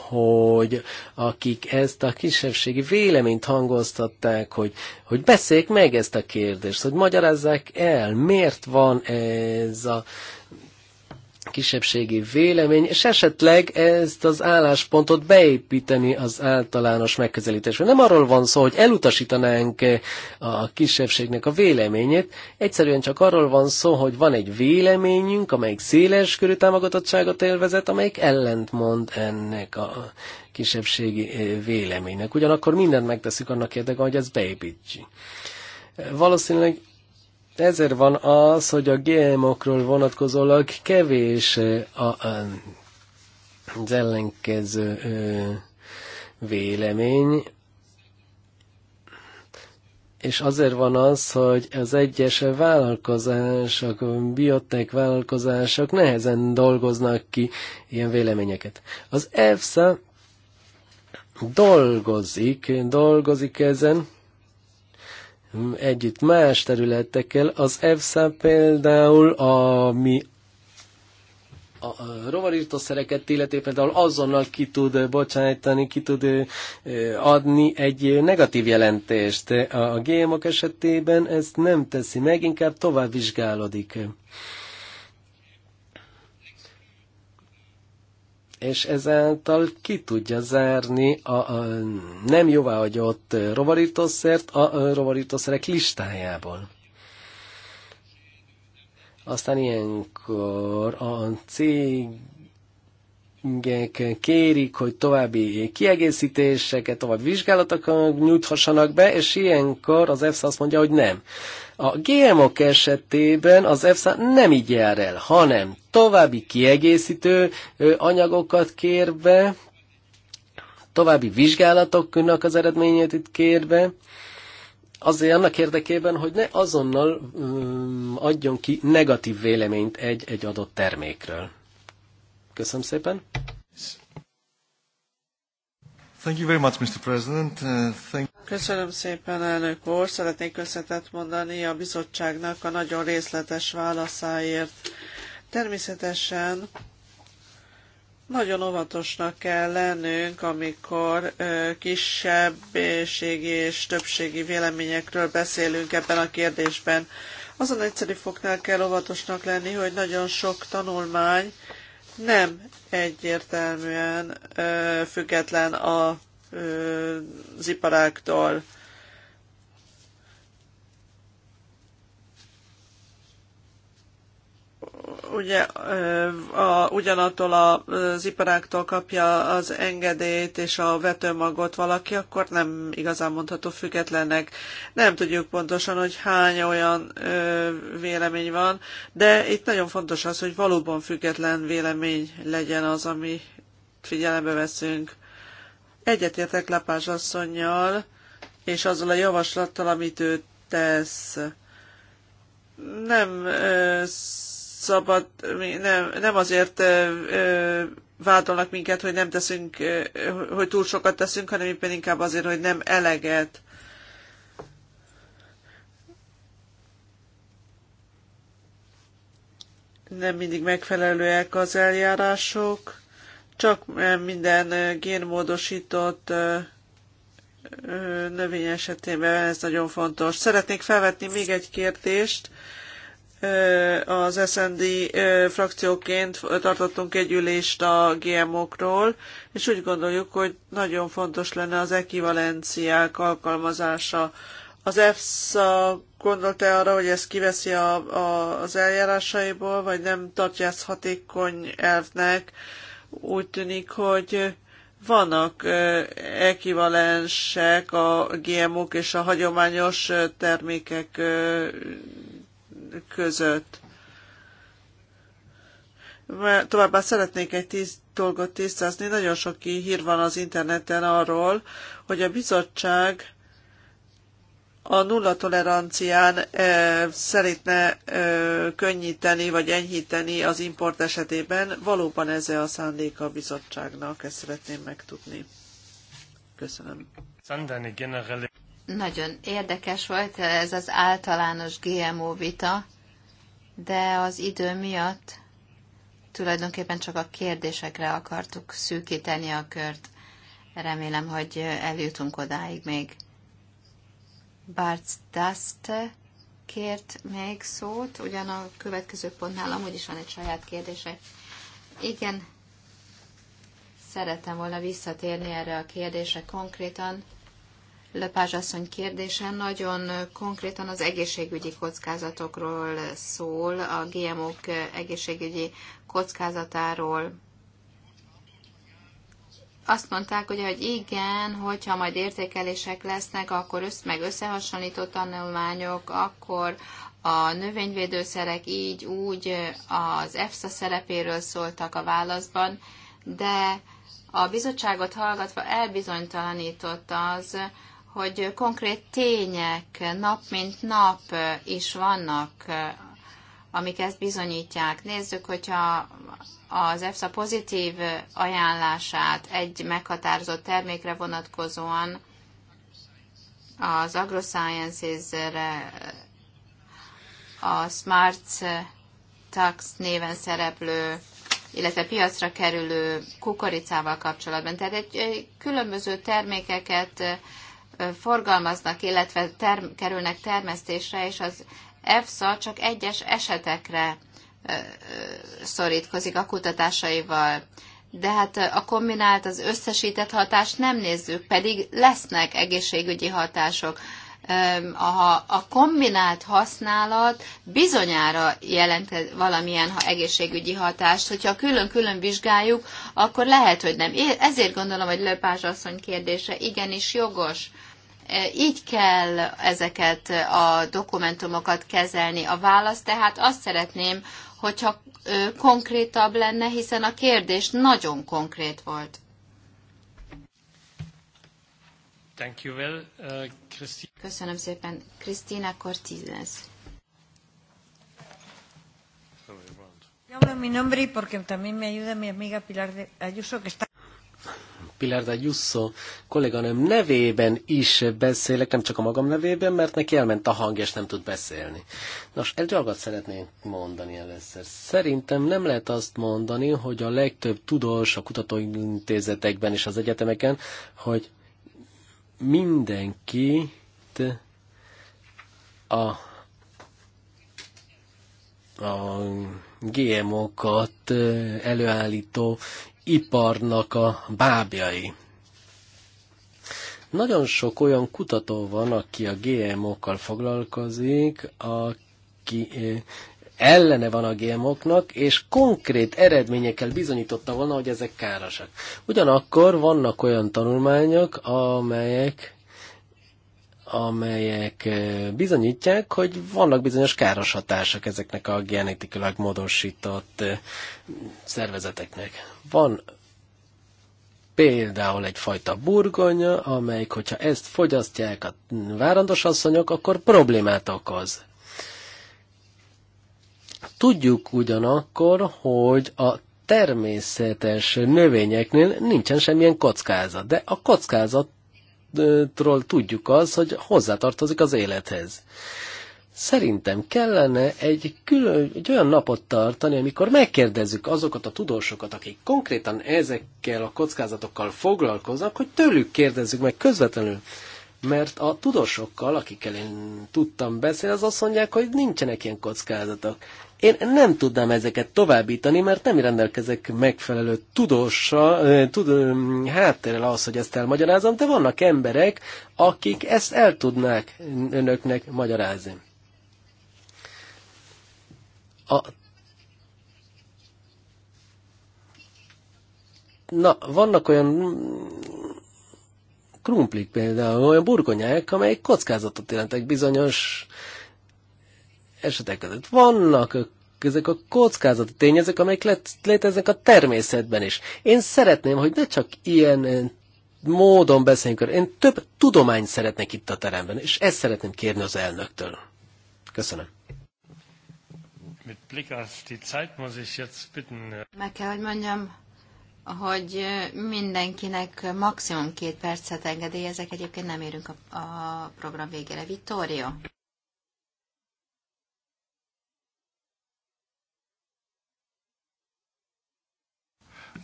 hogy akik ezt a kisebbségi véleményt hangoztatták, hogy, hogy beszéljék meg ezt a kérdést, hogy magyarázzák el, miért van ez a kisebbségi vélemény, és esetleg ezt az álláspontot beépíteni az általános megközelítésre. Nem arról van szó, hogy elutasítanánk a kisebbségnek a véleményét, egyszerűen csak arról van szó, hogy van egy véleményünk, amelyik széles körű támogatottságot élvezett, amelyik ellentmond ennek a kisebbségi eh, véleménynek. Ugyanakkor mindent megteszünk annak érdekében, hogy ezt beépítsük. Valószínűleg ezért van az, hogy a GMO-król vonatkozólag kevés a, a, az ellenkező ö, vélemény, és azért van az, hogy az egyes vállalkozások, biotek vállalkozások nehezen dolgoznak ki ilyen véleményeket. Az EFSA dolgozik, dolgozik ezen, együtt más területekkel. Az EFSA például, ami a rovarírtószereket illeti például azonnal ki tud bocsájtani, ki tud adni egy negatív jelentést. A gémok esetében ezt nem teszi meg, inkább tovább vizsgálódik. és ezáltal ki tudja zárni a, a nem jóváhagyott rovarítószert a rovarítószerek listájából. Aztán ilyenkor a cégek kérik, hogy további kiegészítéseket, további vizsgálatokat nyújthassanak be, és ilyenkor az EFSA azt mondja, hogy nem. A gmo esetében az EFSA nem így jár el, hanem további kiegészítő anyagokat kér be, további vizsgálatoknak az eredményét itt kérve, azért annak érdekében, hogy ne azonnal um, adjon ki negatív véleményt egy, egy adott termékről. Köszönöm szépen. Thank you very much, Mr. President. Uh, thank Köszönöm szépen, elnök úr. Szeretnék köszönetet mondani a bizottságnak a nagyon részletes válaszáért. Természetesen nagyon óvatosnak kell lennünk, amikor kisebb és többségi véleményekről beszélünk ebben a kérdésben. Azon egyszerű foknál kell óvatosnak lenni, hogy nagyon sok tanulmány nem egyértelműen független a az iparáktól. ugye a, ugyanattól az iparáktól kapja az engedélyt és a vetőmagot valaki, akkor nem igazán mondható függetlennek. Nem tudjuk pontosan, hogy hány olyan ö, vélemény van, de itt nagyon fontos az, hogy valóban független vélemény legyen az, ami figyelembe veszünk. Egyetértek Lapás asszonynal, és azzal a javaslattal, amit ő tesz. Nem ö, szabad, nem, nem azért ö, vádolnak minket, hogy nem teszünk, ö, hogy túl sokat teszünk, hanem éppen inkább azért, hogy nem eleget. Nem mindig megfelelőek az eljárások csak eh, minden eh, génmódosított eh, növény esetében ez nagyon fontos. Szeretnék felvetni még egy kérdést. Az SND frakcióként tartottunk egy ülést a GMO-król, és úgy gondoljuk, hogy nagyon fontos lenne az ekivalenciák alkalmazása. Az EFSA gondolta arra, hogy ezt kiveszi a, a, az eljárásaiból, vagy nem tartja ezt hatékony elvnek, úgy tűnik, hogy vannak ekivalensek a GMO-k és a hagyományos termékek között. Továbbá szeretnék egy tíz dolgot tisztázni. Nagyon sok hír van az interneten arról, hogy a bizottság a nulla tolerancián e, szeretne e, könnyíteni vagy enyhíteni az import esetében. Valóban ez -e a szándéka a bizottságnak? Ezt szeretném megtudni. Köszönöm. Nagyon érdekes volt ez az általános GMO vita, de az idő miatt tulajdonképpen csak a kérdésekre akartuk szűkíteni a kört. Remélem, hogy eljutunk odáig még. Bart Dust kért még szót, ugyan a következő pontnál amúgy is van egy saját kérdése. Igen, szerettem volna visszatérni erre a kérdésre konkrétan. Lepázs asszony kérdése nagyon konkrétan az egészségügyi kockázatokról szól, a GMO-k egészségügyi kockázatáról, azt mondták, hogy, hogy igen, hogyha majd értékelések lesznek, akkor össz, meg összehasonlított tanulmányok, akkor a növényvédőszerek így, úgy az EFSA szerepéről szóltak a válaszban, de a bizottságot hallgatva elbizonytalanított az, hogy konkrét tények nap mint nap is vannak, amik ezt bizonyítják. Nézzük, hogyha az EFSA pozitív ajánlását egy meghatározott termékre vonatkozóan az AgroSciences-re a Smart Tax néven szereplő, illetve piacra kerülő kukoricával kapcsolatban. Tehát egy, különböző termékeket forgalmaznak, illetve term, kerülnek termesztésre, és az EFSA csak egyes esetekre szorítkozik a kutatásaival. De hát a kombinált, az összesített hatást nem nézzük, pedig lesznek egészségügyi hatások. A, a kombinált használat bizonyára jelent valamilyen ha egészségügyi hatást. Hogyha külön-külön vizsgáljuk, akkor lehet, hogy nem. Én ezért gondolom, hogy Löpás asszony kérdése igenis jogos. Így kell ezeket a dokumentumokat kezelni. A válasz tehát azt szeretném, hogyha konkrétabb lenne, hiszen a kérdés nagyon konkrét volt. Thank you well, uh, Köszönöm szépen. Krisztina Cortizes. Pilarda Jusszó kolléganőm nevében is beszélek, nem csak a magam nevében, mert neki elment a hang, és nem tud beszélni. Nos, egy dolgot szeretnék mondani először. Szerintem nem lehet azt mondani, hogy a legtöbb tudós a kutatóintézetekben és az egyetemeken, hogy mindenkit a a GMO-kat előállító iparnak a bábjai. Nagyon sok olyan kutató van, aki a GMO-kkal foglalkozik, aki eh, ellene van a GMO-knak, és konkrét eredményekkel bizonyította volna, hogy ezek károsak. Ugyanakkor vannak olyan tanulmányok, amelyek amelyek bizonyítják, hogy vannak bizonyos káros hatások ezeknek a genetikailag módosított szervezeteknek. Van például egyfajta burgonya, amelyik, hogyha ezt fogyasztják a várandos asszonyok, akkor problémát okoz. Tudjuk ugyanakkor, hogy a természetes növényeknél nincsen semmilyen kockázat, de a kockázat tról tudjuk az, hogy hozzátartozik az élethez. Szerintem kellene egy, külön, egy olyan napot tartani, amikor megkérdezzük azokat a tudósokat, akik konkrétan ezekkel a kockázatokkal foglalkoznak, hogy tőlük kérdezzük meg közvetlenül. Mert a tudósokkal, akikkel én tudtam beszélni, az azt mondják, hogy nincsenek ilyen kockázatok. Én nem tudnám ezeket továbbítani, mert nem rendelkezek megfelelő tudósa, tud, háttérrel ahhoz, hogy ezt elmagyarázom, de vannak emberek, akik ezt el tudnák önöknek magyarázni. A Na, vannak olyan krumplik például, olyan burgonyák, amelyek kockázatot jelentek bizonyos esetek között. Vannak ezek a kockázati tényezők, amelyek léteznek a természetben is. Én szeretném, hogy ne csak ilyen módon beszéljünk. Én több tudományt szeretnék itt a teremben, és ezt szeretném kérni az elnöktől. Köszönöm. Äh, Meg kell, hogy mondjam, hogy mindenkinek maximum két percet engedélyezek, egyébként nem érünk a, a program végére. Vittorio.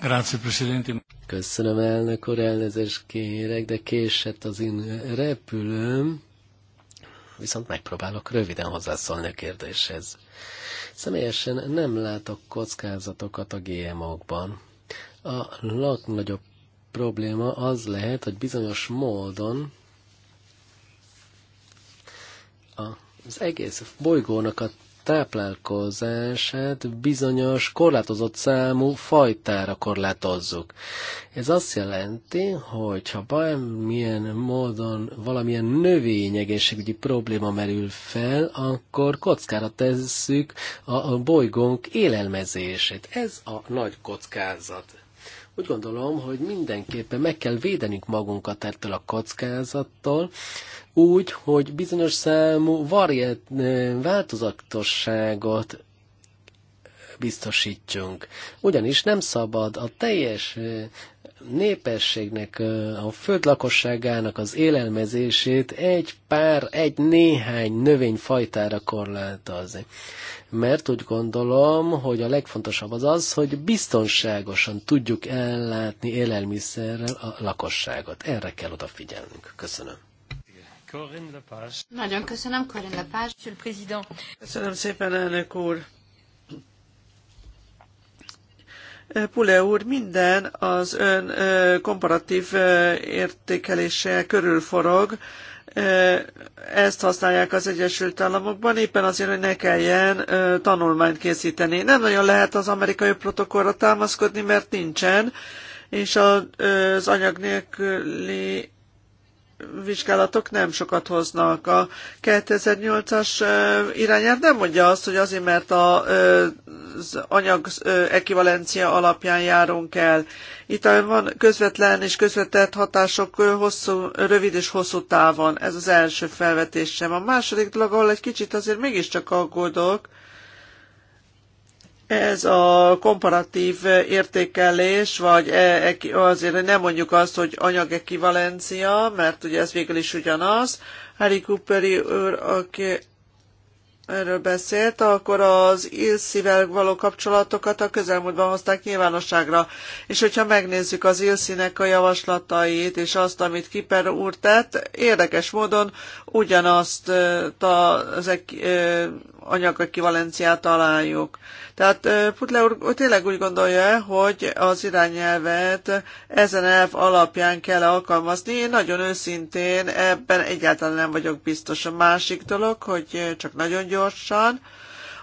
Grazie, Presidente. Köszönöm, elnök úr, elnézést kérek, de késett az én repülőm. Viszont megpróbálok röviden hozzászólni a kérdéshez. Személyesen nem látok kockázatokat a GMO-kban. A legnagyobb probléma az lehet, hogy bizonyos módon az egész bolygónak a táplálkozását bizonyos korlátozott számú fajtára korlátozzuk. Ez azt jelenti, hogy ha bármilyen módon valamilyen növényegészségügyi probléma merül fel, akkor kockára tesszük a bolygónk élelmezését. Ez a nagy kockázat. Úgy gondolom, hogy mindenképpen meg kell védenünk magunkat ettől a kockázattól, úgy, hogy bizonyos számú variát, eh, változatosságot biztosítsunk. Ugyanis nem szabad a teljes eh, népességnek, a föld lakosságának az élelmezését egy pár, egy néhány növényfajtára korlátozni. Mert úgy gondolom, hogy a legfontosabb az az, hogy biztonságosan tudjuk ellátni élelmiszerrel a lakosságot. Erre kell odafigyelnünk. Köszönöm. Corinne Lepage. Nagyon köszönöm, Corinne Lepage. Monsieur le Président. Köszönöm szépen, elnök úr. Eh, Pule úr minden az ön eh, komparatív eh, értékelése körül forog. Ezt használják az Egyesült Államokban, éppen azért, hogy ne kelljen tanulmányt készíteni. Nem nagyon lehet az amerikai protokollra támaszkodni, mert nincsen, és az anyag nélküli vizsgálatok nem sokat hoznak. A 2008-as irányelv nem mondja azt, hogy azért, mert az anyag ekvivalencia alapján járunk el. Itt van közvetlen és közvetett hatások hosszú, rövid és hosszú távon. Ez az első felvetésem. A második dolog, ahol egy kicsit azért mégiscsak aggódok, ez a komparatív értékelés, vagy e, e, azért nem mondjuk azt, hogy anyagekivalencia, mert ugye ez végül is ugyanaz. Harry Cooperi úr, aki erről beszélt, akkor az Ilszivel való kapcsolatokat a közelmúltban hozták nyilvánosságra. És hogyha megnézzük az Ilszinek a javaslatait és azt, amit Kiper úr tett, érdekes módon ugyanazt e, az anyagekvivalenciát találjuk. Tehát Putler úr tényleg úgy gondolja, hogy az irányelvet ezen elv alapján kell alkalmazni. Én nagyon őszintén ebben egyáltalán nem vagyok biztos. A másik dolog, hogy csak nagyon gyorsan,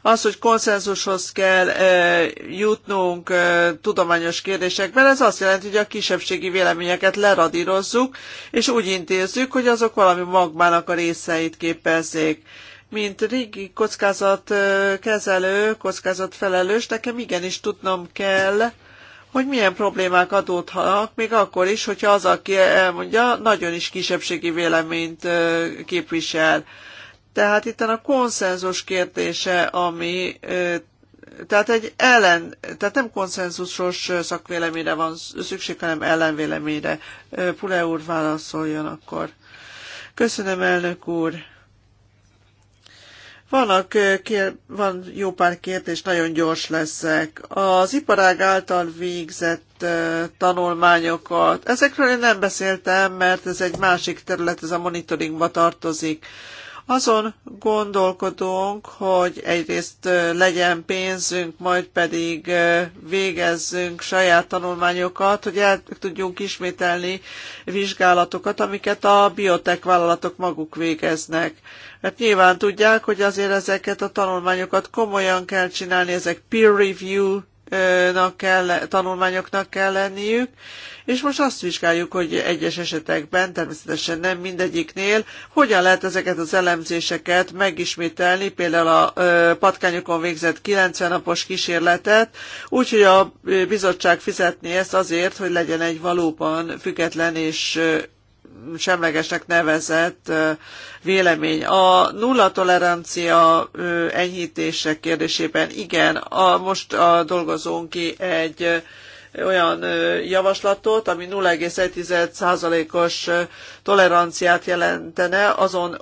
az, hogy konszenzushoz kell e, jutnunk e, tudományos kérdésekben, ez azt jelenti, hogy a kisebbségi véleményeket leradírozzuk, és úgy intézzük, hogy azok valami magmának a részeit képezzék mint régi kockázatkezelő, kockázatfelelős, nekem igenis tudnom kell, hogy milyen problémák adódhatnak, még akkor is, hogyha az, aki elmondja, nagyon is kisebbségi véleményt képvisel. Tehát itt a konszenzus kérdése, ami tehát egy ellen, tehát nem konszenzusos szakvéleményre van szükség, hanem ellenvéleményre. Pule úr válaszoljon akkor. Köszönöm, elnök úr. Vannak, van jó pár kérdés, nagyon gyors leszek. Az iparág által végzett tanulmányokat, ezekről én nem beszéltem, mert ez egy másik terület, ez a monitoringba tartozik. Azon gondolkodunk, hogy egyrészt legyen pénzünk, majd pedig végezzünk saját tanulmányokat, hogy el tudjunk ismételni vizsgálatokat, amiket a biotek vállalatok maguk végeznek. Mert hát nyilván tudják, hogy azért ezeket a tanulmányokat komolyan kell csinálni, ezek peer review kell, tanulmányoknak kell lenniük, és most azt vizsgáljuk, hogy egyes esetekben, természetesen nem mindegyiknél, hogyan lehet ezeket az elemzéseket megismételni, például a patkányokon végzett 90 napos kísérletet, úgyhogy a bizottság fizetni ezt azért, hogy legyen egy valóban független és semlegesnek nevezett vélemény. A nulla tolerancia enyhítése kérdésében igen, a, most a dolgozónk ki egy olyan javaslatot, ami 0,1%-os toleranciát jelentene azon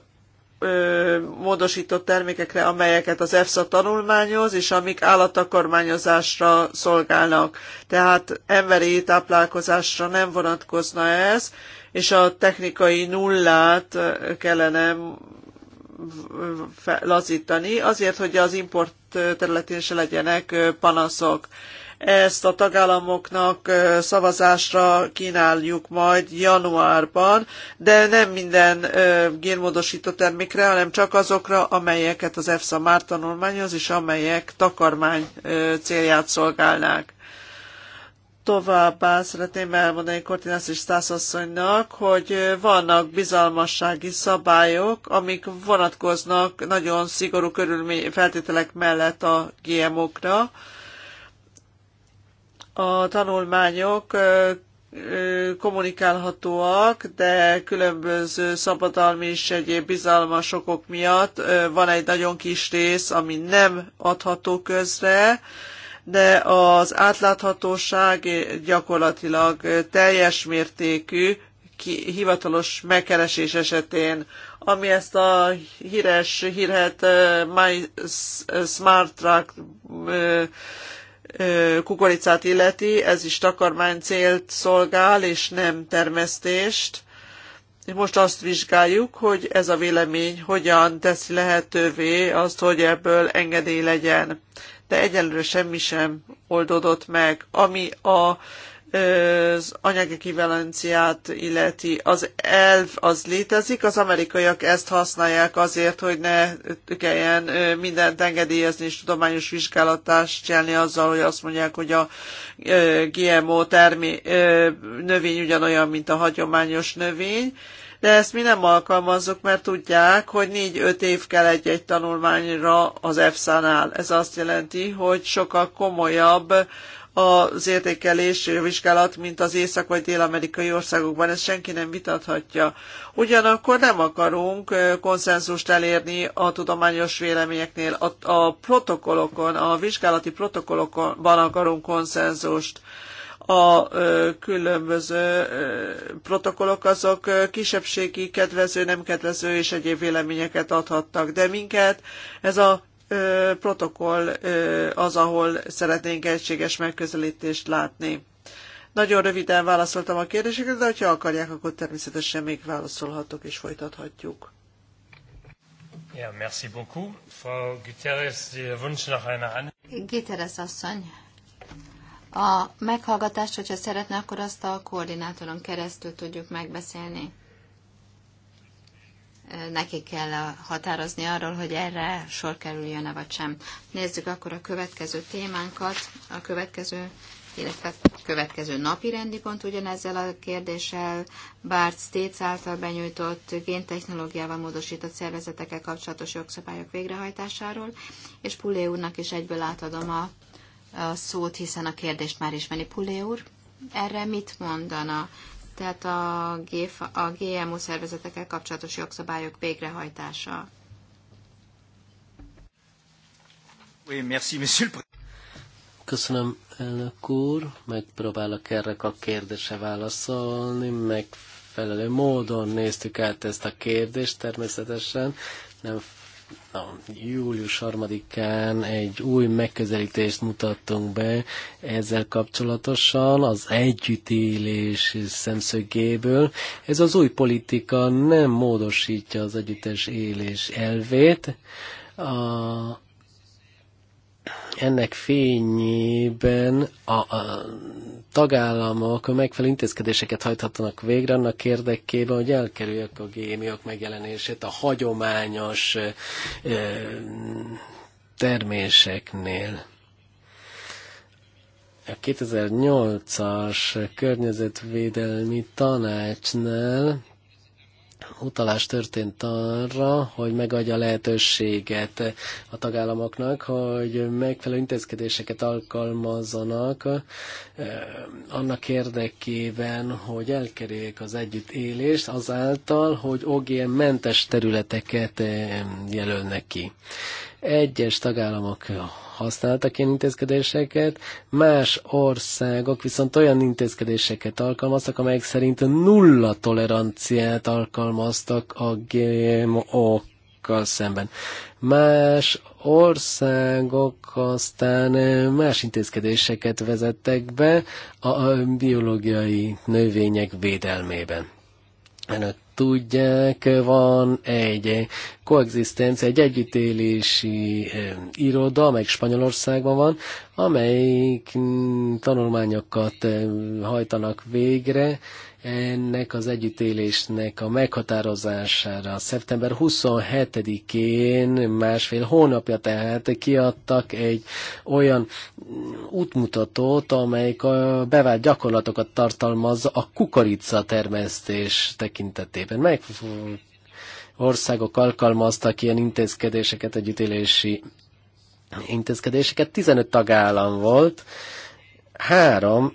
módosított termékekre, amelyeket az EFSA tanulmányoz, és amik állattakormányozásra szolgálnak. Tehát emberi táplálkozásra nem vonatkozna ez, és a technikai nullát kellene lazítani, azért, hogy az import területén se legyenek panaszok. Ezt a tagállamoknak szavazásra kínáljuk majd januárban, de nem minden génmódosító termékre, hanem csak azokra, amelyeket az EFSA már tanulmányoz, és amelyek takarmány célját szolgálnák. Továbbá szeretném elmondani Kortinász és Stászasszonynak, hogy vannak bizalmassági szabályok, amik vonatkoznak nagyon szigorú körülmény feltételek mellett a GMO-kra, a tanulmányok kommunikálhatóak, de különböző szabadalmi és egyéb bizalmas okok miatt van egy nagyon kis rész, ami nem adható közre, de az átláthatóság gyakorlatilag teljes mértékű hivatalos megkeresés esetén, ami ezt a híres, hírhet My Smart Truck kukoricát illeti, ez is takarmány célt szolgál, és nem termesztést. Most azt vizsgáljuk, hogy ez a vélemény hogyan teszi lehetővé azt, hogy ebből engedély legyen. De egyelőre semmi sem oldódott meg. Ami a az anyagi kivalenciát illeti. Az elv az létezik, az amerikaiak ezt használják azért, hogy ne kelljen mindent engedélyezni és tudományos vizsgálatást csinálni azzal, hogy azt mondják, hogy a GMO termi, növény ugyanolyan, mint a hagyományos növény de ezt mi nem alkalmazzuk, mert tudják, hogy 4-5 év kell egy-egy tanulmányra az EFSA-nál. Ez azt jelenti, hogy sokkal komolyabb az értékelés vizsgálat, mint az észak- vagy dél-amerikai országokban, ezt senki nem vitathatja. Ugyanakkor nem akarunk konszenzust elérni a tudományos véleményeknél. A, a protokollokon, a vizsgálati protokollokban akarunk konszenzust a különböző protokollok azok kisebbségi kedvező, nem kedvező és egyéb véleményeket adhattak, De minket ez a protokoll az, ahol szeretnénk egységes megközelítést látni. Nagyon röviden válaszoltam a kérdésekre, de ha akarják, akkor természetesen még válaszolhatok és folytathatjuk. Ja, merci beaucoup. Frau Guterres, Sie wünschen noch eine Guterres asszony, a meghallgatást, hogyha szeretne, akkor azt a koordinátoron keresztül tudjuk megbeszélni neki kell határozni arról, hogy erre sor kerüljön-e vagy sem. Nézzük akkor a következő témánkat, a következő illetve a következő napi rendi pont ugyanezzel a kérdéssel Bart Stéc által benyújtott géntechnológiával módosított szervezetekkel kapcsolatos jogszabályok végrehajtásáról, és Pulé úrnak is egyből átadom a, a szót, hiszen a kérdést már ismeri Pulé úr. Erre mit mondana? tehát a, a GMO szervezetekkel kapcsolatos jogszabályok végrehajtása. Köszönöm, elnök úr. Megpróbálok erre a kérdése válaszolni. Megfelelő módon néztük át ezt a kérdést természetesen. Nem július harmadikán egy új megközelítést mutattunk be ezzel kapcsolatosan az együttélés szemszögéből. Ez az új politika nem módosítja az együttes élés elvét, a, ennek fényében a, a tagállamok megfelelő intézkedéseket hajthatnak végre annak érdekében, hogy elkerüljek a gémiak megjelenését a hagyományos e, terméseknél. A 2008-as környezetvédelmi tanácsnál utalás történt arra, hogy megadja lehetőséget a tagállamoknak, hogy megfelelő intézkedéseket alkalmazzanak annak érdekében, hogy elkerüljék az együttélést azáltal, hogy OGM mentes területeket jelölnek ki. Egyes tagállamok használtak ilyen intézkedéseket, más országok viszont olyan intézkedéseket alkalmaztak, amelyek szerint nulla toleranciát alkalmaztak a GMO kkal szemben. Más országok aztán eh, más intézkedéseket vezettek be a biológiai növények védelmében. Önök tudják, van egy koexisztencia, egy együttélési eh, iroda, amelyik Spanyolországban van, amelyik mm, tanulmányokat eh, hajtanak végre, ennek az együttélésnek a meghatározására szeptember 27-én, másfél hónapja tehát kiadtak egy olyan útmutatót, amelyik a bevált gyakorlatokat tartalmazza a kukorica termesztés tekintetében. Meg országok alkalmaztak ilyen intézkedéseket, együttélési intézkedéseket. 15 tagállam volt, három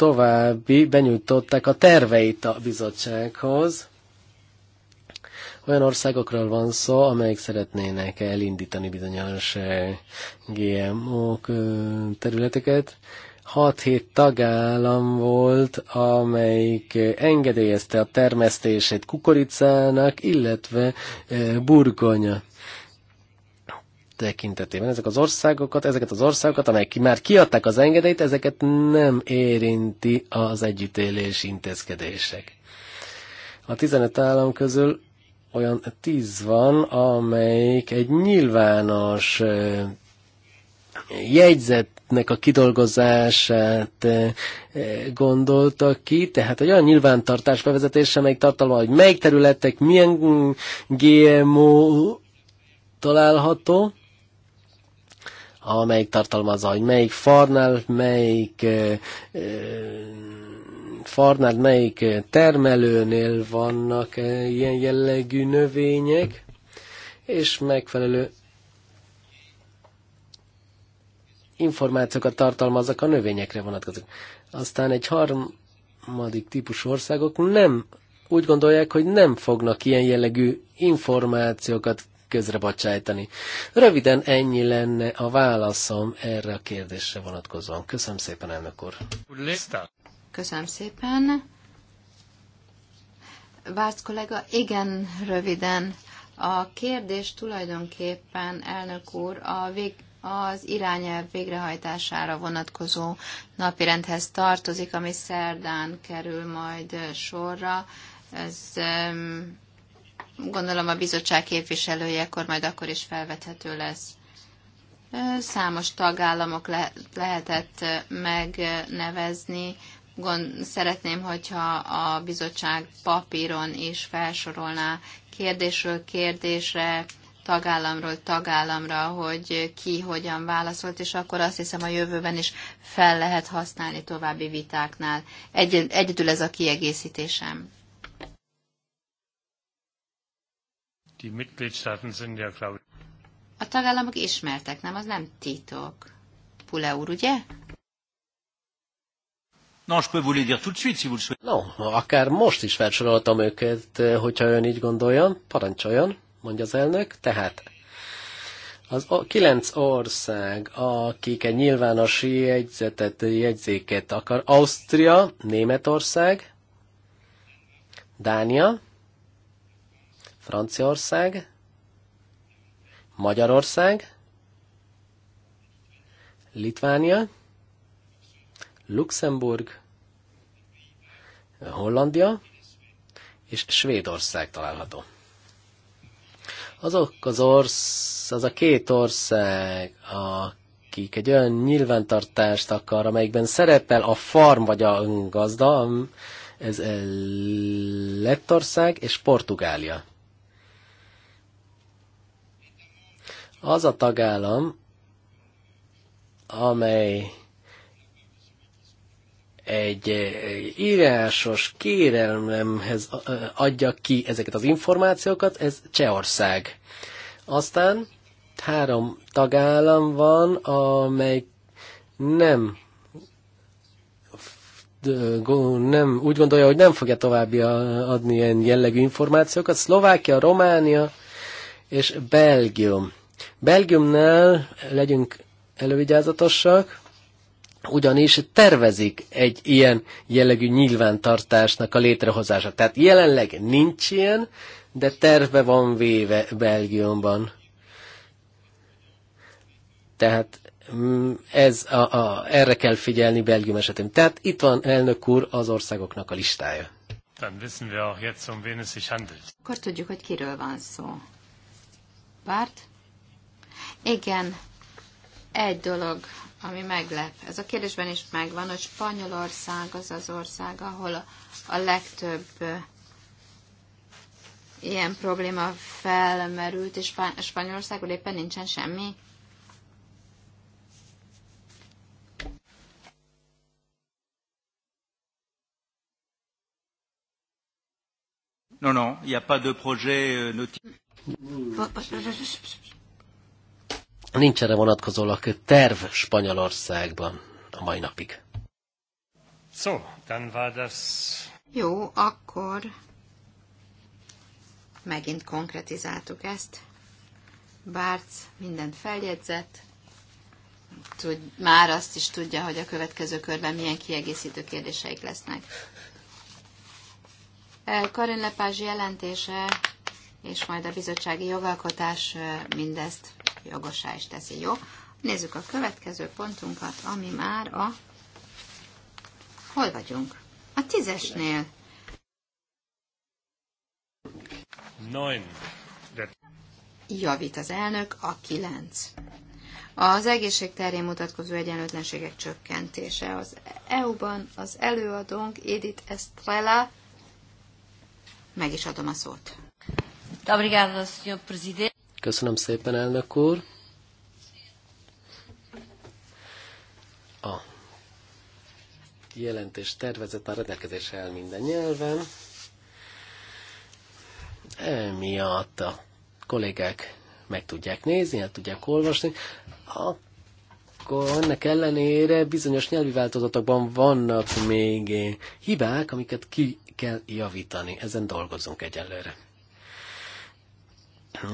további benyújtották a terveit a bizottsághoz. Olyan országokról van szó, amelyek szeretnének elindítani bizonyos eh, GMO eh, területeket. 6-7 tagállam volt, amelyik eh, engedélyezte a termesztését kukoricának, illetve burgonya tekintetében. Ezek az országokat, ezeket az országokat, amelyek már kiadták az engedélyt, ezeket nem érinti az együttélés intézkedések. A 15 állam közül olyan 10 van, amelyik egy nyilvános jegyzetnek a kidolgozását gondolta ki, tehát egy olyan nyilvántartás bevezetése, amelyik tartalma, hogy melyik területek, milyen GMO található, amelyik tartalmazza, hogy melyik farnál, melyik farnál, melyik termelőnél vannak ilyen jellegű növények, és megfelelő információkat tartalmaznak a növényekre vonatkozók. Aztán egy harmadik típus országok nem úgy gondolják, hogy nem fognak ilyen jellegű információkat közrebocsájtani. Röviden ennyi lenne a válaszom erre a kérdésre vonatkozóan. Köszönöm szépen, elnök úr. Köszönöm szépen. Várc kollega, igen, röviden. A kérdés tulajdonképpen, elnök úr, a vég, az irányelv végrehajtására vonatkozó napirendhez tartozik, ami szerdán kerül majd sorra. Ez gondolom a bizottság képviselője akkor majd akkor is felvethető lesz. Számos tagállamok le, lehetett megnevezni. Gond, szeretném, hogyha a bizottság papíron is felsorolná kérdésről kérdésre, tagállamról tagállamra, hogy ki hogyan válaszolt, és akkor azt hiszem a jövőben is fel lehet használni további vitáknál. Egy, egyedül ez a kiegészítésem. Die Mitgliedstaaten sind ja, glaube ich. A tagállamok ismertek, nem? Az nem titok. Pule úr, ugye? Non, je peux vous le dire tout de suite, si vous le souhaitez. No, akár most is felsoroltam őket, hogyha ön így gondolja, parancsoljon, mondja az elnök. Tehát az o, kilenc ország, akik egy nyilvános jegyzetet, jegyzéket akar, Ausztria, Németország, Dánia, Franciaország, Magyarország, Litvánia, Luxemburg, Hollandia és Svédország található. Azok az orsz, az a két ország, akik egy olyan nyilvántartást akar, amelyikben szerepel a farm vagy a gazda, ez Lettország és Portugália. az a tagállam, amely egy írásos kérelmemhez adja ki ezeket az információkat, ez Csehország. Aztán három tagállam van, amely nem nem, úgy gondolja, hogy nem fogja további adni ilyen jellegű információkat. Szlovákia, Románia és Belgium. Belgiumnál legyünk elővigyázatosak, ugyanis tervezik egy ilyen jellegű nyilvántartásnak a létrehozása. Tehát jelenleg nincs ilyen, de terve van véve Belgiumban. Tehát mm, ez a, a, erre kell figyelni Belgium esetén. Tehát itt van elnök úr az országoknak a listája. Um Akkor tudjuk, hogy kiről van szó. Bárt? Igen, egy dolog, ami meglep. Ez a kérdésben is megvan, hogy Spanyolország az az ország, ahol a legtöbb ilyen probléma felmerült, és Spanyolországon éppen nincsen semmi. Non, non, il n'y a pas de projet notifié. Nincs erre vonatkozólag terv Spanyolországban a mai napig. So, dann war das... Jó, akkor megint konkretizáltuk ezt. Bárc mindent feljegyzett, tud, már azt is tudja, hogy a következő körben milyen kiegészítő kérdéseik lesznek. Karin Lepázs jelentése és majd a bizottsági jogalkotás mindezt jogosá is teszi. Jó? Nézzük a következő pontunkat, ami már a... Hol vagyunk? A tízesnél. Neun. Javít az elnök a kilenc. Az egészség terén mutatkozó egyenlőtlenségek csökkentése. Az EU-ban az előadónk Edith Estrella, meg is adom a szót. Obrigada, Sr. Presidente. Köszönöm szépen, elnök úr. A jelentés tervezett a rendelkezésre el minden nyelven. Emiatt a kollégák meg tudják nézni, el tudják olvasni. akkor ennek ellenére bizonyos nyelvi változatokban vannak még hibák, amiket ki kell javítani. Ezen dolgozunk egyelőre.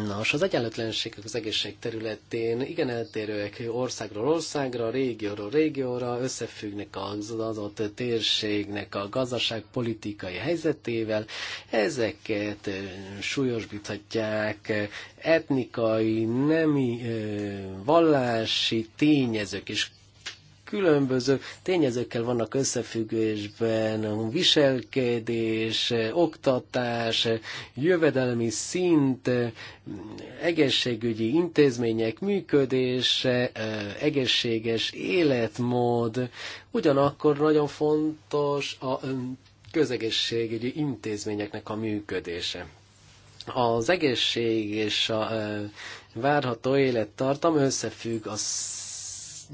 Nos, az egyenlőtlenségek az egészség területén igen eltérőek országról országra, régióról régióra, összefüggnek az adott térségnek a gazdaságpolitikai helyzetével. Ezeket súlyosbíthatják etnikai, nemi, vallási tényezők és különböző tényezőkkel vannak összefüggésben, viselkedés, oktatás, jövedelmi szint, egészségügyi intézmények működése, egészséges életmód, ugyanakkor nagyon fontos a közegészségügyi intézményeknek a működése. Az egészség és a várható élettartam összefügg a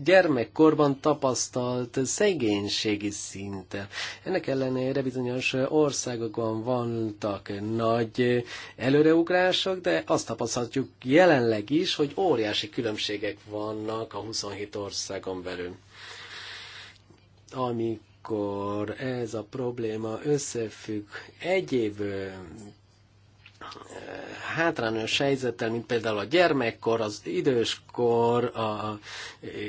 gyermekkorban tapasztalt szegénységi szinten. Ennek ellenére bizonyos országokban voltak nagy előreugrások, de azt tapasztaljuk jelenleg is, hogy óriási különbségek vannak a 27 országon belül. Ami akkor ez a probléma összefügg egyéb hátrányos helyzettel, mint például a gyermekkor, az időskor a,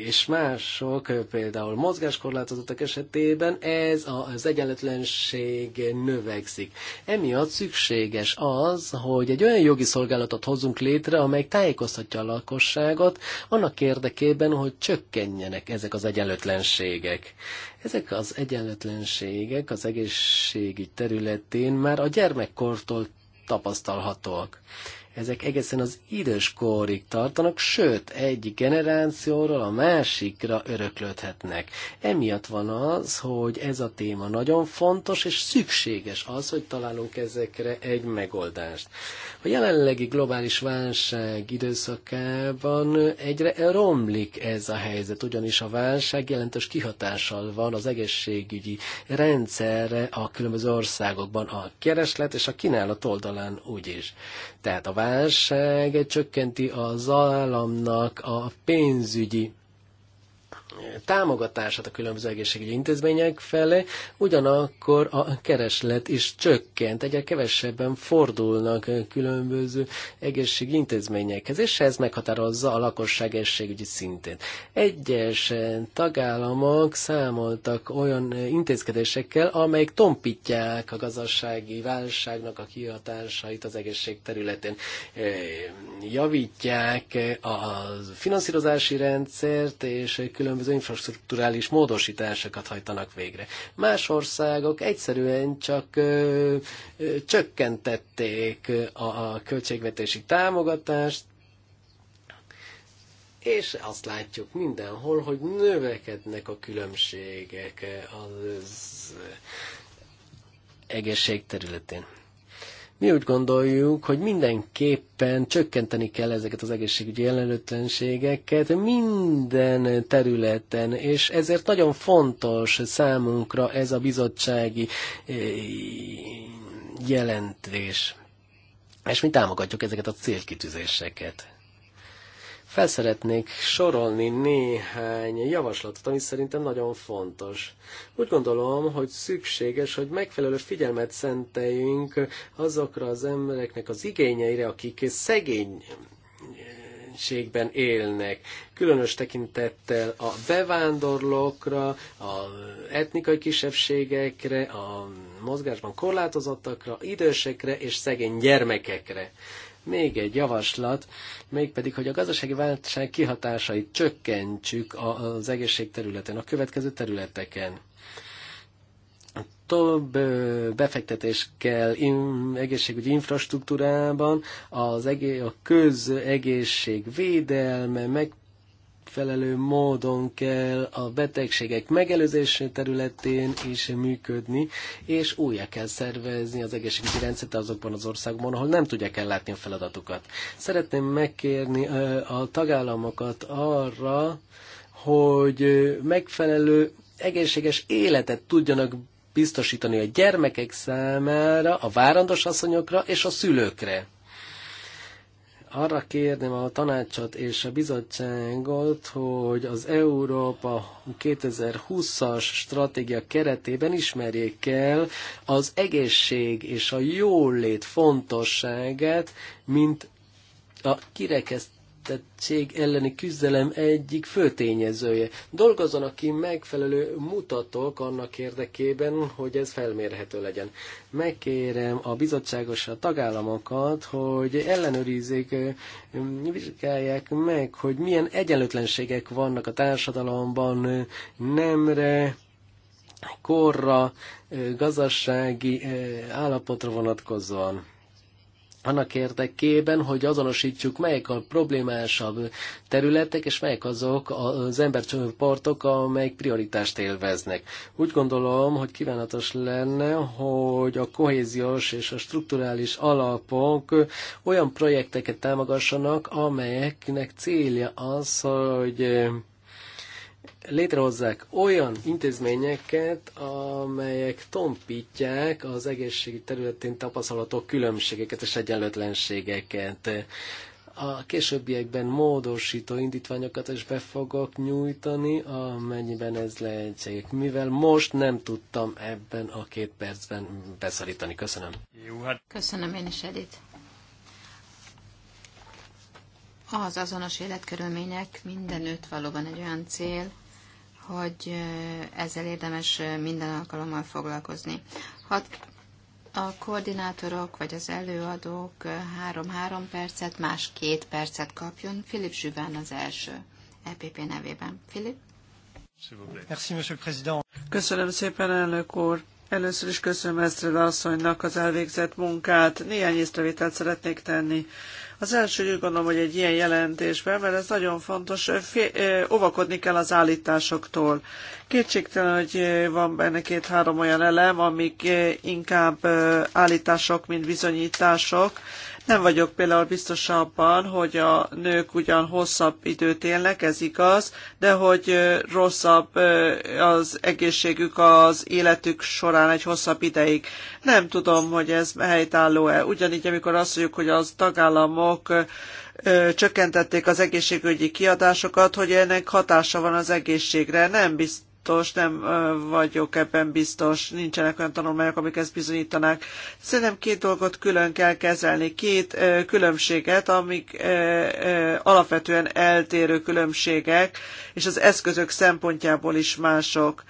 és mások, például mozgáskorlátozottak esetében ez a, az egyenletlenség növekszik. Emiatt szükséges az, hogy egy olyan jogi szolgálatot hozzunk létre, amely tájékoztatja a lakosságot annak érdekében, hogy csökkenjenek ezek az egyenlőtlenségek. Ezek az egyenlőtlenségek az egészségügy területén már a gyermekkortól tapasztalhatóak ezek egészen az időskorig tartanak, sőt, egy generációról a másikra öröklődhetnek. Emiatt van az, hogy ez a téma nagyon fontos, és szükséges az, hogy találunk ezekre egy megoldást. A jelenlegi globális válság időszakában egyre romlik ez a helyzet, ugyanis a válság jelentős kihatással van az egészségügyi rendszerre a különböző országokban, a kereslet és a kínálat oldalán úgyis. Tehát a válság csökkenti az államnak a pénzügyi támogatását a különböző egészségügyi intézmények felé, ugyanakkor a kereslet is csökkent, egyre kevesebben fordulnak különböző egészségügyi intézményekhez, és ez meghatározza a lakosság egészségügyi szintét. Egyes tagállamok számoltak olyan intézkedésekkel, amelyek tompítják a gazdasági válságnak a kihatásait az egészség területén. Javítják a finanszírozási rendszert, és különböző különböző infrastruktúrális módosításokat hajtanak végre. Más országok egyszerűen csak ö, ö, csökkentették a, a költségvetési támogatást, és azt látjuk mindenhol, hogy növekednek a különbségek az egészség területén. Mi úgy gondoljuk, hogy mindenképpen csökkenteni kell ezeket az egészségügyi jelenlőtlenségeket minden területen, és ezért nagyon fontos számunkra ez a bizottsági eh, jelentés. És mi támogatjuk ezeket a célkitűzéseket. Felszeretnék sorolni néhány javaslatot, ami szerintem nagyon fontos. Úgy gondolom, hogy szükséges, hogy megfelelő figyelmet szenteljünk azokra az embereknek az igényeire, akik szegény élnek. Különös tekintettel a bevándorlókra, a etnikai kisebbségekre, a mozgásban korlátozottakra, idősekre és szegény gyermekekre még egy javaslat, mégpedig, hogy a gazdasági válság kihatásait csökkentsük az egészség területen, a következő területeken több befektetés kell egészségügyi infrastruktúrában, az egé- a közegészség védelme, meg megfelelő módon kell a betegségek megelőzés területén is működni, és újra kell szervezni az egészségügyi rendszert azokban az országban, ahol nem tudják ellátni a feladatukat. Szeretném megkérni a tagállamokat arra, hogy megfelelő egészséges életet tudjanak biztosítani a gyermekek számára, a várandos asszonyokra és a szülőkre arra kérném a tanácsot és a bizottságot, hogy az Európa 2020-as stratégia keretében ismerjék el az egészség és a jólét fontosságát, mint a kirekesztés érintettség elleni küzdelem egyik fő tényezője. Dolgozzanak ki megfelelő mutatók annak érdekében, hogy ez felmérhető legyen. Megkérem a bizottságos a tagállamokat, hogy ellenőrizzék, vizsgálják meg, hogy milyen egyenlőtlenségek vannak a társadalomban nemre, korra, gazdasági állapotra vonatkozóan annak érdekében, hogy azonosítsuk, melyek a problémásabb területek, és melyek azok az embercsoportok, amelyek prioritást élveznek. Úgy gondolom, hogy kívánatos lenne, hogy a kohéziós és a strukturális alapok olyan projekteket támogassanak, amelyeknek célja az, hogy létrehozzák olyan intézményeket, amelyek tompítják az egészségügy területén tapasztalható különbségeket és egyenlőtlenségeket. A későbbiekben módosító indítványokat is be fogok nyújtani, amennyiben ez lehetséges. Mivel most nem tudtam ebben a két percben beszállítani. Köszönöm. Jó, hát Köszönöm én is, Edith az azonos életkörülmények mindenütt valóban egy olyan cél, hogy eh, ezzel érdemes eh, minden alkalommal foglalkozni. Ha a koordinátorok vagy az előadók eh, három-három percet, más két percet kapjon. Filip Zsüván az első, EPP nevében. Filip? Köszönöm szépen, elnök úr. Először is köszönöm Esztrel asszonynak az elvégzett munkát. Néhány észrevételt szeretnék tenni. Az első úgy gondolom, hogy egy ilyen jelentésben, mert ez nagyon fontos, óvakodni kell az állításoktól. Kétségtelen, hogy van benne két-három olyan elem, amik inkább állítások, mint bizonyítások, nem vagyok például biztos abban, hogy a nők ugyan hosszabb időt élnek, ez igaz, de hogy rosszabb az egészségük az életük során egy hosszabb ideig. Nem tudom, hogy ez helytálló-e. Ugyanígy, amikor azt mondjuk, hogy az tagállamok csökkentették az egészségügyi kiadásokat, hogy ennek hatása van az egészségre. Nem biztos biztos, nem vagyok ebben biztos, nincsenek olyan tanulmányok, amik ezt bizonyítanák. Szerintem két dolgot külön kell kezelni, két különbséget, amik alapvetően eltérő különbségek, és az eszközök szempontjából is mások.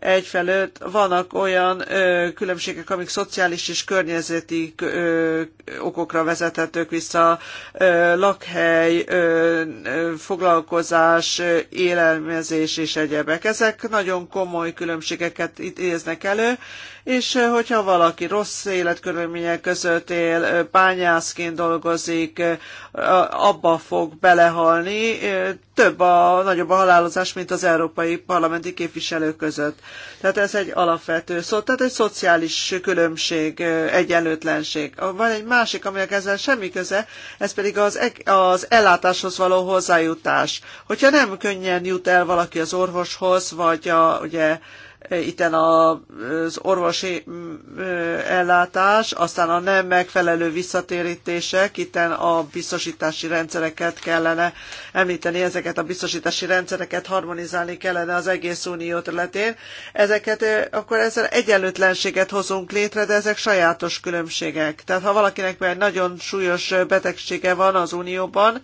Egyfelől vannak olyan ö, különbségek, amik szociális és környezeti ö, okokra vezethetők vissza, ö, lakhely, ö, foglalkozás, élelmezés és egyebek. Ezek nagyon komoly különbségeket idéznek elő, és eh, hogyha valaki rossz életkörülmények között él, eh, bányászként dolgozik, eh, abba fog belehalni, több a, nagyobb a halálozás, mint az európai parlamenti képviselők között. Tehát ez egy alapvető szó, tehát egy szociális különbség, egyenlőtlenség. Van egy másik, aminek ezzel semmi köze, ez pedig az, e-, az ellátáshoz való hozzájutás. Hogyha nem könnyen jut el valaki az orvoshoz, vagy a, ugye, itten az orvosi ellátás, aztán a nem megfelelő visszatérítések, itten a biztosítási rendszereket kellene említeni, ezeket a biztosítási rendszereket harmonizálni kellene az egész unió területén. Ezeket akkor ezzel egyenlőtlenséget hozunk létre, de ezek sajátos különbségek. Tehát ha valakinek például nagyon súlyos betegsége van az unióban,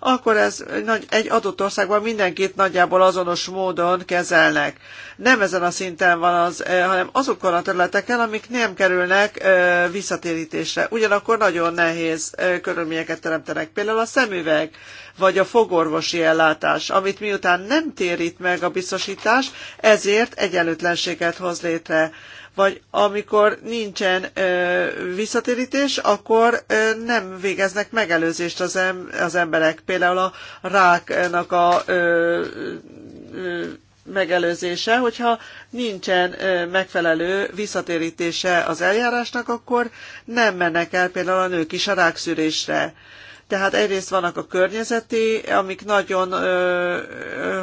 akkor ez egy adott országban mindenkit nagyjából azonos módon kezelnek. Nem ezen a szinten van az, eh, hanem azokon a területeken, amik nem kerülnek eh, visszatérítésre. Ugyanakkor nagyon nehéz eh, körülményeket teremtenek. Például a szemüveg vagy a fogorvosi ellátás, amit miután nem térít meg a biztosítás, ezért egyenlőtlenséget hoz létre vagy amikor nincsen visszatérítés, akkor nem végeznek megelőzést az, az emberek. Például a ráknak a megelőzése, hogyha nincsen megfelelő visszatérítése az eljárásnak, akkor nem mennek el például a nők is a rákszűrésre. Tehát egyrészt vannak a környezeti, amik nagyon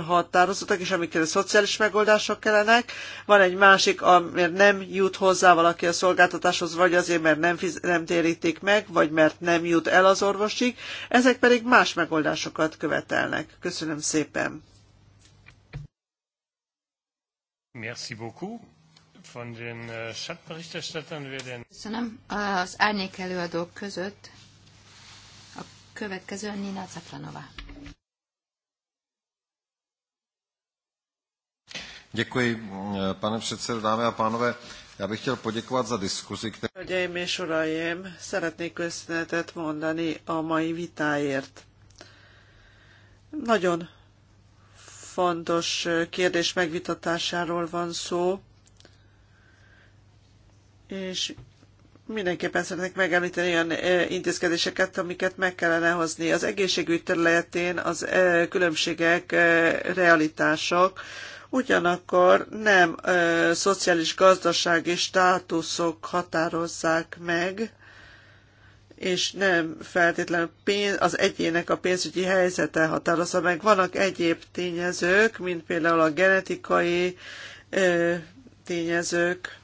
határozottak, és amikkel szociális megoldások kellenek. Van egy másik, amiért nem jut hozzá valaki a szolgáltatáshoz, vagy azért, mert nem, fiz- nem térítik meg, vagy mert nem jut el az orvosig. Ezek pedig más megoldásokat követelnek. Köszönöm szépen. Merci beaucoup. Von den äh, Schattberichterstattern werden... Köszönöm. Az árnyék előadók között Következő Nina Caplanova. Děkuji, pane předsedo, dámy a pánové. Já bych chtěl poděkovat za diskuzi, které... Hölgyeim és uraim, szeretnék köszönetet mondani a mai vitáért. Nagyon fontos kérdés megvitatásáról van szó, és Mindenképpen szeretnék megemlíteni olyan intézkedéseket, amiket meg kellene hozni. Az egészségügy területén az különbségek realitások, ugyanakkor nem szociális gazdasági státuszok határozzák meg, és nem feltétlenül pénz, az egyének a pénzügyi helyzete határozza meg. Vannak egyéb tényezők, mint például a genetikai tényezők,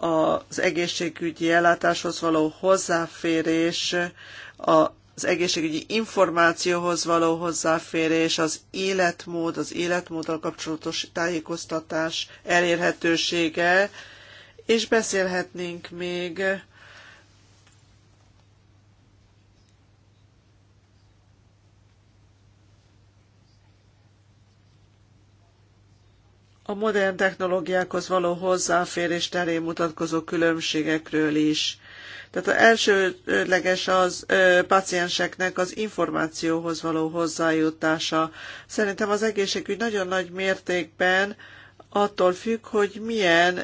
az egészségügyi ellátáshoz való hozzáférés, az egészségügyi információhoz való hozzáférés, az életmód, az életmóddal kapcsolatos tájékoztatás elérhetősége, és beszélhetnénk még a modern technológiákhoz való hozzáférés terén mutatkozó különbségekről is. Tehát az elsődleges az ö, pacienseknek az információhoz való hozzájutása. Szerintem az egészségügy nagyon nagy mértékben attól függ, hogy milyen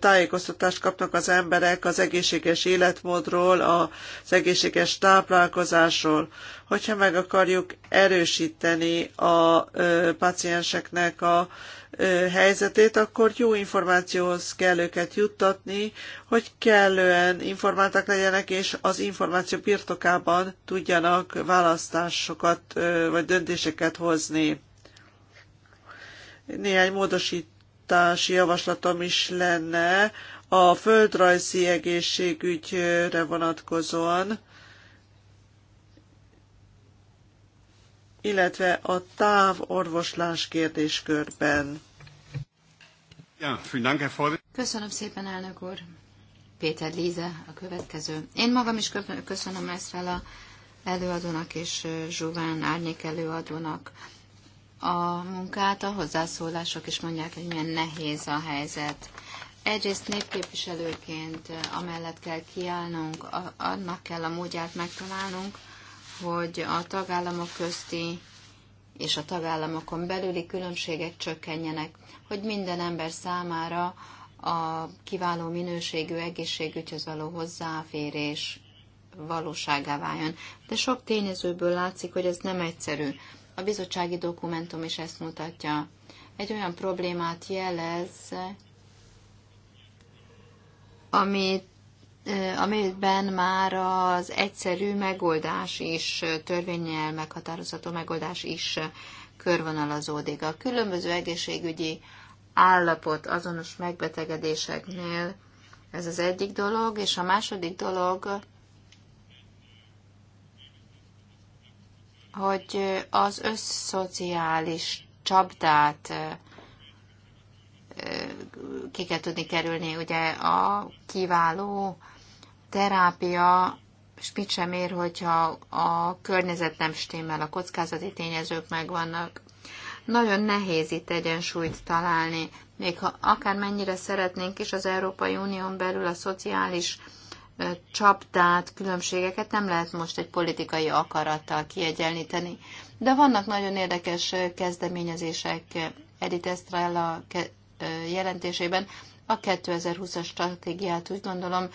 tájékoztatást kapnak az emberek az egészséges életmódról, az egészséges táplálkozásról. Hogyha meg akarjuk erősíteni a pacienseknek a helyzetét, akkor jó információhoz kell őket juttatni, hogy kellően informáltak legyenek, és az információ birtokában tudjanak választásokat vagy döntéseket hozni. Néhány módosítási javaslatom is lenne a földrajzi egészségügyre vonatkozóan illetve a távorvoslás kérdéskörben. Köszönöm szépen, elnök úr. Péter Líze a következő. Én magam is köszönöm ezt fel a előadónak és Zsuván Árnyék előadónak a munkát. A hozzászólások is mondják, hogy milyen nehéz a helyzet. Egyrészt népképviselőként amellett kell kiállnunk, annak kell a módját megtalálnunk, hogy a tagállamok közti és a tagállamokon belüli különbségek csökkenjenek, hogy minden ember számára a kiváló minőségű egészségügyhöz való hozzáférés valóságá váljon. De sok tényezőből látszik, hogy ez nem egyszerű. A bizottsági dokumentum is ezt mutatja. Egy olyan problémát jelez, amit amelyben már az egyszerű megoldás is, törvényel meghatározható megoldás is körvonalazódik. A különböző egészségügyi állapot azonos megbetegedéseknél ez az egyik dolog, és a második dolog, hogy az összszociális csapdát ki kell tudni kerülni, ugye a kiváló terápia mit sem ér, hogyha a környezet nem stimmel, a kockázati tényezők megvannak. Nagyon nehéz itt egyensúlyt találni, még ha akármennyire szeretnénk is az Európai Unión belül a szociális csapdát, különbségeket nem lehet most egy politikai akarattal kiegyenlíteni. De vannak nagyon érdekes kezdeményezések Edith Estrella jelentésében, a 2020-as stratégiát úgy gondolom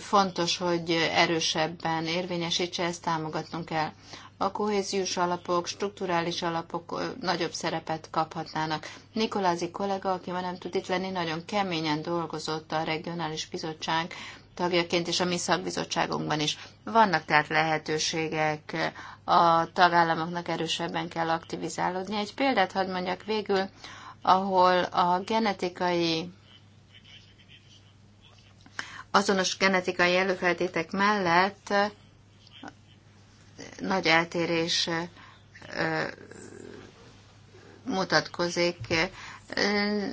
fontos, hogy erősebben érvényesítse, ezt támogatnunk kell. A kohéziós alapok, strukturális alapok nagyobb szerepet kaphatnának. Nikolázi kollega, aki ma nem tud itt lenni, nagyon keményen dolgozott a regionális bizottság tagjaként és a mi szakbizottságunkban is. Vannak tehát lehetőségek, a tagállamoknak erősebben kell aktivizálódni. Egy példát hadd mondjak végül, ahol a genetikai azonos genetikai előfeltétek mellett nagy eltérés mutatkozik.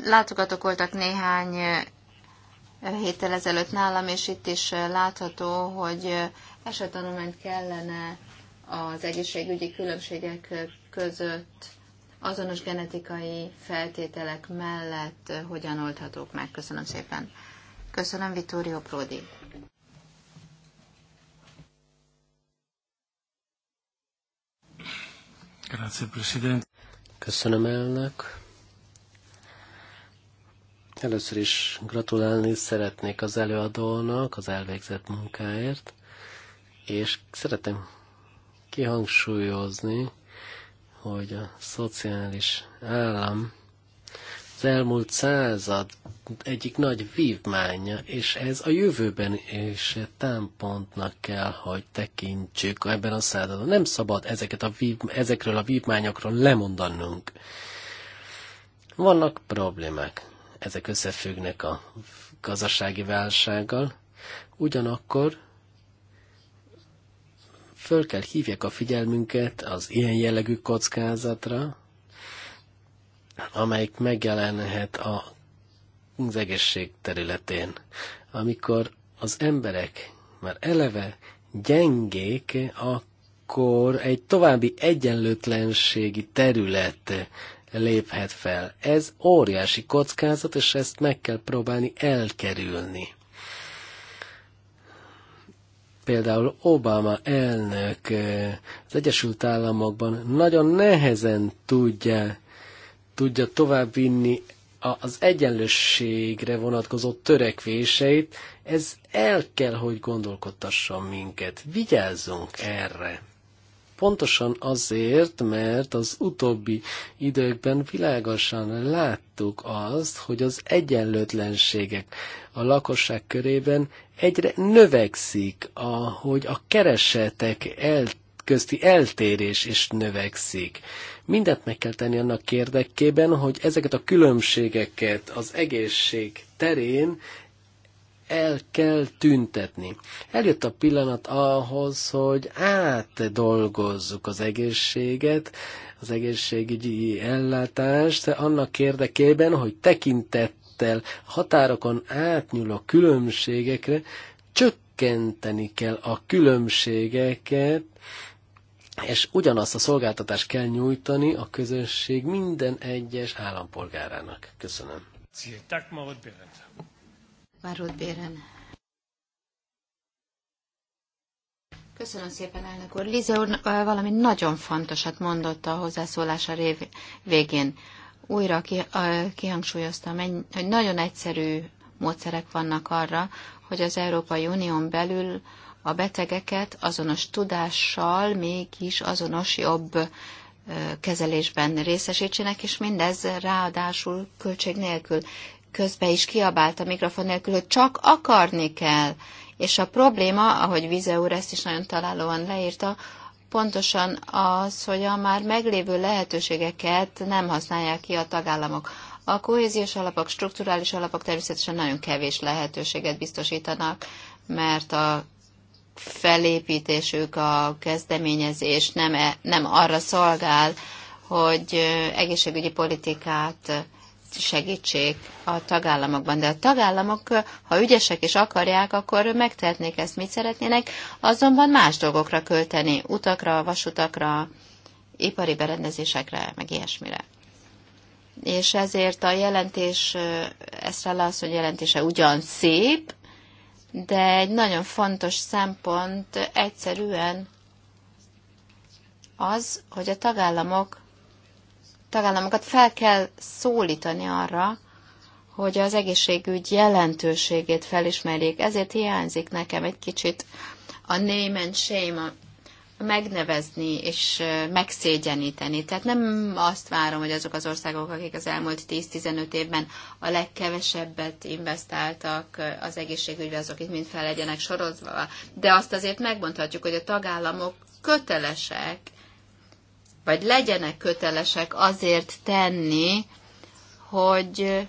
Látogatók voltak néhány héttel ezelőtt nálam, és itt is látható, hogy esetanulmányt kellene az egészségügyi különbségek között azonos genetikai feltételek mellett hogyan oldhatók meg. Köszönöm szépen. Köszönöm, Vittorio Prodi. Grazie, Presidente. Köszönöm elnök. Először is gratulálni szeretnék az előadónak az elvégzett munkáért, és szeretem kihangsúlyozni, hogy a szociális állam elmúlt század egyik nagy vívmánya, és ez a jövőben is támpontnak kell, hogy tekintsük ebben a századon. Nem szabad ezeket a vív, ezekről a vívmányokról lemondannunk. Vannak problémák. Ezek összefüggnek a gazdasági válsággal. Ugyanakkor föl kell hívják a figyelmünket az ilyen jellegű kockázatra, amelyik megjelenhet a, az egészség területén. Amikor az emberek már eleve gyengék, akkor egy további egyenlőtlenségi terület léphet fel. Ez óriási kockázat, és ezt meg kell próbálni elkerülni. Például Obama elnök eh, az Egyesült Államokban nagyon nehezen tudja tudja továbbvinni az egyenlőségre vonatkozó törekvéseit, ez el kell, hogy gondolkodtasson minket. Vigyázzunk erre! Pontosan azért, mert az utóbbi időkben világosan láttuk azt, hogy az egyenlőtlenségek a lakosság körében egyre növekszik, ahogy a keresetek el közti eltérés is növekszik. Mindent meg kell tenni annak érdekében, hogy ezeket a különbségeket az egészség terén el kell tüntetni. Eljött a pillanat ahhoz, hogy átdolgozzuk az egészséget, az egészségügyi ellátást annak érdekében, hogy tekintettel határokon átnyúló különbségekre csökkenteni kell a különbségeket, és ugyanazt a szolgáltatást kell nyújtani a közösség minden egyes állampolgárának. Köszönöm. Márod Béren. Köszönöm szépen, elnök úr. Lize úr valami nagyon fontosat mondott a hozzászólása rév, végén. Újra ki, kihangsúlyoztam, hogy nagyon egyszerű módszerek vannak arra, hogy az Európai Unión belül a betegeket azonos tudással mégis azonos jobb kezelésben részesítsenek, és mindez ráadásul költség nélkül. Közben is kiabált a mikrofon nélkül, hogy csak akarni kell. És a probléma, ahogy Vize úr ezt is nagyon találóan leírta, pontosan az, hogy a már meglévő lehetőségeket nem használják ki a tagállamok. A kohéziós alapok, strukturális alapok természetesen nagyon kevés lehetőséget biztosítanak, mert a felépítésük, a kezdeményezés nem, -e, nem arra szolgál, hogy egészségügyi politikát segítsék a tagállamokban. De a tagállamok, ha ügyesek és akarják, akkor megtehetnék ezt, mit szeretnének, azonban más dolgokra költeni, utakra, vasutakra, ipari berendezésekre, meg ilyesmire. És ezért a jelentés, ezt asszony jelentése ugyan szép, de egy nagyon fontos szempont egyszerűen az, hogy a tagállamok, tagállamokat fel kell szólítani arra, hogy az egészségügy jelentőségét felismerjék. Ezért hiányzik nekem egy kicsit a name and shame, megnevezni és megszégyeníteni. Tehát nem azt várom, hogy azok az országok, akik az elmúlt 10-15 évben a legkevesebbet investáltak az egészségügybe, azok itt mind fel legyenek sorozva. De azt azért megmondhatjuk, hogy a tagállamok kötelesek, vagy legyenek kötelesek azért tenni, hogy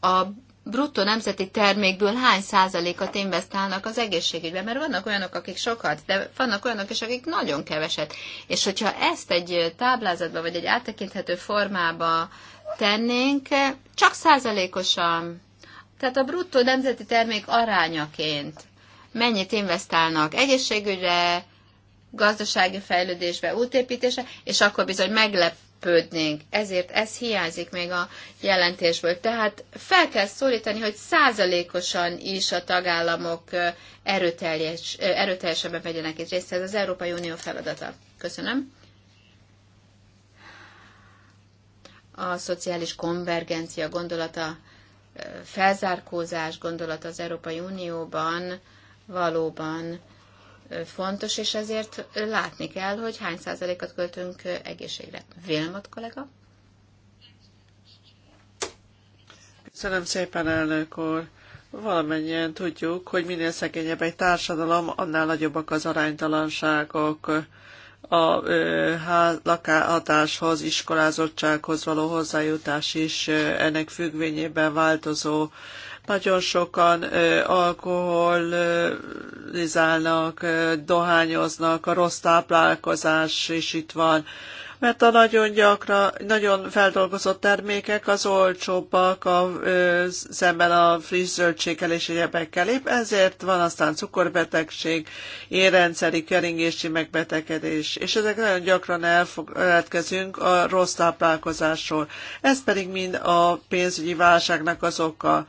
a bruttó nemzeti termékből hány százalékat investálnak az egészségügybe, mert vannak olyanok, akik sokat, de vannak olyanok is, akik nagyon keveset. És hogyha ezt egy táblázatba vagy egy áttekinthető formába tennénk, csak százalékosan, tehát a bruttó nemzeti termék arányaként mennyit investálnak egészségügyre, gazdasági fejlődésbe, útépítésre, és akkor bizony meglep, meglepődnénk. Ezért ez hiányzik még a jelentésből. Tehát fel kell szólítani, hogy százalékosan is a tagállamok erőteljes, erőteljesebben vegyenek itt részt. Ez az Európai Unió feladata. Köszönöm. A szociális konvergencia gondolata, felzárkózás gondolata az Európai Unióban valóban fontos, és ezért látni kell, hogy hány százalékot költünk egészségre. Vilmot kollega? Köszönöm szépen, elnök úr. Valamennyien tudjuk, hogy minél szegényebb egy társadalom, annál nagyobbak az aránytalanságok a ö, ház, lakhatáshoz, iskolázottsághoz való hozzájutás is ennek függvényében változó nagyon sokan alkoholizálnak, dohányoznak, a rossz táplálkozás is itt van mert a nagyon gyakran, nagyon feldolgozott termékek az olcsóbbak a, ö, szemben a friss zöldséggel és egyebekkel. Épp ezért van aztán cukorbetegség, érrendszeri keringési megbetegedés, és ezek nagyon gyakran elfeledkezünk a rossz táplálkozásról. Ez pedig mind a pénzügyi válságnak az oka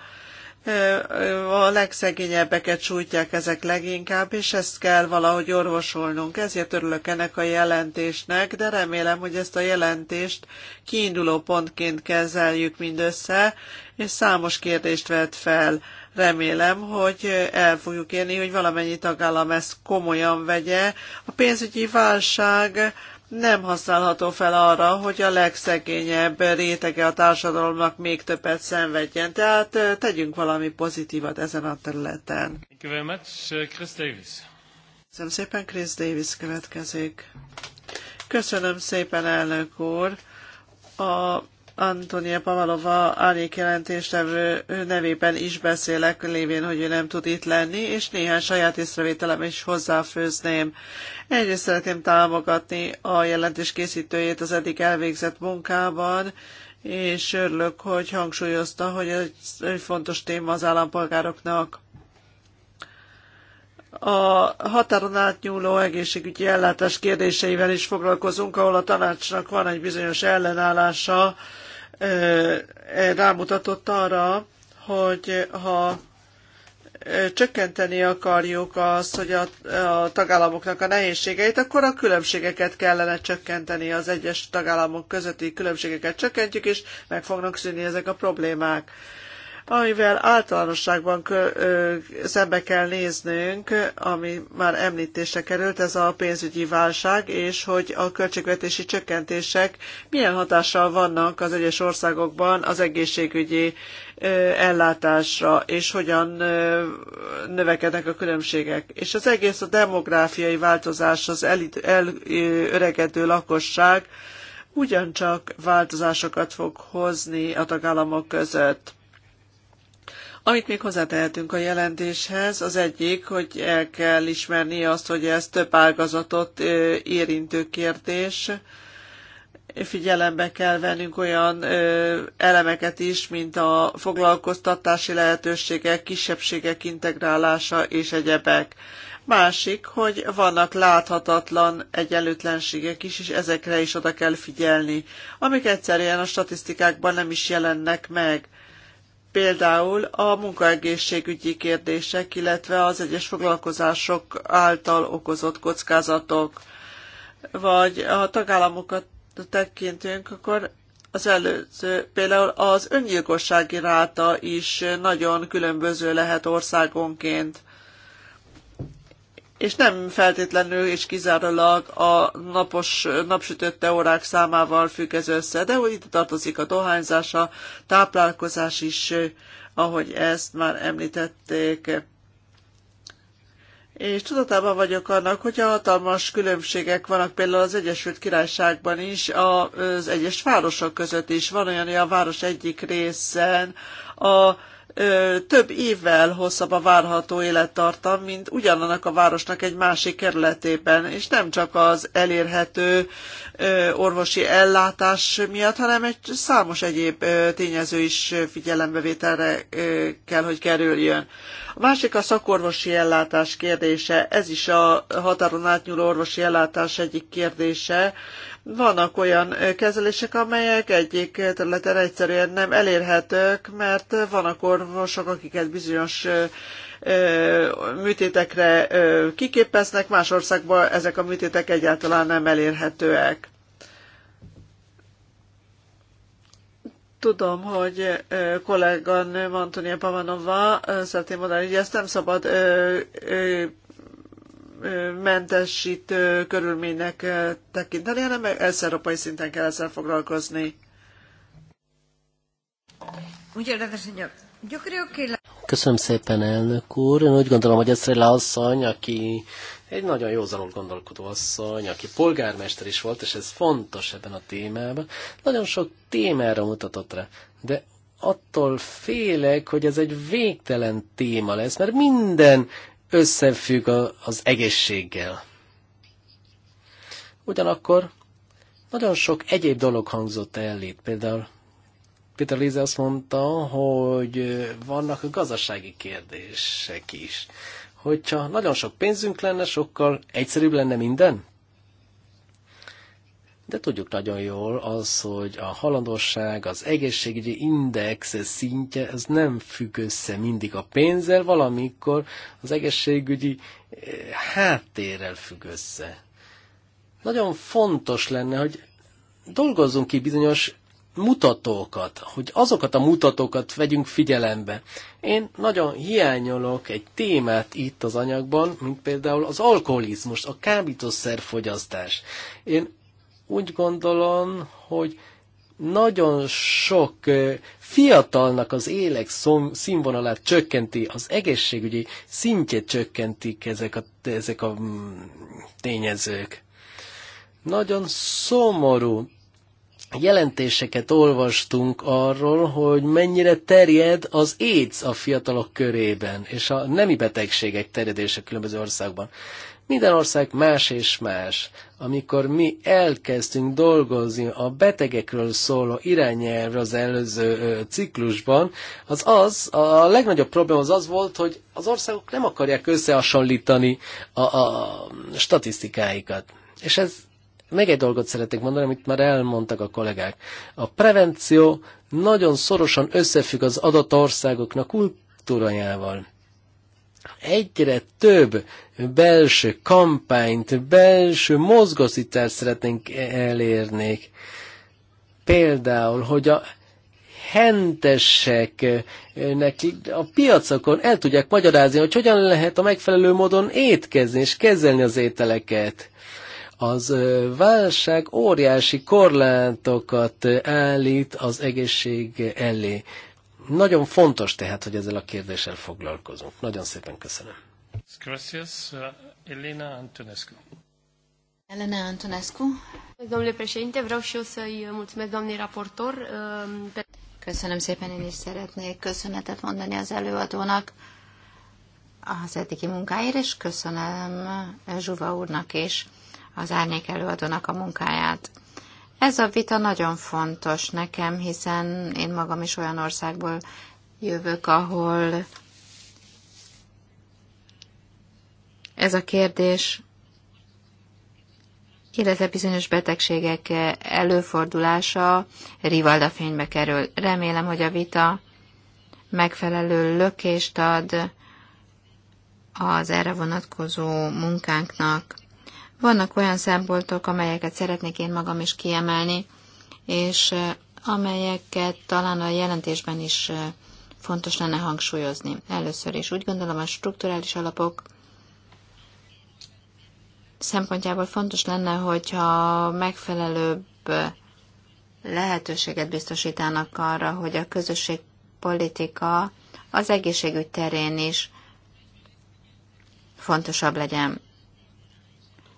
a legszegényebbeket sújtják ezek leginkább, és ezt kell valahogy orvosolnunk. Ezért örülök ennek a jelentésnek, de remélem, hogy ezt a jelentést kiinduló pontként kezeljük mindössze, és számos kérdést vet fel. Remélem, hogy el fogjuk érni, hogy valamennyi tagállam ezt komolyan vegye. A pénzügyi válság nem használható fel arra, hogy a legszegényebb rétege a társadalomnak még többet szenvedjen. Tehát tegyünk valami pozitívat ezen a területen. Uh, Chris Davis. Köszönöm szépen, Chris Davis következik. Köszönöm szépen, elnök úr. A Antonia Pavalova árnyék jelentéstevő nevében is beszélek, lévén, hogy ő nem tud itt lenni, és néhány saját észrevételem is hozzáfőzném. Egyrészt szeretném támogatni a jelentés készítőjét az eddig elvégzett munkában, és örülök, hogy hangsúlyozta, hogy ez egy fontos téma az állampolgároknak a határon átnyúló egészségügyi ellátás kérdéseivel is foglalkozunk, ahol a tanácsnak van egy bizonyos ellenállása rámutatott arra, hogy ha csökkenteni akarjuk azt, hogy a, a tagállamoknak a nehézségeit, akkor a különbségeket kellene csökkenteni, az egyes tagállamok közötti különbségeket csökkentjük, és meg fognak szűnni ezek a problémák amivel általánosságban szembe kell néznünk, ami már említése került, ez a pénzügyi válság, és hogy a költségvetési csökkentések milyen hatással vannak az egyes országokban az egészségügyi ellátásra, és hogyan növekednek a különbségek. És az egész a demográfiai változás, az elöregedő el, lakosság ugyancsak változásokat fog hozni a tagállamok között. Amit még hozzátehetünk a jelentéshez, az egyik, hogy el kell ismerni azt, hogy ez több ágazatot érintő kérdés, figyelembe kell vennünk olyan ö, elemeket is, mint a foglalkoztatási lehetőségek, kisebbségek integrálása és egyebek. Másik, hogy vannak láthatatlan egyenlőtlenségek is, és ezekre is oda kell figyelni, amik egyszerűen a statisztikákban nem is jelennek meg például a munkaegészségügyi kérdések, illetve az egyes foglalkozások által okozott kockázatok, vagy a tagállamokat tekintünk, akkor az előző, például az öngyilkossági ráta is nagyon különböző lehet országonként és nem feltétlenül és kizárólag a napos, napsütötte órák számával függ ez össze, de úgy itt tartozik a dohányzás, a táplálkozás is, ahogy ezt már említették. És tudatában vagyok annak, hogy a hatalmas különbségek vannak például az Egyesült Királyságban is, az egyes városok között is. Van olyan, hogy a város egyik részen a több évvel hosszabb a várható élettartam, mint ugyanannak a városnak egy másik kerületében, és nem csak az elérhető orvosi ellátás miatt, hanem egy számos egyéb tényező is figyelembevételre kell, hogy kerüljön. A másik a szakorvosi ellátás kérdése. Ez is a határon átnyúló orvosi ellátás egyik kérdése, vannak olyan kezelések, amelyek egyik területen egyszerűen nem elérhetők, mert vannak orvosok, akiket bizonyos műtétekre kiképeznek, más országban ezek a műtétek egyáltalán nem elérhetőek. tudom, hogy kolléganőm Antonia Pavanova szeretném mondani, hogy ezt nem szabad mentesítő körülménynek eh, tekinteni, hanem ez európai szinten kell ezzel foglalkozni. Köszönöm szépen, elnök úr. Én úgy gondolom, hogy a asszony, aki egy nagyon józanul gondolkodó asszony, aki polgármester is volt, és ez fontos ebben a témában, nagyon sok témára mutatott rá. De attól félek, hogy ez egy végtelen téma lesz, mert minden összefügg az egészséggel. Ugyanakkor nagyon sok egyéb dolog hangzott el itt, például Peter Lise azt mondta, hogy vannak a gazdasági kérdések is. Hogyha nagyon sok pénzünk lenne, sokkal egyszerűbb lenne minden de tudjuk nagyon jól az, hogy a halandosság, az egészségügyi index szintje, ez nem függ össze mindig a pénzzel, valamikor az egészségügyi eh, háttérrel függ össze. Nagyon fontos lenne, hogy dolgozzunk ki bizonyos mutatókat, hogy azokat a mutatókat vegyünk figyelembe. Én nagyon hiányolok egy témát itt az anyagban, mint például az alkoholizmus, a kábítószerfogyasztás. Én úgy gondolom, hogy nagyon sok fiatalnak az élek színvonalát csökkenti, az egészségügyi szintjét csökkentik ezek a, ezek a mm, tényezők. Nagyon szomorú jelentéseket olvastunk arról, hogy mennyire terjed az AIDS a fiatalok körében, és a nemi betegségek terjedése különböző országban. Minden ország más és más. Amikor mi elkezdtünk dolgozni a betegekről szóló irányelvre az előző ciklusban, az az, a legnagyobb probléma az az volt, hogy az országok nem akarják összehasonlítani a, a statisztikáikat. És ez meg egy dolgot szeretnék mondani, amit már elmondtak a kollégák. A prevenció nagyon szorosan összefügg az adott országoknak kultúrájával egyre több belső kampányt, belső mozgosítást szeretnénk elérni. Például, hogy a henteseknek a piacokon el tudják magyarázni, hogy hogyan lehet a megfelelő módon étkezni és kezelni az ételeket. Az válság óriási korlátokat állít az egészség elé. Nagyon fontos tehát, hogy ezzel a kérdéssel foglalkozunk. Nagyon szépen köszönöm. Gracias, uh, Elena Antonescu. Elena Antonescu. Domnule președinte, vreau și eu să-i mulțumesc doamnei raportor. Uh, köszönöm szépen, én is szeretnék köszönetet mondani az előadónak az eddigi munkáért, és köszönöm Zsuva úrnak és az árnyék előadónak a munkáját. Ez a vita nagyon fontos nekem, hiszen én magam is olyan országból jövök, ahol ez a kérdés, illetve bizonyos betegségek előfordulása rivalda fénybe kerül. Remélem, hogy a vita megfelelő lökést ad az erre vonatkozó munkánknak. Vannak olyan szempontok, amelyeket szeretnék én magam is kiemelni, és amelyeket talán a jelentésben is fontos lenne hangsúlyozni. Először is úgy gondolom, a strukturális alapok szempontjából fontos lenne, hogyha megfelelőbb lehetőséget biztosítanak arra, hogy a közösségpolitika az egészségügy terén is fontosabb legyen.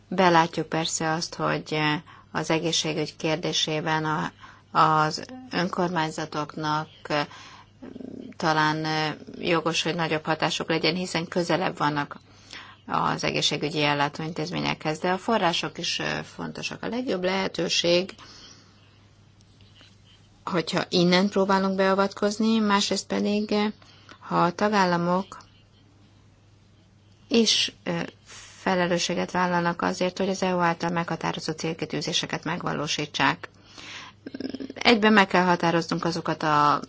Belátjuk persze azt, hogy eh, az egészségügy kérdésében a, az önkormányzatoknak eh, talán eh, jogos, hogy nagyobb hatásuk legyen, hiszen közelebb vannak az egészségügyi ellátóintézményekhez, de a források is fontosak. A legjobb lehetőség, hogyha innen próbálunk beavatkozni, másrészt pedig, ha a tagállamok és felelősséget vállalnak azért, hogy az EU által meghatározott célkitűzéseket megvalósítsák. Egyben meg kell határoznunk azokat az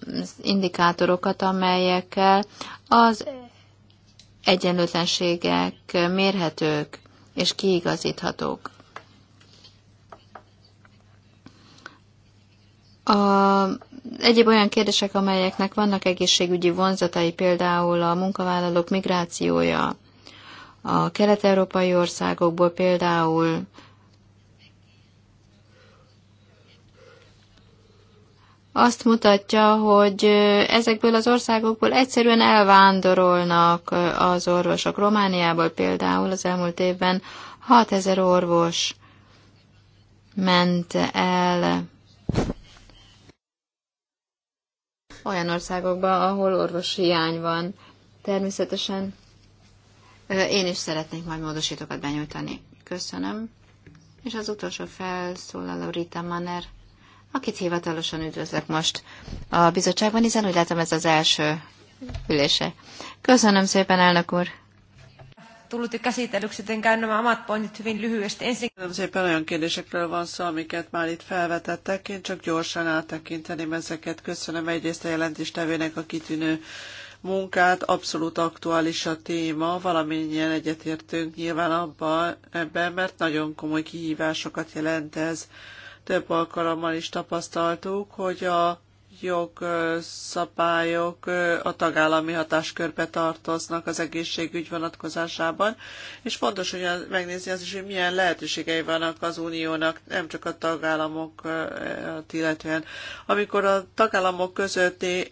indikátorokat, amelyekkel az egyenlőtlenségek mérhetők és kiigazíthatók. A egyéb olyan kérdések, amelyeknek vannak egészségügyi vonzatai, például a munkavállalók migrációja, a kelet-európai országokból például azt mutatja, hogy ezekből az országokból egyszerűen elvándorolnak az orvosok. Romániából például az elmúlt évben 6000 orvos ment el olyan országokba, ahol orvos hiány van. Természetesen én is szeretnék majd módosítókat benyújtani. Köszönöm. És az utolsó felszólaló Rita Manner, akit hivatalosan üdvözlök most a bizottságban, hiszen úgy látom ez az első ülése. Köszönöm szépen, elnök úr! tullut a käsitellyksi, joten nämä omat pointit hyvin lyhyesti. Ensin... Nem szépen olyan kérdésekről van szó, amiket már itt felvetettek. Én csak gyorsan áttekinteném ezeket. Köszönöm egyrészt a jelentéstevőnek a kitűnő munkát, abszolút aktuális a téma, valamennyien egyetértünk nyilván abban ebben, mert nagyon komoly kihívásokat jelent ez. Több alkalommal is tapasztaltuk, hogy a jogszabályok a tagállami hatáskörbe tartoznak az egészségügy vonatkozásában, és fontos, hogy megnézni az is, hogy milyen lehetőségei vannak az uniónak, nem csak a tagállamok illetően. Amikor a tagállamok közötti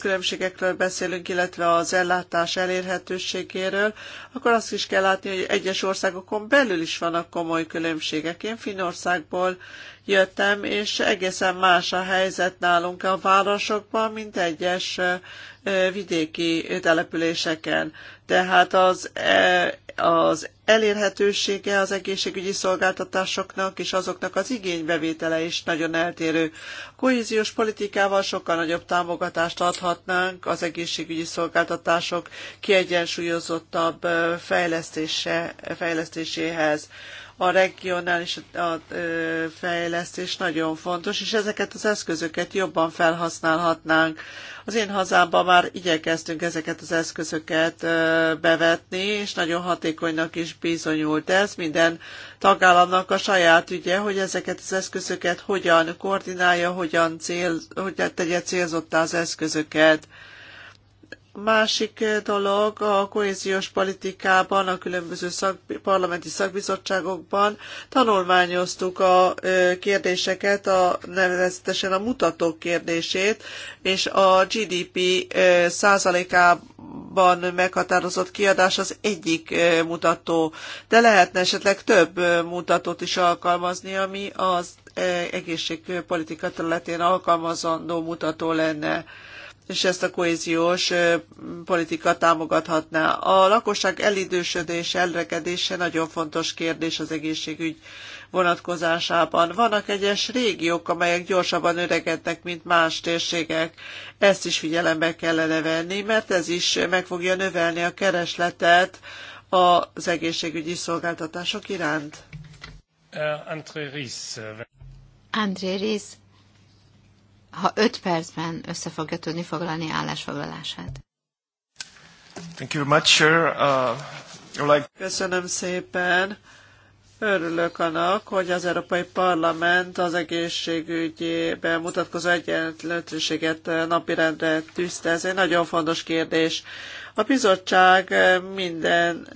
különbségekről beszélünk, illetve az ellátás elérhetőségéről, akkor azt is kell látni, hogy egyes országokon belül is vannak komoly különbségek. Én Finországból jöttem, és egészen más a helyzet nálunk a városokban, mint egyes vidéki településeken. Tehát az, e, az elérhetősége az egészségügyi szolgáltatásoknak és azoknak az igénybevétele is nagyon eltérő. Kohéziós politikával sokkal nagyobb támogatást adhatnánk az egészségügyi szolgáltatások kiegyensúlyozottabb fejlesztése, fejlesztéséhez a regionális a fejlesztés nagyon fontos, és ezeket az eszközöket jobban felhasználhatnánk. Az én hazámban már igyekeztünk ezeket az eszközöket bevetni, és nagyon hatékonynak is bizonyult ez. Minden tagállamnak a saját ügye, hogy ezeket az eszközöket hogyan koordinálja, hogyan, cél, hogyan tegye célzottá az eszközöket Másik dolog a kohéziós politikában, a különböző szak, parlamenti szakbizottságokban tanulmányoztuk a kérdéseket, a, nevezetesen a mutatók kérdését, és a GDP százalékában meghatározott kiadás az egyik mutató, de lehetne esetleg több mutatót is alkalmazni, ami az egészségpolitika területén alkalmazandó mutató lenne és ezt a kohéziós politika támogathatná. A lakosság elidősödése, elrekedése nagyon fontos kérdés az egészségügy vonatkozásában. Vannak egyes régiók, amelyek gyorsabban öregednek, mint más térségek. Ezt is figyelembe kellene venni, mert ez is meg fogja növelni a keresletet az egészségügyi szolgáltatások iránt. Uh, André Risz. Uh, André ha öt percben össze fogja tudni foglalni állásfoglalását. Thank you very much, sir. Uh, like... Köszönöm szépen. Örülök annak, hogy az Európai Parlament az egészségügyében mutatkozó egyenlőtlenséget napirendre tűzte. Ez egy nagyon fontos kérdés. A bizottság minden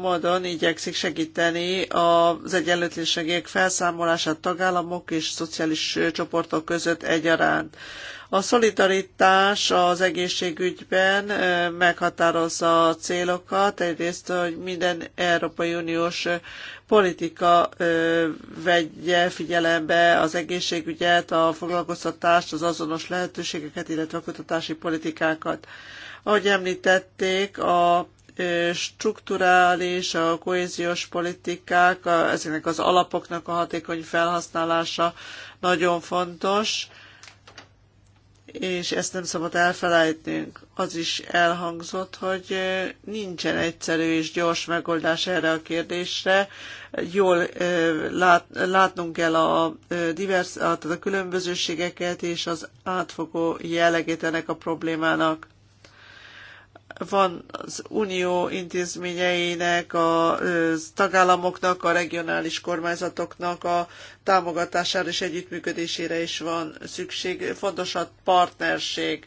módon igyekszik segíteni az egyenlőtlenségek felszámolását tagállamok és szociális csoportok között egyaránt. A szolidaritás az egészségügyben meghatározza a célokat, egyrészt, hogy minden Európai Uniós politika vegye figyelembe az egészségügyet, a foglalkoztatást, az azonos lehetőségeket, illetve a kutatási politikákat. Ahogy említették, a strukturális, a kohéziós politikák, ezeknek az alapoknak a hatékony felhasználása nagyon fontos és ezt nem szabad elfelejtnünk. Az is elhangzott, hogy nincsen egyszerű és gyors megoldás erre a kérdésre. Jól lát, látnunk kell a, divers, a, a különbözőségeket és az átfogó jellegét ennek a problémának van az unió intézményeinek, a tagállamoknak, a regionális kormányzatoknak a támogatására és együttműködésére is van szükség. Fontos a partnerség.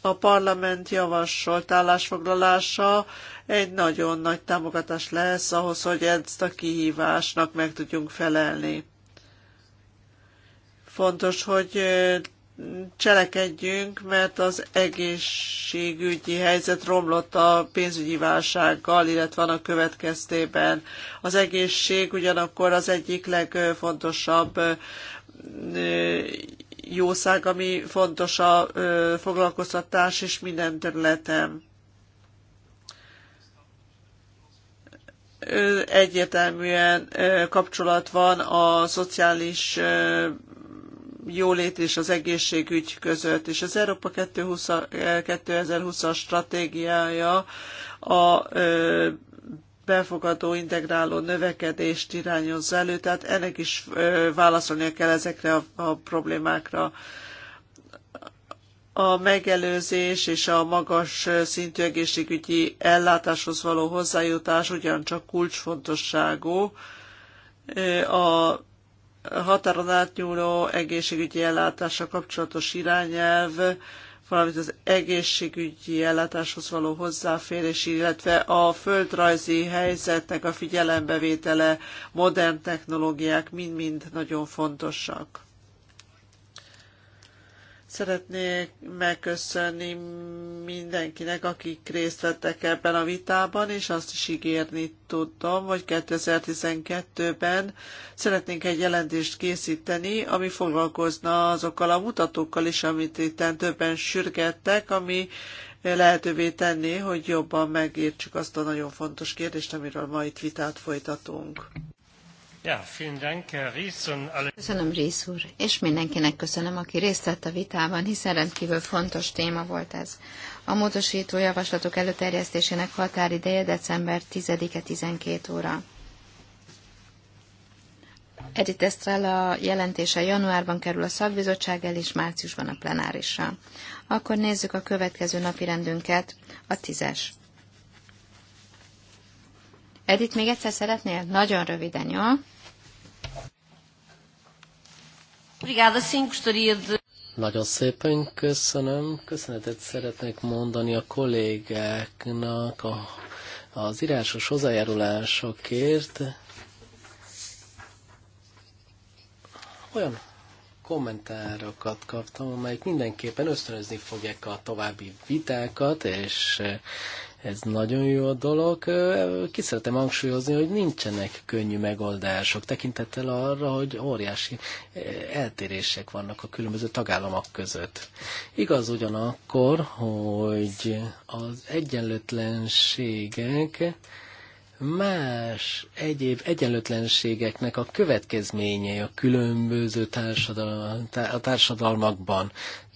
A parlament javasolt állásfoglalása egy nagyon nagy támogatás lesz ahhoz, hogy ezt a kihívásnak meg tudjunk felelni fontos, hogy cselekedjünk, mert az egészségügyi helyzet romlott a pénzügyi válsággal, illetve a következtében. Az egészség ugyanakkor az egyik legfontosabb jószág, ami fontos a foglalkoztatás és minden területen. egyértelműen kapcsolat van a szociális jólét és az egészségügy között. És az Európa 2020-as stratégiája a befogadó, integráló növekedést irányozza elő, tehát ennek is válaszolnia kell ezekre a, a problémákra. A megelőzés és a magas szintű egészségügyi ellátáshoz való hozzájutás ugyancsak kulcsfontosságú. A határon átnyúló egészségügyi ellátással kapcsolatos irányelv, valamint az egészségügyi ellátáshoz való hozzáférés, illetve a földrajzi helyzetnek a figyelembevétele, modern technológiák mind-mind nagyon fontosak. Szeretnék megköszönni mindenkinek, akik részt vettek ebben a vitában, és azt is ígérni tudtam, hogy 2012-ben szeretnénk egy jelentést készíteni, ami foglalkozna azokkal a mutatókkal is, amit itt többen sürgettek, ami lehetővé tenné, hogy jobban megértsük azt a nagyon fontos kérdést, amiről ma itt vitát folytatunk. Köszönöm, Rész úr, és mindenkinek köszönöm, aki részt vett a vitában, hiszen rendkívül fontos téma volt ez. A módosító javaslatok előterjesztésének határideje december 10-e 12 óra. Edith Estrella jelentése januárban kerül a szakbizottság el, és márciusban a plenárisra. Akkor nézzük a következő napi rendünket, a tízes. Edith, még egyszer szeretnél? Nagyon röviden, jó? Nagyon szépen köszönöm. Köszönetet szeretnék mondani a kollégáknak a, az írásos hozzájárulásokért. Olyan kommentárokat kaptam, amelyek mindenképpen ösztönözni fogják a további vitákat, és ez nagyon jó a dolog. Ki szeretem hangsúlyozni, hogy nincsenek könnyű megoldások, tekintettel arra, hogy óriási eltérések vannak a különböző tagállamok között. Igaz ugyanakkor, hogy az egyenlőtlenségek más egyéb egyenlőtlenségeknek a következményei a különböző társadal- a társadalmakban.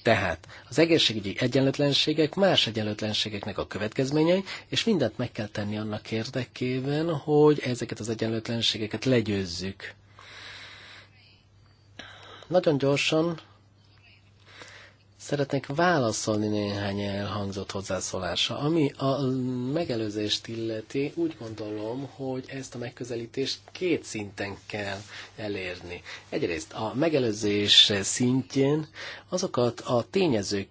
Tehát az egészségügyi egyenlőtlenségek más egyenlőtlenségeknek a következményei, és mindent meg kell tenni annak érdekében, hogy ezeket az egyenlőtlenségeket legyőzzük. Nagyon gyorsan Szeretnék válaszolni néhány elhangzott hozzászólásra. Ami a megelőzést illeti, úgy gondolom, hogy ezt a megközelítést két szinten kell elérni. Egyrészt a megelőzés szintjén azokat a tényezők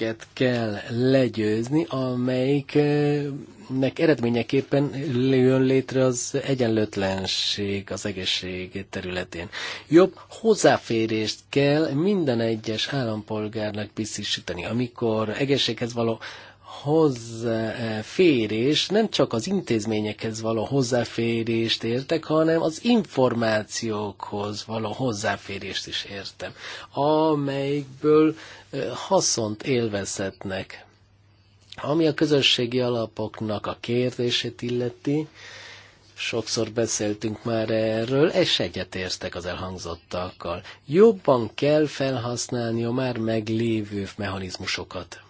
embereket kell legyőzni, amelyiknek eredményeképpen jön létre az egyenlőtlenség az egészség területén. Jobb hozzáférést kell minden egyes állampolgárnak biztosítani, amikor egészséghez való hozzáférés nem csak az intézményekhez való hozzáférést értek, hanem az információkhoz való hozzáférést is értem, amelyikből haszont élvezhetnek. Ami a közösségi alapoknak a kérdését illeti, sokszor beszéltünk már erről, és egyetértek az elhangzottakkal. Jobban kell felhasználni a már meglévő mechanizmusokat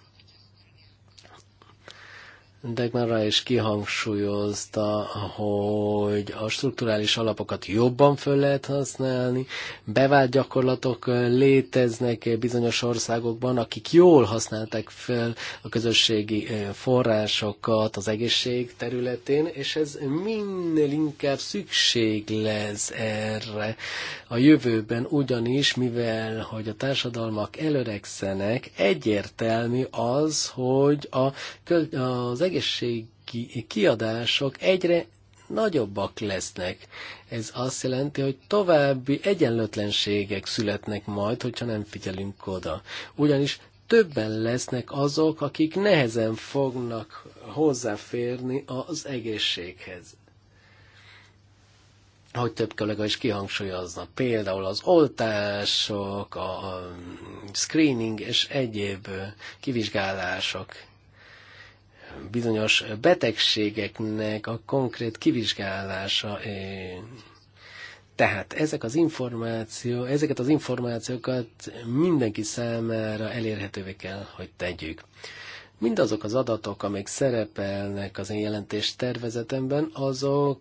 rá is kihangsúlyozta, hogy a strukturális alapokat jobban föl lehet használni, bevált gyakorlatok léteznek bizonyos országokban, akik jól használták fel a közösségi forrásokat az egészség területén, és ez minél inkább szükség lesz erre a jövőben, ugyanis mivel, hogy a társadalmak előregszenek, egyértelmű az, hogy a, az egészség egészségi kiadások egyre nagyobbak lesznek. Ez azt jelenti, hogy további egyenlőtlenségek születnek majd, hogyha nem figyelünk oda. Ugyanis többen lesznek azok, akik nehezen fognak hozzáférni az egészséghez. Hogy több kollega is kihangsúlyozna, például az oltások, a screening és egyéb kivizsgálások bizonyos betegségeknek a konkrét kivizsgálása. Tehát ezek az információ, ezeket az információkat mindenki számára elérhetővé kell, hogy tegyük. Mindazok az adatok, amik szerepelnek az én jelentés tervezetemben, azok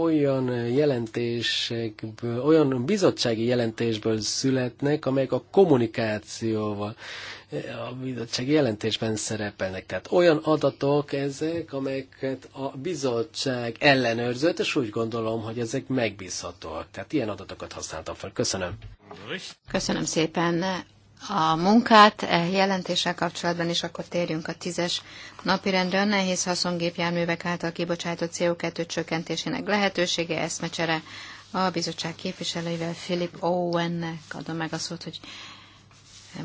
olyan jelentésekből, olyan bizottsági jelentésből születnek, amelyek a kommunikációval a bizottsági jelentésben szerepelnek. Tehát olyan adatok ezek, amelyeket a bizottság ellenőrzött, és úgy gondolom, hogy ezek megbízhatóak. Tehát ilyen adatokat használtam fel. Köszönöm. Köszönöm szépen a munkát e jelentéssel kapcsolatban, is akkor térjünk a tízes napirendre. A nehéz haszongépjárművek által kibocsátott CO2 csökkentésének lehetősége eszmecsere a bizottság képviselőivel Philip Owennek adom meg a szót, hogy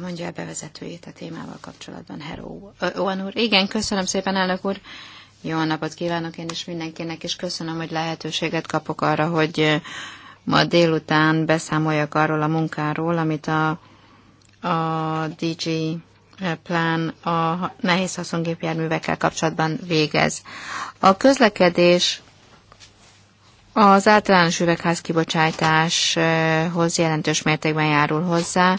mondja a bevezetőjét a témával kapcsolatban. Heró Owen úr. Igen, köszönöm szépen, elnök úr. Jó napot kívánok én is mindenkinek, és köszönöm, hogy lehetőséget kapok arra, hogy ma délután beszámoljak arról a munkáról, amit a, a DG plán a nehéz haszongépjárművekkel kapcsolatban végez. A közlekedés az általános üvegházkibocsátáshoz jelentős mértékben járul hozzá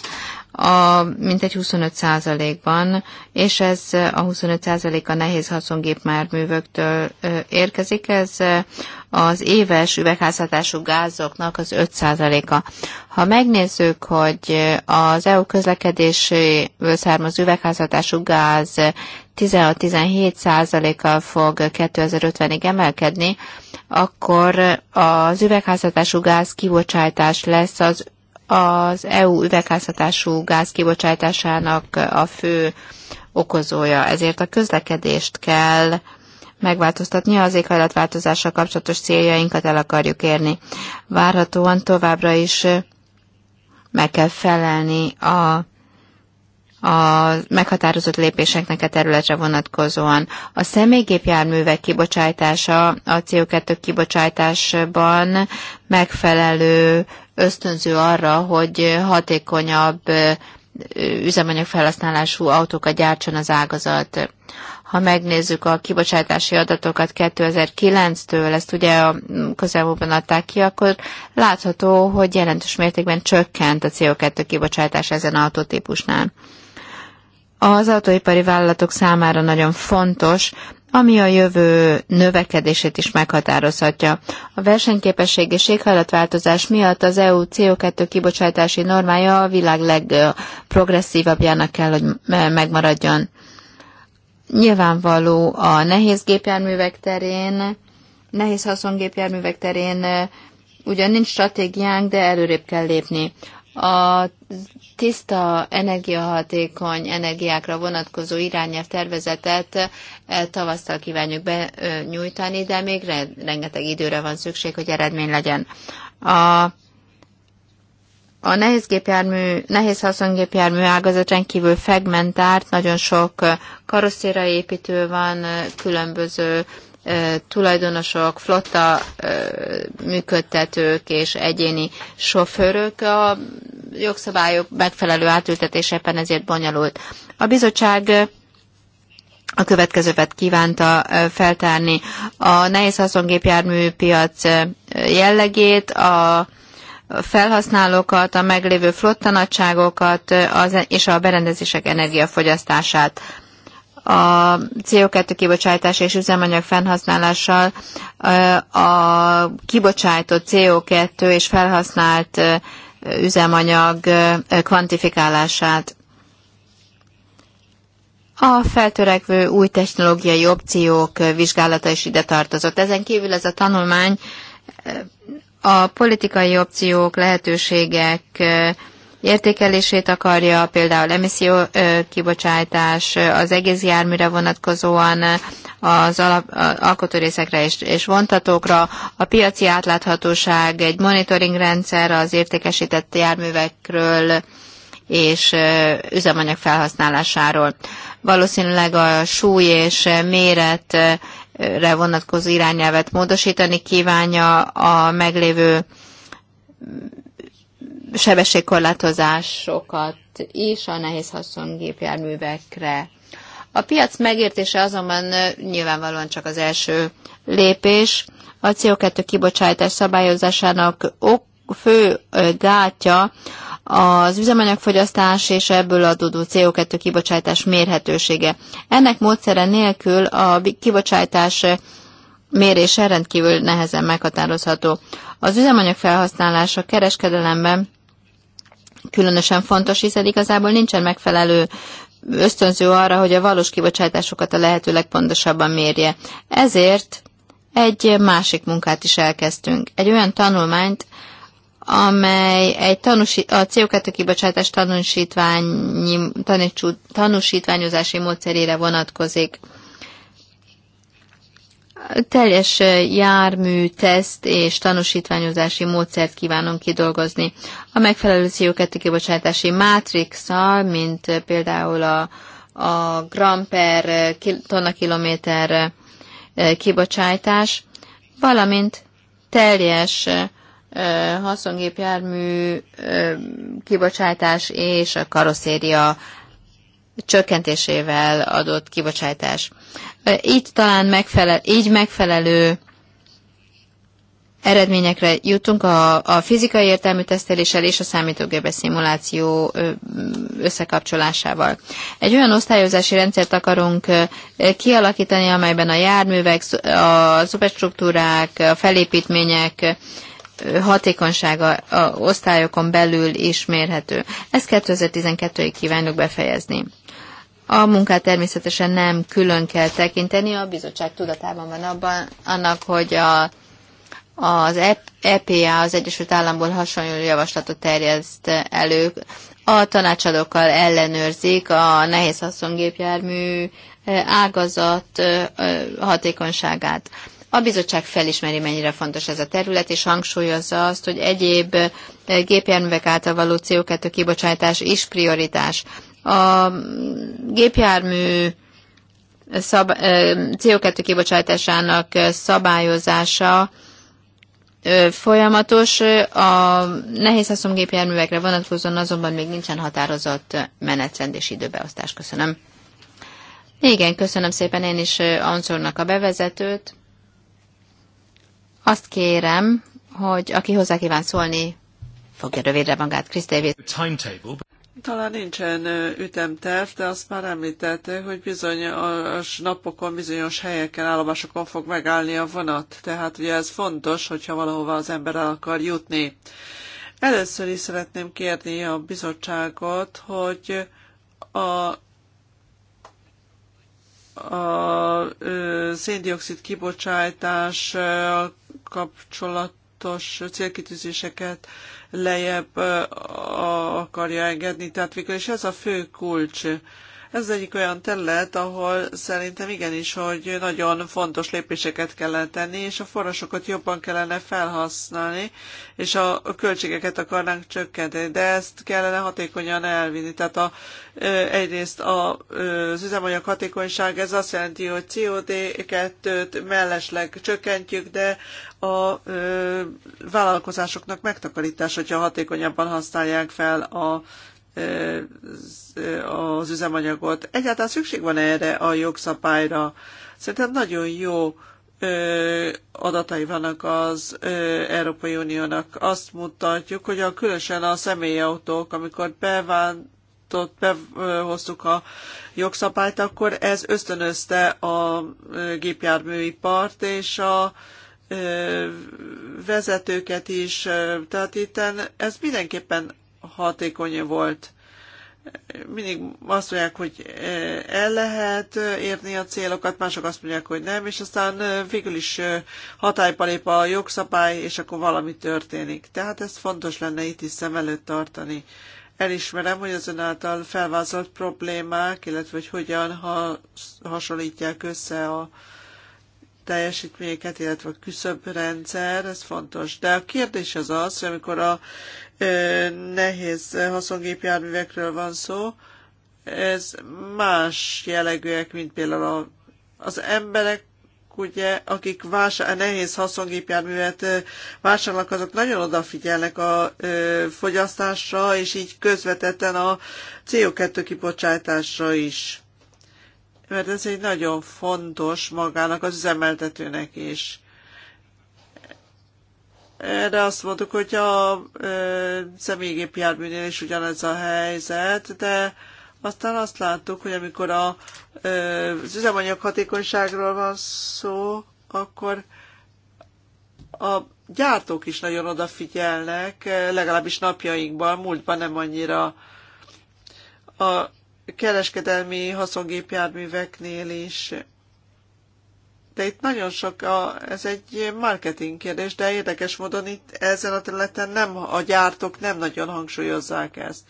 a mintegy 25%-ban, és ez a 25%-a nehéz haszongépmárművöktől érkezik, ez az éves üvegházhatású gázoknak az 5%-a. Ha megnézzük, hogy az EU közlekedéséből származó üvegházhatású gáz 16-17%-kal fog 2050-ig emelkedni, akkor az üvegházhatású gáz kibocsátás lesz az az EU üvegházhatású gáz kibocsátásának a fő okozója, ezért a közlekedést kell megváltoztatni az éghajlatváltozással kapcsolatos céljainkat el akarjuk érni. Várhatóan továbbra is meg kell felelni a, a meghatározott lépéseknek a területre vonatkozóan. A személygépjárművek kibocsátása a CO2 kibocsátásban megfelelő ösztönző arra, hogy hatékonyabb felhasználású autókat gyártson az ágazat. Ha megnézzük a kibocsátási adatokat 2009-től, ezt ugye a közelmúltban adták ki, akkor látható, hogy jelentős mértékben csökkent a CO2 kibocsátás ezen autótípusnál. Az autóipari vállalatok számára nagyon fontos, ami a jövő növekedését is meghatározhatja. A versenyképesség és éghajlatváltozás miatt az EU CO2 kibocsátási normája a világ legprogresszívabbjának kell, hogy megmaradjon. Nyilvánvaló a nehéz gépjárművek terén, nehéz haszongépjárművek terén eh, ugyan nincs stratégiánk, de előrébb kell lépni. A tiszta energiahatékony energiákra vonatkozó irányelv tervezetet e, tavasztal kívánjuk benyújtani, de még rengeteg időre van szükség, hogy eredmény legyen. A a nehéz, gépjármű, nehéz haszongépjármű ágazat rendkívül fegmentált, nagyon sok építő van, különböző tulajdonosok, flotta működtetők és egyéni sofőrök a jogszabályok megfelelő átültetéseppen ezért bonyolult. A bizottság a következőket kívánta feltárni. A nehéz haszongépjármű piac jellegét, a felhasználókat, a meglévő flottanagyságokat és a berendezések energiafogyasztását a CO2 kibocsátás és üzemanyag felhasználással a kibocsátott CO2 és felhasznált üzemanyag kvantifikálását. A feltörekvő új technológiai opciók vizsgálata is ide tartozott. Ezen kívül ez a tanulmány a politikai opciók, lehetőségek, értékelését akarja, például emisszió kibocsátás, az egész járműre vonatkozóan, az alkotórészekre és, és vontatókra, a piaci átláthatóság, egy monitoring rendszer az értékesített járművekről, és üzemanyag felhasználásáról. Valószínűleg a súly és méretre vonatkozó irányelvet módosítani kívánja a meglévő sebességkorlátozásokat is a nehéz haszongépjárművekre. A piac megértése azonban nyilvánvalóan csak az első lépés. A CO2 kibocsátás szabályozásának ok, fő gátja az üzemanyagfogyasztás és ebből adódó CO2 kibocsátás mérhetősége. Ennek módszere nélkül a kibocsátás mérése rendkívül nehezen meghatározható. Az üzemanyag felhasználása kereskedelemben különösen fontos, hiszen igazából nincsen megfelelő ösztönző arra, hogy a valós kibocsátásokat a lehető legpontosabban mérje. Ezért egy másik munkát is elkezdtünk. Egy olyan tanulmányt, amely egy tanúsi, a CO2 kibocsátás tanúsítványi, tanúsítványozási módszerére vonatkozik teljes jármű teszt és tanúsítványozási módszert kívánunk kidolgozni. A megfelelő CO2 kibocsátási mátrixal, mint például a, a gram per tonna kilométer kibocsátás, valamint teljes haszongépjármű kibocsátás és a karosszéria csökkentésével adott kibocsátás. Így talán megfelel, így megfelelő eredményekre jutunk a, a fizikai értelmű teszteléssel és a számítógépes szimuláció összekapcsolásával. Egy olyan osztályozási rendszert akarunk kialakítani, amelyben a járművek, a szuperstruktúrák, a felépítmények hatékonysága a osztályokon belül is mérhető. Ezt 2012-ig kívánjuk befejezni. A munkát természetesen nem külön kell tekinteni, a bizottság tudatában van abban, annak, hogy a, az EPA e az Egyesült Államból hasonló javaslatot terjeszt elő. A tanácsadókkal ellenőrzik a nehéz haszongépjármű e, ágazat e, hatékonyságát. A bizottság felismeri, mennyire fontos ez a terület, és hangsúlyozza azt, hogy egyéb gépjárművek által való CO2 kibocsátás is prioritás a gépjármű szab, CO2 kibocsátásának szabályozása folyamatos, a nehéz gépjárművekre vonatkozóan azonban még nincsen határozott menetrend és időbeosztás. Köszönöm. Igen, köszönöm szépen én is Ancornak a bevezetőt. Azt kérem, hogy aki hozzá kíván szólni, fogja rövidre magát, Krisztévét. Talán nincsen ütemterv, de azt már említette, hogy bizonyos napokon, bizonyos helyeken, állomásokon fog megállni a vonat. Tehát ugye ez fontos, hogyha valahova az ember el akar jutni. Először is szeretném kérni a bizottságot, hogy a a széndiokszid kibocsátás kapcsolat kapcsolatos célkitűzéseket lejjebb akarja engedni. Tehát végül is ez a fő kulcs. Ez az egyik olyan terület, ahol szerintem igenis, hogy nagyon fontos lépéseket kellene tenni, és a forrásokat jobban kellene felhasználni, és a költségeket akarnánk csökkenteni, de ezt kellene hatékonyan elvinni. Tehát a, egyrészt a, az üzemanyag hatékonyság, ez azt jelenti, hogy CO2-t mellesleg csökkentjük, de a vállalkozásoknak megtakarítás, hogyha hatékonyabban használják fel a az üzemanyagot. Egyáltalán szükség van erre a jogszabályra? Szerintem nagyon jó adatai vannak az Európai Uniónak. Azt mutatjuk, hogy a, különösen a személyautók, amikor bevánt, behoztuk a jogszabályt, akkor ez ösztönözte a gépjárműipart és a vezetőket is. Tehát itt ez mindenképpen hatékony volt. Mindig azt mondják, hogy eh, el lehet eh, érni a célokat, mások azt mondják, hogy nem, és aztán eh, végül is hatályba lép a jogszabály, és akkor valami történik. Tehát ezt fontos lenne itt is szem előtt tartani. Elismerem, hogy az ön által felvázolt problémák, illetve hogy hogyan ha hasonlítják össze a teljesítményeket, illetve a küszöbrendszer, ez fontos. De a kérdés az az, hogy amikor a nehéz haszongépjárművekről van szó, ez más jellegűek, mint például az emberek, ugye, akik vása, nehéz haszongépjárművet vásárolnak, azok nagyon odafigyelnek a ö, fogyasztásra, és így közvetetten a CO2 kibocsátásra is. Mert ez egy nagyon fontos magának az üzemeltetőnek is. Erre azt mondtuk, hogy a személygépjárműnél is ugyanez a helyzet, de aztán azt láttuk, hogy amikor a, az üzemanyag hatékonyságról van szó, akkor a gyártók is nagyon odafigyelnek, legalábbis napjainkban, múltban nem annyira a kereskedelmi haszongépjárműveknél is de itt nagyon sok, a, ez egy marketing kérdés, de érdekes módon itt ezen a területen nem, a gyártók nem nagyon hangsúlyozzák ezt.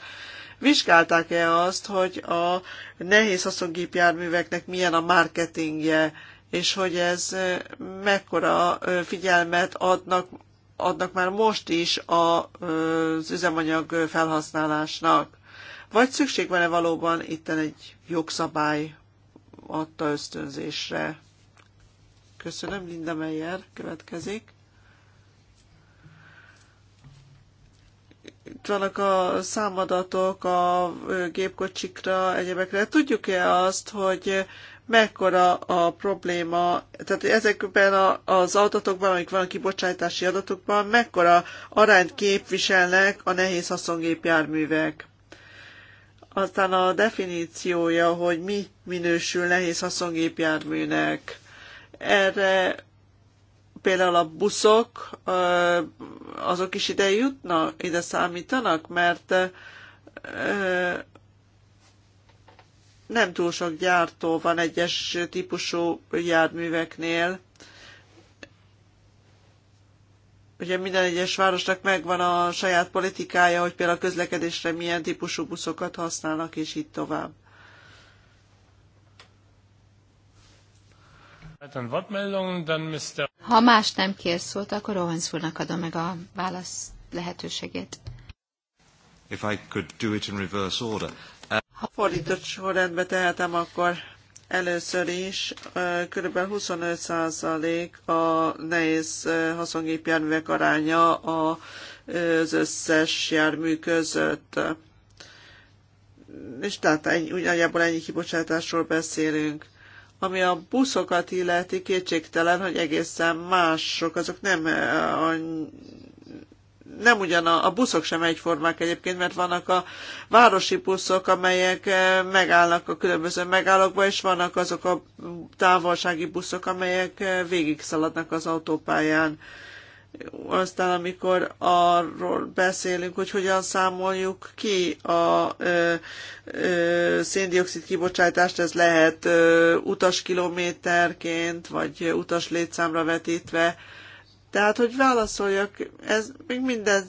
Vizsgálták-e azt, hogy a nehéz haszongépjárműveknek milyen a marketingje, és hogy ez mekkora figyelmet adnak, adnak már most is az üzemanyag felhasználásnak? Vagy szükség van-e valóban itten egy jogszabály adta ösztönzésre? Köszönöm, Linda Meyer következik. Itt vannak a számadatok a gépkocsikra, egyebekre. Tudjuk-e azt, hogy mekkora a probléma, tehát ezekben a, az adatokban, amik van a kibocsátási adatokban, mekkora arányt képviselnek a nehéz haszongépjárművek. Aztán a definíciója, hogy mi minősül nehéz haszongépjárműnek. Erre például a buszok, azok is ide jutnak, ide számítanak, mert nem túl sok gyártó van egyes típusú járműveknél. Ugye minden egyes városnak megvan a saját politikája, hogy például a közlekedésre milyen típusú buszokat használnak, és így tovább. Ha más nem kér szót, akkor Owens úrnak adom meg a válasz lehetőségét. If I could do it in reverse order. Ha fordított sorrendbe tehetem, akkor először is kb. 25% a nehéz haszongépjárművek aránya az összes jármű között. És tehát ennyi, ugyanjából ennyi kibocsátásról beszélünk. Ami a buszokat illeti, kétségtelen, hogy egészen mások, azok nem eh, a nem ugyan a, a buszok sem egyformák egyébként, mert vannak a városi buszok, amelyek eh, megállnak a különböző megállókba, és vannak azok a távolsági buszok, amelyek eh, végig szaladnak az autópályán aztán amikor arról beszélünk, hogy hogyan számoljuk ki a ö, ö, széndiokszid kibocsátást, ez lehet ö, utaskilométerként, vagy utas létszámra vetítve. Tehát, hogy válaszoljak, ez még minden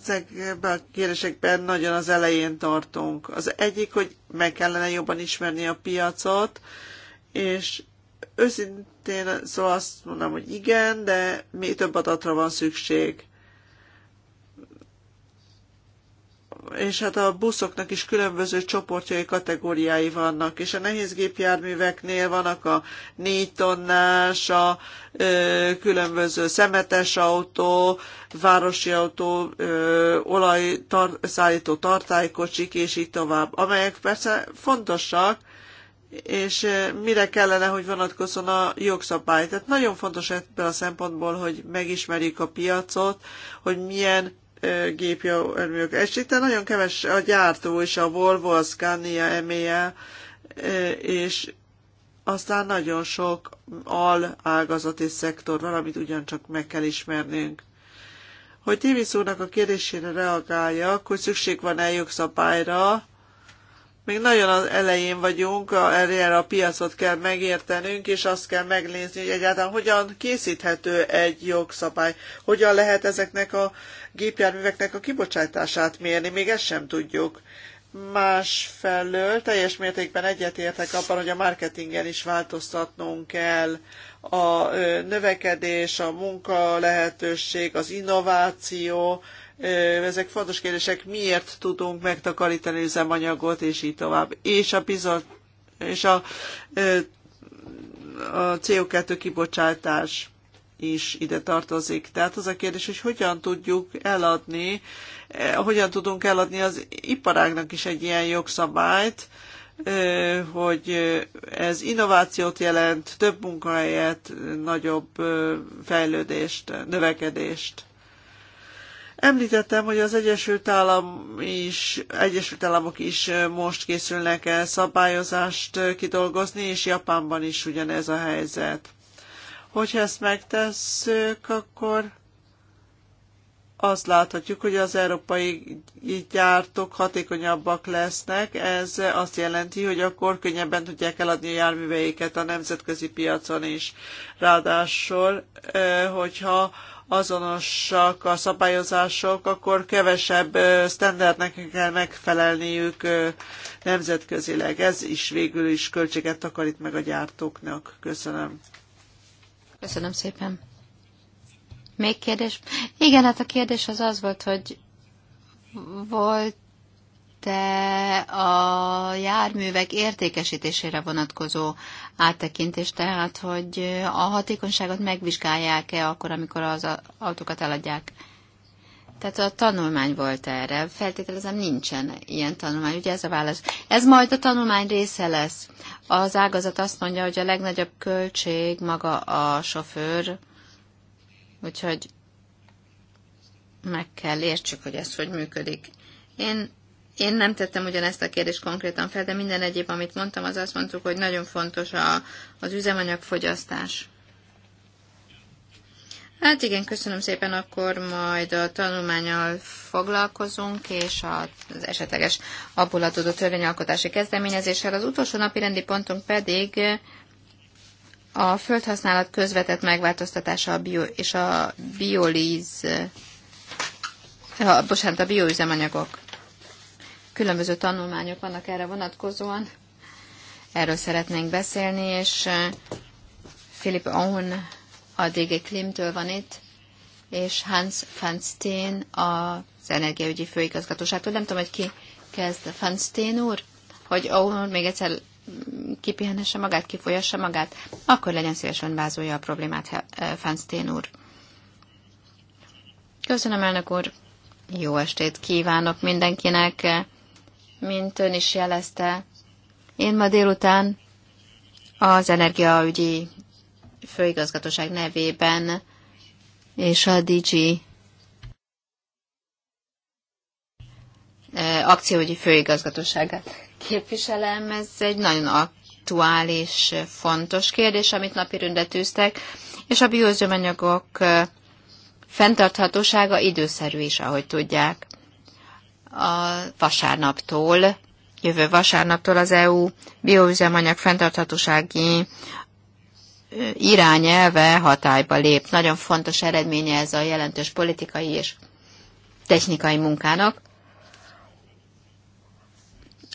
a kérdésekben nagyon az elején tartunk. Az egyik, hogy meg kellene jobban ismerni a piacot, és Őszintén szóval azt mondom, hogy igen, de mi több adatra van szükség. és hát a buszoknak is különböző csoportjai, kategóriái vannak, és a nehéz gépjárműveknél vannak a négy tonnás, a ö, különböző szemetes autó, városi autó, ö, olajszállító tar- tartálykocsik, és így tovább, amelyek persze fontosak, és mire kellene, hogy vonatkozzon a jogszabály. Tehát nagyon fontos ebből a szempontból, hogy megismerjük a piacot, hogy milyen És itt nagyon keves a gyártó is, a Volvo, a Scania, MEA, és aztán nagyon sok ágazati szektor van, amit ugyancsak meg kell ismernünk. Hogy Tivisz úrnak a kérdésére reagáljak, hogy szükség van-e jogszabályra, még nagyon az elején vagyunk, erre a piacot kell megértenünk, és azt kell megnézni, hogy egyáltalán hogyan készíthető egy jogszabály, hogyan lehet ezeknek a gépjárműveknek a kibocsátását mérni, még ezt sem tudjuk. Másfelől teljes mértékben egyetértek abban, hogy a marketingen is változtatnunk kell. A növekedés, a munka lehetőség, az innováció, ezek fontos kérdések, miért tudunk megtakarítani üzemanyagot, és így tovább. És a bizony, és a, a CO2 kibocsátás is ide tartozik. Tehát az a kérdés, hogy hogyan tudjuk eladni, hogyan tudunk eladni az iparágnak is egy ilyen jogszabályt, hogy ez innovációt jelent, több munkahelyet, nagyobb fejlődést, növekedést. Említettem, hogy az Egyesült, Állam is, Egyesült Államok is most készülnek el szabályozást kidolgozni, és Japánban is ugyanez a helyzet. Hogyha ezt megtesszük, akkor azt láthatjuk, hogy az európai gyártók hatékonyabbak lesznek. Ez azt jelenti, hogy akkor könnyebben tudják eladni a járműveiket a nemzetközi piacon is. Ráadásul, hogyha azonosak a szabályozások, akkor kevesebb standardnek kell megfelelniük nemzetközileg. Ez is végül is költséget takarít meg a gyártóknak. Köszönöm. Köszönöm szépen. Még kérdés? Igen, hát a kérdés az az volt, hogy volt illetve a járművek értékesítésére vonatkozó áttekintés, tehát hogy a hatékonyságot megvizsgálják-e akkor, amikor az autókat eladják. Tehát a tanulmány volt erre. Feltételezem nincsen ilyen tanulmány, ugye ez a válasz. Ez majd a tanulmány része lesz. Az ágazat azt mondja, hogy a legnagyobb költség maga a sofőr, úgyhogy meg kell értsük, hogy ez hogy működik. Én én nem tettem ugyanezt a kérdést konkrétan fel, de minden egyéb, amit mondtam, az azt mondtuk, hogy nagyon fontos a, az üzemanyagfogyasztás. Hát igen, köszönöm szépen, akkor majd a tanulmányal foglalkozunk, és az esetleges abból adódó törvényalkotási kezdeményezéssel. Az utolsó napi rendi pontunk pedig a földhasználat közvetett megváltoztatása a bio, és a biolíz, ha, bocsánat, a bioüzemanyagok. Különböző tanulmányok vannak erre vonatkozóan. Erről szeretnénk beszélni, és eh, Philip Owen a DG Klimtől van itt, és Hans van Steen az energiaügyi főigazgatóságtól. Nem tudom, hogy ki kezd. Van Steen úr? Hogy Owen még egyszer kipihenesse magát, kifolyassa magát, akkor legyen szívesen vázolja a problémát Fensztén eh, úr. Köszönöm, elnök úr! Jó estét kívánok mindenkinek! mint ön is jelezte. Én ma délután az energiaügyi főigazgatóság nevében és a DG eh, akcióügyi főigazgatóságát képviselem. Ez egy nagyon aktuális, fontos kérdés, amit napirendre tűztek, és a biózömanyagok eh, fenntarthatósága időszerű is, ahogy tudják a vasárnaptól, jövő vasárnaptól az EU bioüzemanyag fenntarthatósági irányelve hatályba lép. Nagyon fontos eredménye ez a jelentős politikai és technikai munkának.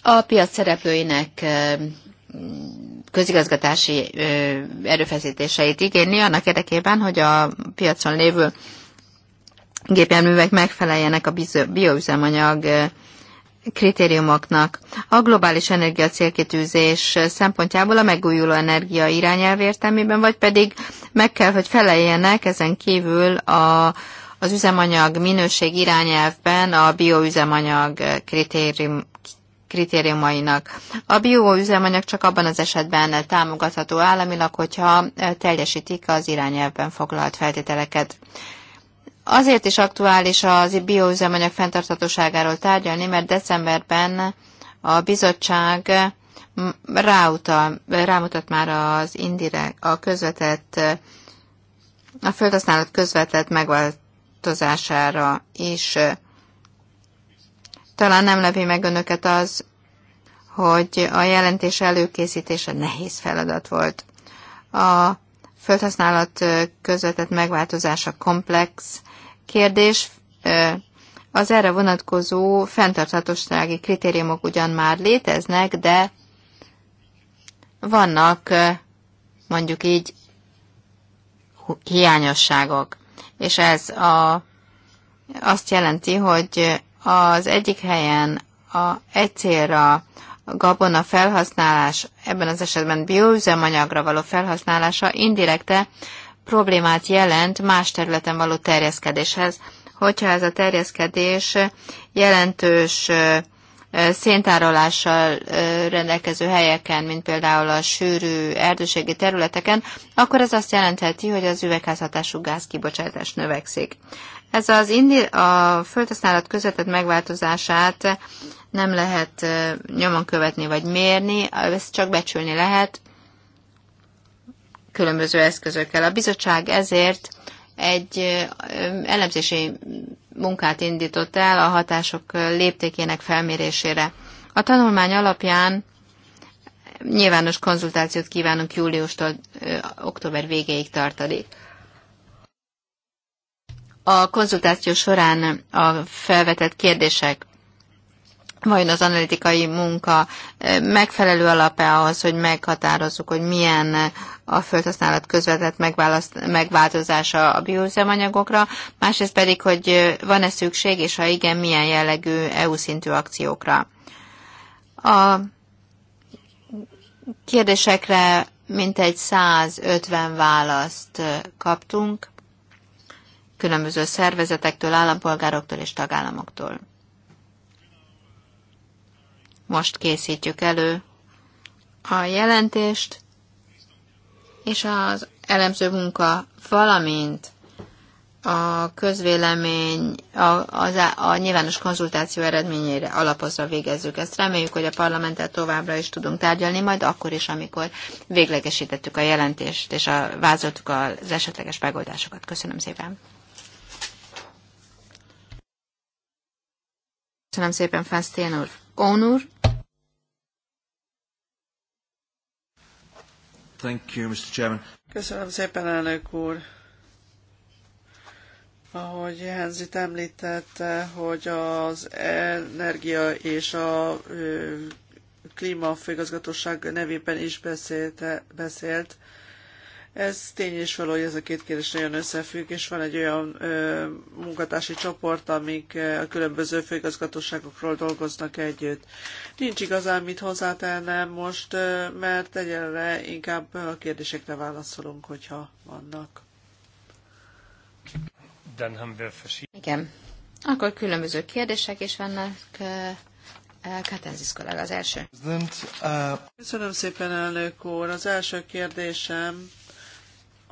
A piac szereplőinek közigazgatási erőfeszítéseit igényli annak érdekében, hogy a piacon lévő gépjárművek megfeleljenek a bioüzemanyag kritériumoknak. A globális energia célkitűzés szempontjából a megújuló energia irányelv értelmében, vagy pedig meg kell, hogy feleljenek ezen kívül a, az üzemanyag minőség irányelvben a bioüzemanyag kritérium, kritériumainak. A bioüzemanyag csak abban az esetben támogatható államilag, hogyha teljesítik az irányelvben foglalt feltételeket. Azért is aktuális az bioüzemanyag fenntarthatóságáról tárgyalni, mert decemberben a bizottság ráutal, rámutat már az indirekt, a közvetett, a földhasználat közvetett megváltozására is. Talán nem levi meg önöket az, hogy a jelentés előkészítése nehéz feladat volt. A földhasználat közvetett megváltozása komplex, kérdés, az erre vonatkozó fenntarthatósági kritériumok ugyan már léteznek, de vannak mondjuk így hiányosságok. És ez a, azt jelenti, hogy az egyik helyen a, egy célra a gabona felhasználás, ebben az esetben bioüzemanyagra való felhasználása indirekte problémát jelent más területen való terjeszkedéshez. Hogyha ez a terjeszkedés jelentős széntárolással rendelkező helyeken, mint például a sűrű erdőségi területeken, akkor ez azt jelentheti, hogy az üvegházhatású gázkibocsátás növekszik. Ez az indi- a földhasználat közvetett megváltozását nem lehet nyomon követni vagy mérni, ezt csak becsülni lehet, különböző eszközökkel. A bizottság ezért egy elemzési munkát indított el a hatások léptékének felmérésére. A tanulmány alapján nyilvános konzultációt kívánunk júliustól október végéig tartani. A konzultáció során a felvetett kérdések vajon az analitikai munka eh, megfelelő alapja ahhoz, hogy meghatározzuk, hogy milyen eh, a földhasználat közvetett megváltozása a bioüzemanyagokra, másrészt pedig, hogy eh, van-e szükség, és ha igen, milyen jellegű EU szintű akciókra. A kérdésekre mintegy 150 választ kaptunk különböző szervezetektől, állampolgároktól és tagállamoktól. Most készítjük elő a jelentést, és az elemző munka, valamint a közvélemény, a, az, a nyilvános konzultáció eredményére alapozva végezzük ezt. Reméljük, hogy a parlamenttel továbbra is tudunk tárgyalni, majd akkor is, amikor véglegesítettük a jelentést és a, vázoltuk az esetleges megoldásokat. Köszönöm szépen! Köszönöm szépen, úr. Ón úr. Thank you, Mr. Chairman. Köszönöm szépen, elnök úr. Ahogy Henzit említette, hogy az energia és a klímafőgazgatóság nevében is beszélte, beszélt, ez tény és való, hogy ez a két kérdés nagyon összefügg, és van egy olyan ö, munkatársi csoport, amik a különböző főigazgatóságokról dolgoznak együtt. Nincs igazán mit hozzátennem most, ö, mert egyelőre inkább a kérdésekre válaszolunk, hogyha vannak. Igen. Akkor különböző kérdések is vannak. Katenzis kollega az első. Uh, Köszönöm szépen, elnök úr. Az első kérdésem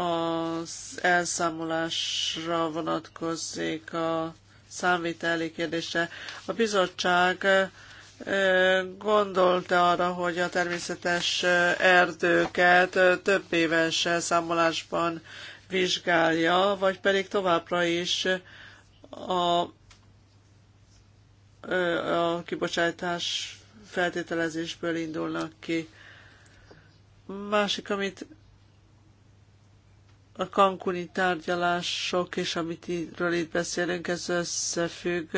az elszámolásra vonatkozik a számviteli kérdése. A bizottság gondolta arra, hogy a természetes erdőket több éves számolásban vizsgálja, vagy pedig továbbra is a, a kibocsátás feltételezésből indulnak ki. Másik, amit a kankuni tárgyalások és amit ről itt beszélünk, ez összefügg.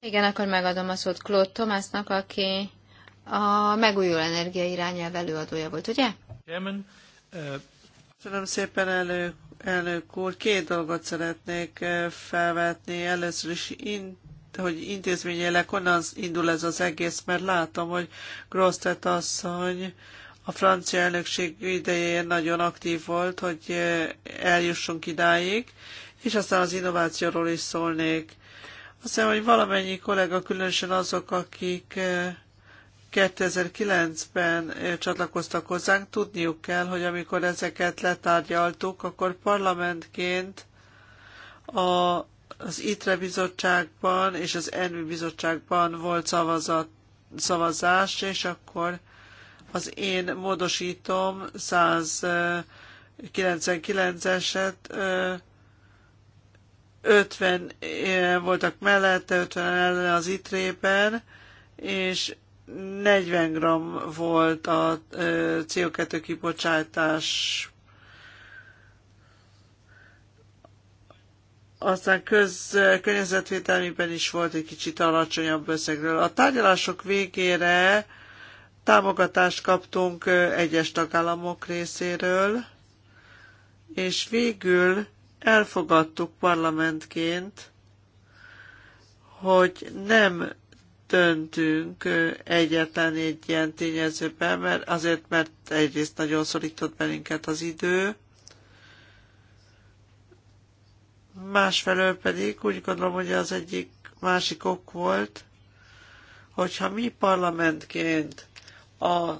Igen, akkor megadom a szót Claude Tomásnak, aki a megújuló energia irányelv előadója volt, ugye? Chairman, uh... Köszönöm szépen, elő, elnök úr. Két dolgot szeretnék eh, felvetni. Először is in, hogy intézményileg honnan indul ez az egész, mert látom, hogy Grosztet asszony a francia elnökség idején nagyon aktív volt, hogy eh, eljussunk idáig, és aztán az innovációról is szólnék. Azt hiszem, hogy valamennyi kollega, különösen azok, akik eh, 2009-ben eh, csatlakoztak hozzánk, tudniuk kell, hogy amikor ezeket letárgyaltuk, akkor parlamentként a, az ITRE bizottságban és az ENVI bizottságban volt szavazat, szavazás, és akkor az én módosítom 199-eset 50 eh, eh, voltak mellette, 50 ellen az ITRE-ben, és 40 g volt a CO2 kibocsátás. Aztán köz, környezetvédelmiben is volt egy kicsit alacsonyabb összegről. A tárgyalások végére támogatást kaptunk egyes tagállamok részéről, és végül elfogadtuk parlamentként, hogy nem döntünk egyetlen egy ilyen tényezőben, mert azért, mert egyrészt nagyon szorított belünket az idő, másfelől pedig úgy gondolom, hogy az egyik másik ok volt, hogyha mi parlamentként a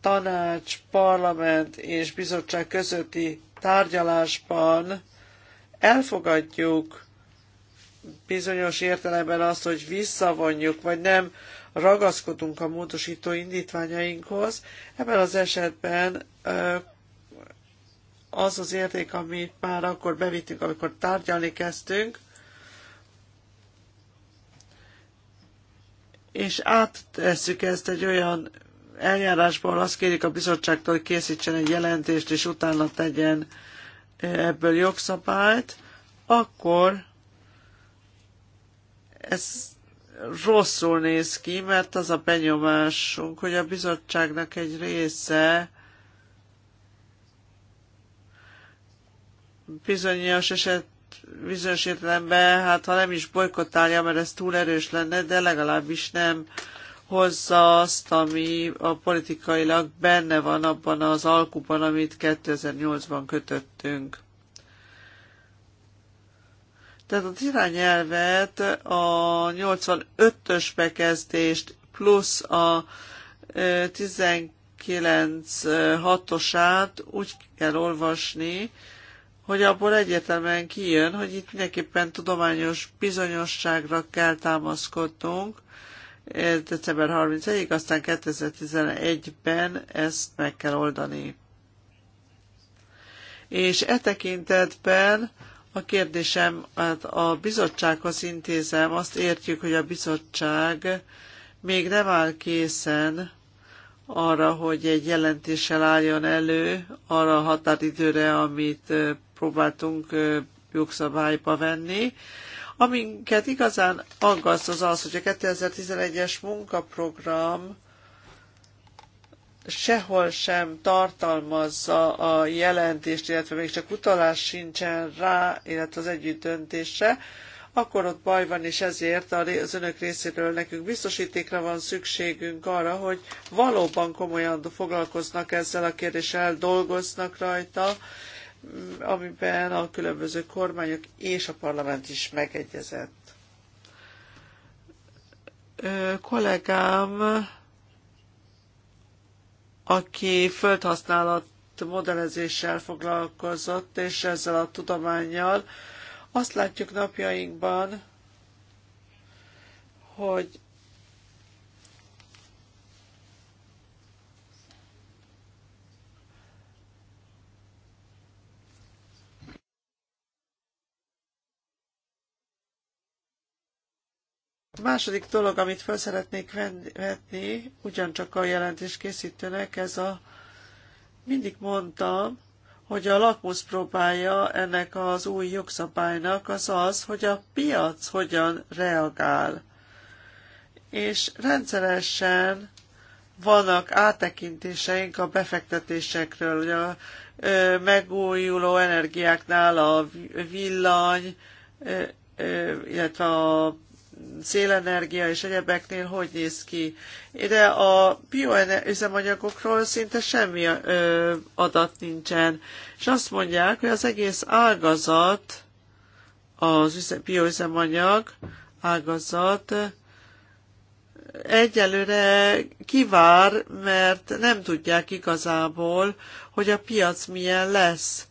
tanács, parlament és bizottság közötti tárgyalásban elfogadjuk bizonyos értelemben azt, hogy visszavonjuk, vagy nem ragaszkodunk a módosító indítványainkhoz, ebben az esetben az az érték, amit már akkor bevittünk, amikor tárgyalni kezdtünk, és áttesszük ezt egy olyan eljárásból, azt kérjük a bizottságtól, hogy készítsen egy jelentést, és utána tegyen ebből jogszabályt, akkor ez rosszul néz ki, mert az a benyomásunk, hogy a bizottságnak egy része bizonyos eset bizonyos értelemben, hát ha nem is bolykottálja, mert ez túl erős lenne, de legalábbis nem hozza azt, ami a politikailag benne van abban az alkuban, amit 2008-ban kötöttünk. Tehát az nyelvet a 85-ös bekezdést plusz a 6 osát úgy kell olvasni, hogy abból egyértelműen kijön, hogy itt mindenképpen tudományos bizonyosságra kell támaszkodnunk, december 31-ig, aztán 2011-ben ezt meg kell oldani. És e tekintetben a kérdésem hát a bizottsághoz intézem, azt értjük, hogy a bizottság még nem áll készen arra, hogy egy jelentéssel álljon elő arra a határidőre, amit próbáltunk jogszabályba venni. Aminket igazán aggaszt az az, hogy a 2011-es munkaprogram sehol sem tartalmazza a jelentést, illetve még csak utalás sincsen rá, illetve az együtt döntésre, akkor ott baj van, és ezért az önök részéről nekünk biztosítékra van szükségünk arra, hogy valóban komolyan foglalkoznak ezzel a kérdéssel, dolgoznak rajta, amiben a különböző kormányok és a parlament is megegyezett. Ö, kollégám aki földhasználat modellezéssel foglalkozott, és ezzel a tudományjal. Azt látjuk napjainkban, hogy Második dolog, amit fel szeretnék vetni, ugyancsak a jelentés készítőnek, ez a mindig mondtam, hogy a lakmus próbálja ennek az új jogszabálynak az az, hogy a piac hogyan reagál. És rendszeresen vannak áttekintéseink a befektetésekről, hogy a megújuló energiáknál a villany, illetve a szélenergia és egyebeknél hogy néz ki. De a bioüzemanyagokról szinte semmi adat nincsen. És azt mondják, hogy az egész ágazat, az bioüzemanyag ágazat egyelőre kivár, mert nem tudják igazából, hogy a piac milyen lesz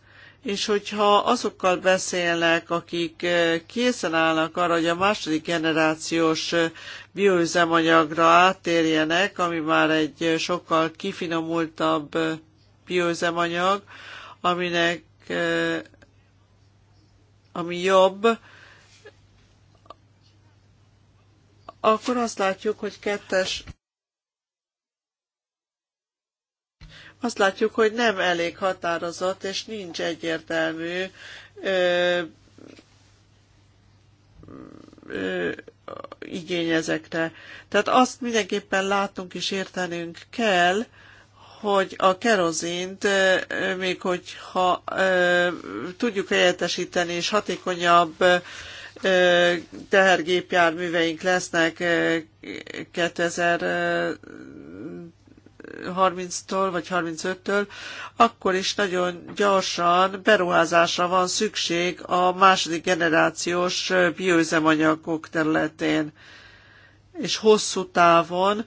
és hogyha azokkal beszélnek, akik eh, készen állnak arra, hogy a második generációs eh, bioüzemanyagra áttérjenek, ami már egy eh, sokkal kifinomultabb bioüzemanyag, aminek ami jobb, akkor azt látjuk, hogy kettes azt látjuk, hogy nem elég határozott, és nincs egyértelmű ö, ö, igény ezekre. Tehát azt mindenképpen látunk, és értenünk kell, hogy a kerozint, még hogyha ö, tudjuk helyettesíteni, és hatékonyabb ö, tehergépjárműveink lesznek 2000 30-tól vagy 35-től, akkor is nagyon gyorsan beruházásra van szükség a második generációs bioüzemanyagok területén. És hosszú távon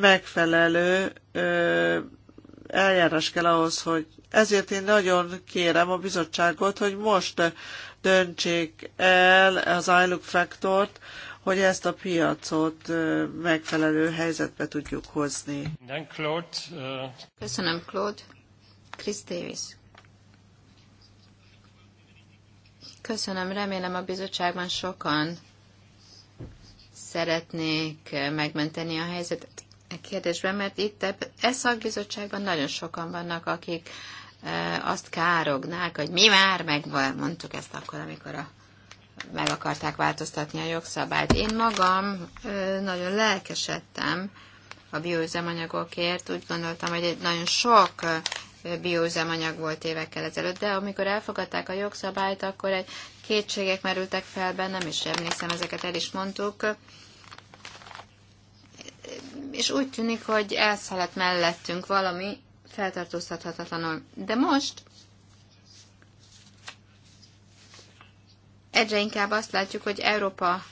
megfelelő eljárás kell ahhoz, hogy ezért én nagyon kérem a bizottságot, hogy most döntsék el az ILUC faktort, hogy ezt a piacot megfelelő helyzetbe tudjuk hozni. Uh, Köszönöm, Claude. Chris Davis. Köszönöm, remélem a bizottságban sokan szeretnék megmenteni a helyzetet a e kérdésben, mert itt e, e szakbizottságban nagyon sokan vannak, akik azt kárognák, hogy mi már megmondtuk ezt akkor, amikor a meg akarták változtatni a jogszabályt. Én magam nagyon lelkesedtem a bioüzemanyagokért, úgy gondoltam, hogy egy nagyon sok bioüzemanyag volt évekkel ezelőtt, de amikor elfogadták a jogszabályt, akkor egy kétségek merültek fel bennem, és emlékszem, ezeket el is mondtuk. És úgy tűnik, hogy elszaladt mellettünk valami feltartóztathatatlanul. De most egyre inkább azt látjuk, hogy Európa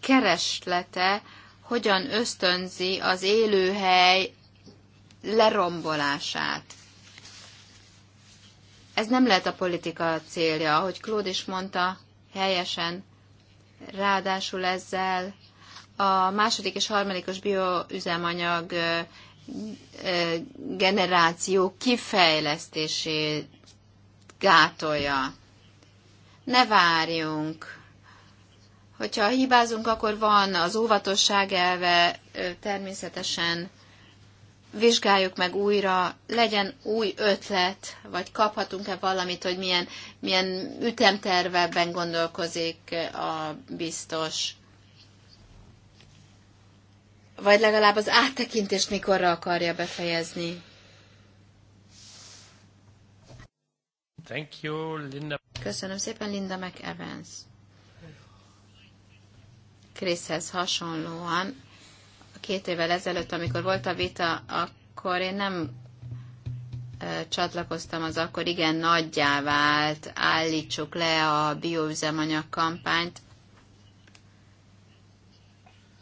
kereslete hogyan ösztönzi az élőhely lerombolását. Ez nem lehet a politika célja, ahogy Claude is mondta helyesen, ráadásul ezzel a második és harmadikos bioüzemanyag generáció kifejlesztését gátolja ne várjunk. Hogyha hibázunk, akkor van az óvatosság elve, természetesen vizsgáljuk meg újra, legyen új ötlet, vagy kaphatunk-e valamit, hogy milyen, milyen ütemterveben gondolkozik a biztos. Vagy legalább az áttekintést mikorra akarja befejezni. Thank you, Linda. Köszönöm szépen, Linda McEvans. Kriszhez hasonlóan, két évvel ezelőtt, amikor volt a vita, akkor én nem csatlakoztam az akkor igen nagyjá vált, állítsuk le a bioüzemanyag kampányt,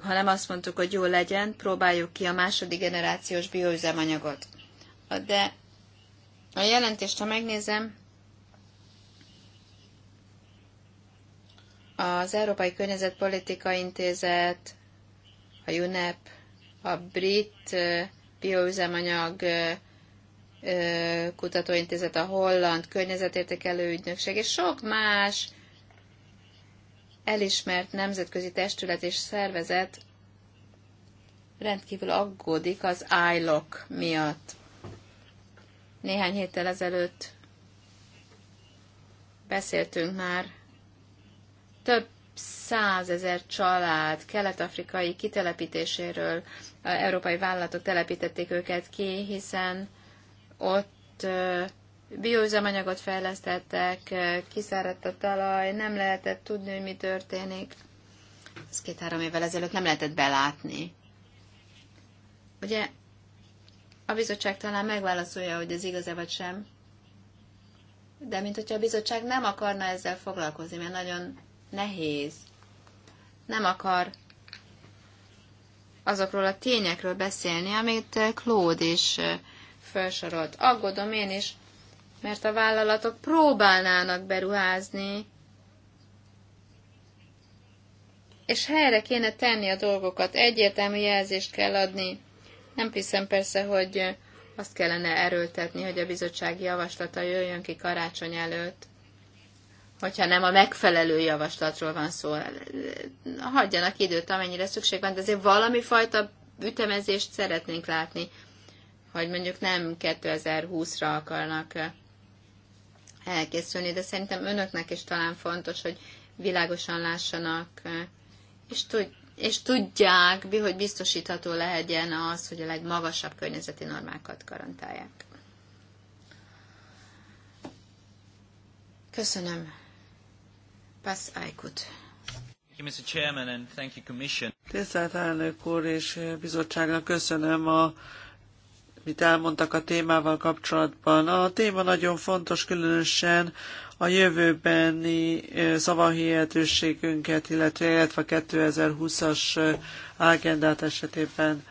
hanem azt mondtuk, hogy jó legyen, próbáljuk ki a második generációs bioüzemanyagot. De a jelentést, ha megnézem, Az Európai Környezetpolitika Intézet, a UNEP, a brit bioüzemanyag kutatóintézet, a holland környezetértékelő ügynökség, és sok más elismert nemzetközi testület és szervezet rendkívül aggódik az ILOC miatt. Néhány héttel ezelőtt beszéltünk már több százezer család kelet-afrikai kitelepítéséről európai vállalatok telepítették őket ki, hiszen ott bioüzemanyagot fejlesztettek, kiszáradt a talaj, nem lehetett tudni, hogy mi történik. Ez két-három évvel ezelőtt nem lehetett belátni. Ugye a bizottság talán megválaszolja, hogy ez igaz-e vagy sem. De mint hogyha a bizottság nem akarna ezzel foglalkozni, mert nagyon nehéz. Nem akar azokról a tényekről beszélni, amit Claude is felsorolt. Aggódom én is, mert a vállalatok próbálnának beruházni, és helyre kéne tenni a dolgokat, egyértelmű jelzést kell adni. Nem hiszem persze, hogy azt kellene erőltetni, hogy a bizottsági javaslata jöjjön ki karácsony előtt hogyha nem a megfelelő javaslatról van szó. Hagyjanak időt, amennyire szükség van, de azért valami fajta ütemezést szeretnénk látni, hogy mondjuk nem 2020-ra akarnak elkészülni, de szerintem önöknek is talán fontos, hogy világosan lássanak, és, tud, és tudják, hogy biztosítható legyen az, hogy a legmagasabb környezeti normákat garantálják. Köszönöm. Pass Aikut. Tisztelt elnök úr és bizottságnak köszönöm a mit elmondtak a témával kapcsolatban. A téma nagyon fontos, különösen a jövőbeni szavahihetőségünket, illetve, illetve 2020-as ágendát esetében.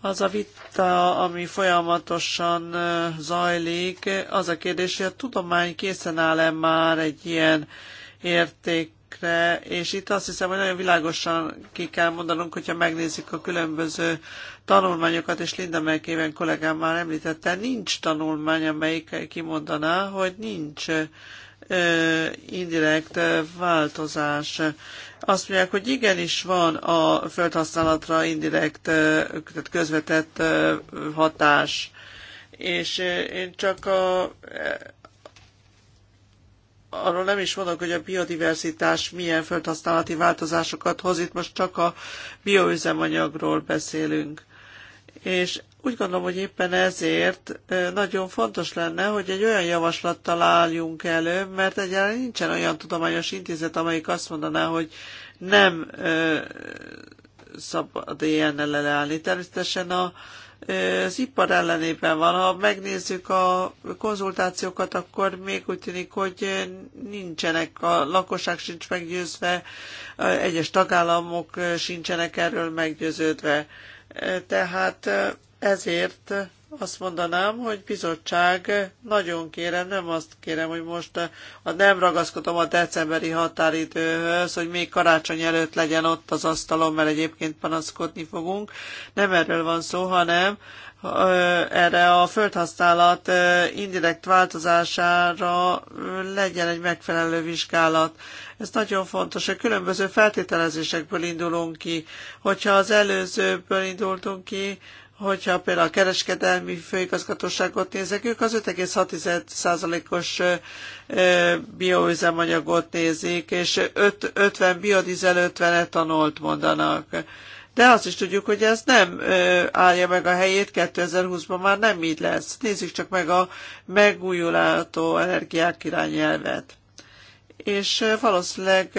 Az a vita, ami folyamatosan zajlik, az a kérdés, hogy a tudomány készen áll-e már egy ilyen értékre, és itt azt hiszem, hogy nagyon világosan ki kell mondanunk, hogyha megnézzük a különböző tanulmányokat, és Linda Melkében kollégám már említette, nincs tanulmány, amelyik kimondaná, hogy nincs indirekt változás. Azt mondják, hogy igenis van a földhasználatra indirekt, tehát közvetett hatás. És én csak a, arról nem is mondok, hogy a biodiverzitás milyen földhasználati változásokat hoz, itt most csak a bioüzemanyagról beszélünk. És úgy gondolom, hogy éppen ezért nagyon fontos lenne, hogy egy olyan javaslattal álljunk elő, mert egyáltalán nincsen olyan tudományos intézet, amelyik azt mondaná, hogy nem szabad ilyennel leállni. Természetesen a az ipar ellenében van. Ha megnézzük a konzultációkat, akkor még úgy tűnik, hogy nincsenek, a lakosság sincs meggyőzve, egyes tagállamok sincsenek erről meggyőződve. Tehát ezért azt mondanám, hogy bizottság, nagyon kérem, nem azt kérem, hogy most eh, a, nem ragaszkodom a decemberi határidőhöz, hogy még karácsony előtt legyen ott az asztalon, mert egyébként panaszkodni fogunk. Nem erről van szó, hanem eh, erre a földhasználat eh, indirekt változására legyen egy megfelelő vizsgálat. Ez nagyon fontos, hogy különböző feltételezésekből indulunk ki. Hogyha az előzőből indultunk ki, hogyha például a kereskedelmi főigazgatóságot nézek, ők az 5,6%-os bioüzemanyagot nézik, és 5, 50 biodizel, 50 etanolt mondanak. De azt is tudjuk, hogy ez nem állja meg a helyét, 2020-ban már nem így lesz. Nézzük csak meg a megújulható energiák irányelvet. És valószínűleg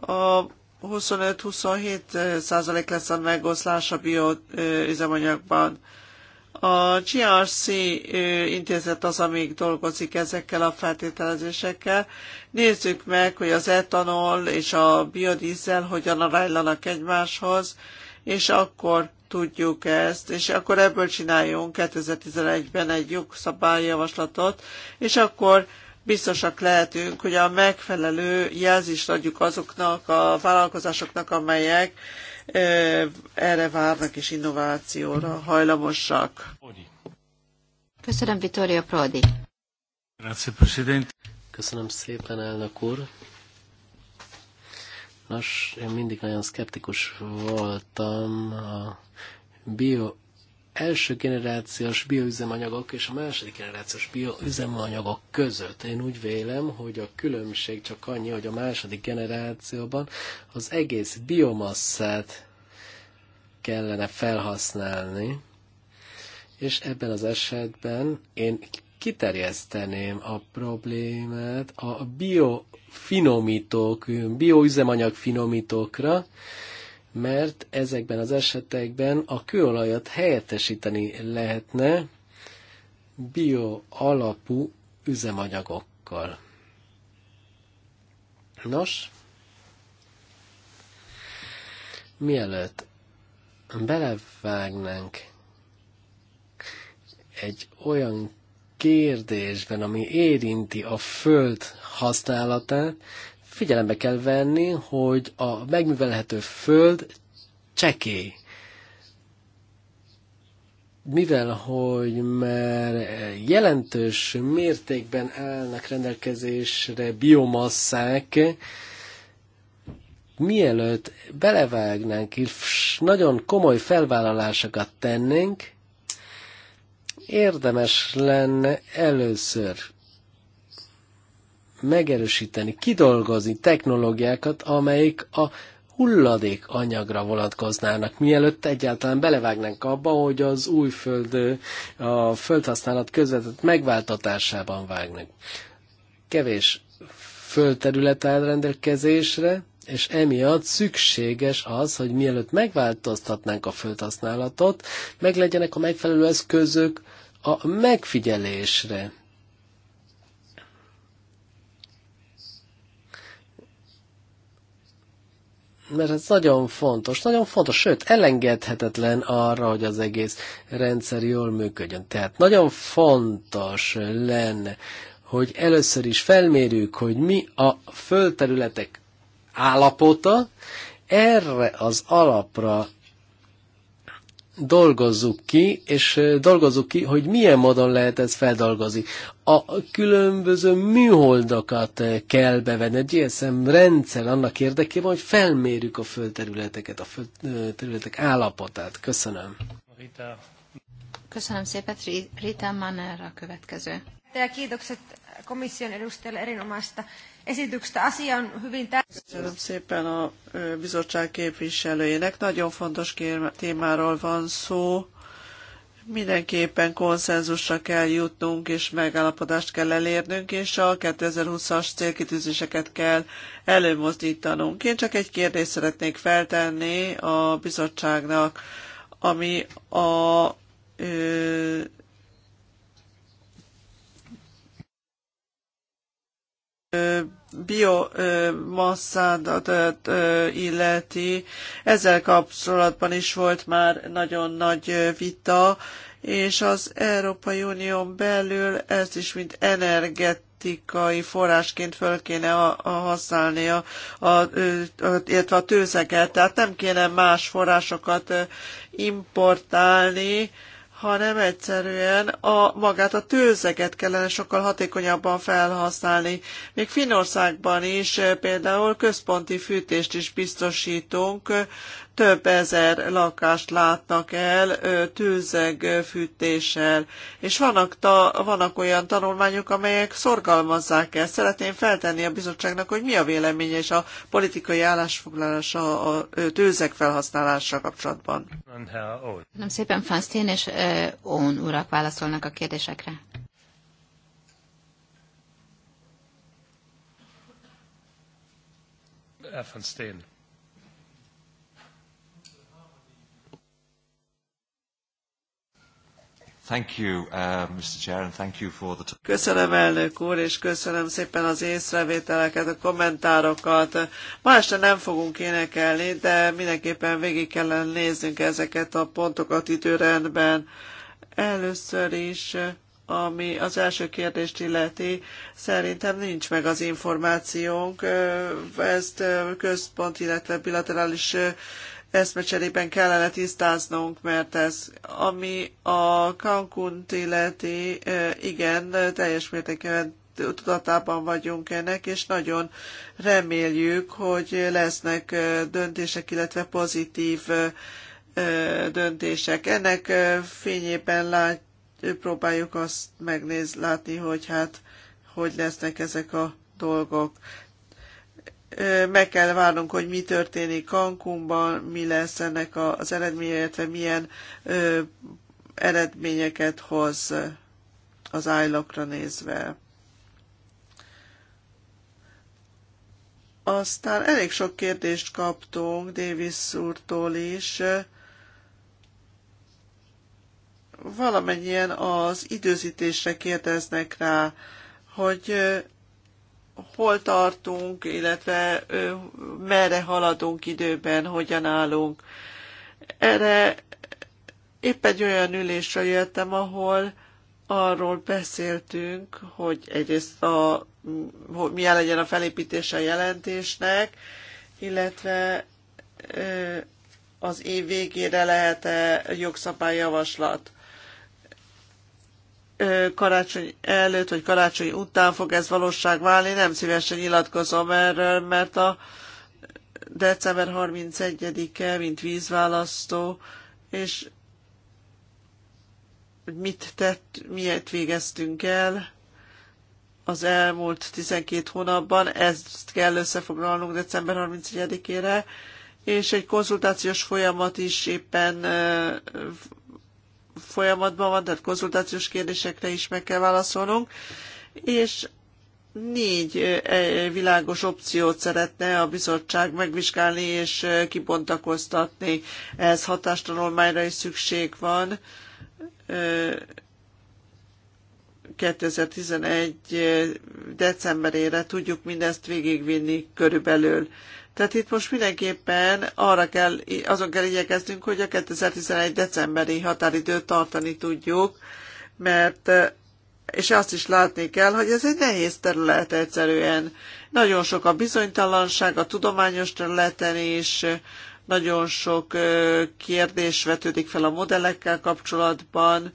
a 25-27 százalék lesz a megoszlás a bioüzemanyagban. A GRC intézet az, amíg dolgozik ezekkel a feltételezésekkel. Nézzük meg, hogy az etanol és a biodízzel hogyan aránylanak egymáshoz, és akkor tudjuk ezt, és akkor ebből csináljunk 2011-ben egy jogszabályjavaslatot, és akkor biztosak lehetünk, hogy a megfelelő jelzést adjuk azoknak a vállalkozásoknak, amelyek erre várnak és innovációra hajlamosak. Köszönöm, Vittoria Prodi. Köszönöm szépen, elnök úr. Nos, én mindig nagyon szkeptikus voltam a bio első generációs bioüzemanyagok és a második generációs bioüzemanyagok között. Én úgy vélem, hogy a különbség csak annyi, hogy a második generációban az egész biomasszát kellene felhasználni, és ebben az esetben én kiterjeszteném a problémát a biofinomítók, bioüzemanyag finomítókra, mert ezekben az esetekben a kőolajat helyettesíteni lehetne bio alapú üzemanyagokkal. Nos, mielőtt belevágnánk egy olyan kérdésben, ami érinti a föld használatát, figyelembe kell venni, hogy a megművelhető föld csekély. Mivel, hogy már jelentős mértékben állnak rendelkezésre biomasszák, mielőtt belevágnánk, és nagyon komoly felvállalásokat tennénk, érdemes lenne először megerősíteni, kidolgozni technológiákat, amelyik a hulladék anyagra vonatkoznának, mielőtt egyáltalán belevágnánk abba, hogy az új föld, a földhasználat közvetett megváltatásában vágnak. Kevés földterület áll rendelkezésre, és emiatt szükséges az, hogy mielőtt megváltoztatnánk a földhasználatot, meglegyenek a megfelelő eszközök a megfigyelésre. mert ez nagyon fontos, nagyon fontos, sőt, elengedhetetlen arra, hogy az egész rendszer jól működjön. Tehát nagyon fontos lenne, hogy először is felmérjük, hogy mi a földterületek állapota, erre az alapra dolgozzuk ki, és dolgozzuk ki, hogy milyen módon lehet ezt feldolgozni. A különböző műholdakat kell bevenni, egy GSM rendszer annak érdekében, hogy felmérjük a földterületeket, a földterületek állapotát. Köszönöm. Rita. Köszönöm szépen, Rita Manner a következő. Kiitokset komisszion edustajalle erinomásta esityksestä. Asia on hyvin tärkeä. Köszönöm szépen a bizottság képviselőjének. Nagyon fontos témáról van szó. Mindenképpen konszenzusra kell jutnunk, és megállapodást kell elérnünk, és a 2020-as célkitűzéseket kell előmozdítanunk. Én csak egy kérdést szeretnék feltenni a bizottságnak, ami a biomasszádat illeti, ezzel kapcsolatban is volt már nagyon nagy vita, és az Európai Unión belül ezt is mint energetikai forrásként föl kéne a, használni, a, a, a, illetve a tőzeket, tehát nem kéne más forrásokat importálni, hanem egyszerűen a, magát a tőzeget kellene sokkal hatékonyabban felhasználni. Még Finországban is eh, például központi fűtést is biztosítunk több ezer lakást látnak el tűzeg fűtéssel, és vannak, ta, vannak olyan tanulmányok, amelyek szorgalmazzák ezt. Szeretném feltenni a bizottságnak, hogy mi a véleménye és a politikai állásfoglalása a tőzeg felhasználása kapcsolatban. Nem szépen Fansztén és Ón urak válaszolnak a kérdésekre. Van Uh, köszönöm, elnök úr, és köszönöm szépen az észrevételeket, a kommentárokat. Ma este nem fogunk énekelni, de mindenképpen végig kellene néznünk ezeket a pontokat időrendben. Először is ami az első kérdést illeti, szerintem nincs meg az információnk. Ezt központ, illetve bilaterális eszmecserében kellene tisztáznunk, mert ez, ami a cancun illeti, igen, teljes mértékben tudatában vagyunk ennek, és nagyon reméljük, hogy lesznek döntések, illetve pozitív döntések. Ennek fényében lát, próbáljuk azt megnéz, látni, hogy hát hogy lesznek ezek a dolgok meg kell várnunk, hogy mi történik Cancúnban, mi lesz ennek az eredménye, illetve milyen eredményeket hoz az állakra nézve. Aztán elég sok kérdést kaptunk Davis úrtól is. Valamennyien az időzítésre kérdeznek rá, hogy hol tartunk, illetve merre haladunk időben, hogyan állunk. Erre épp egy olyan ülésre jöttem, ahol arról beszéltünk, hogy egyrészt a, hogy milyen legyen a felépítése a jelentésnek, illetve az év végére lehet-e jogszabályjavaslat karácsony előtt vagy karácsony után fog ez valóság válni. Nem szívesen nyilatkozom erről, mert a december 31-e, mint vízválasztó, és mit tett, miért végeztünk el az elmúlt 12 hónapban, ezt kell összefoglalnunk december 31-ére, és egy konzultációs folyamat is éppen folyamatban van, tehát konzultációs kérdésekre is meg kell válaszolnunk, és négy e, világos opciót szeretne a bizottság megvizsgálni és kibontakoztatni. Ehhez hatástanulmányra is szükség van. 2011. decemberére tudjuk mindezt végigvinni körülbelül. Tehát itt most mindenképpen arra kell, azon kell igyekeznünk, hogy a 2011. decemberi határidőt tartani tudjuk, mert és azt is látni kell, hogy ez egy nehéz terület egyszerűen. Nagyon sok a bizonytalanság a tudományos területen is, nagyon sok kérdés vetődik fel a modellekkel kapcsolatban,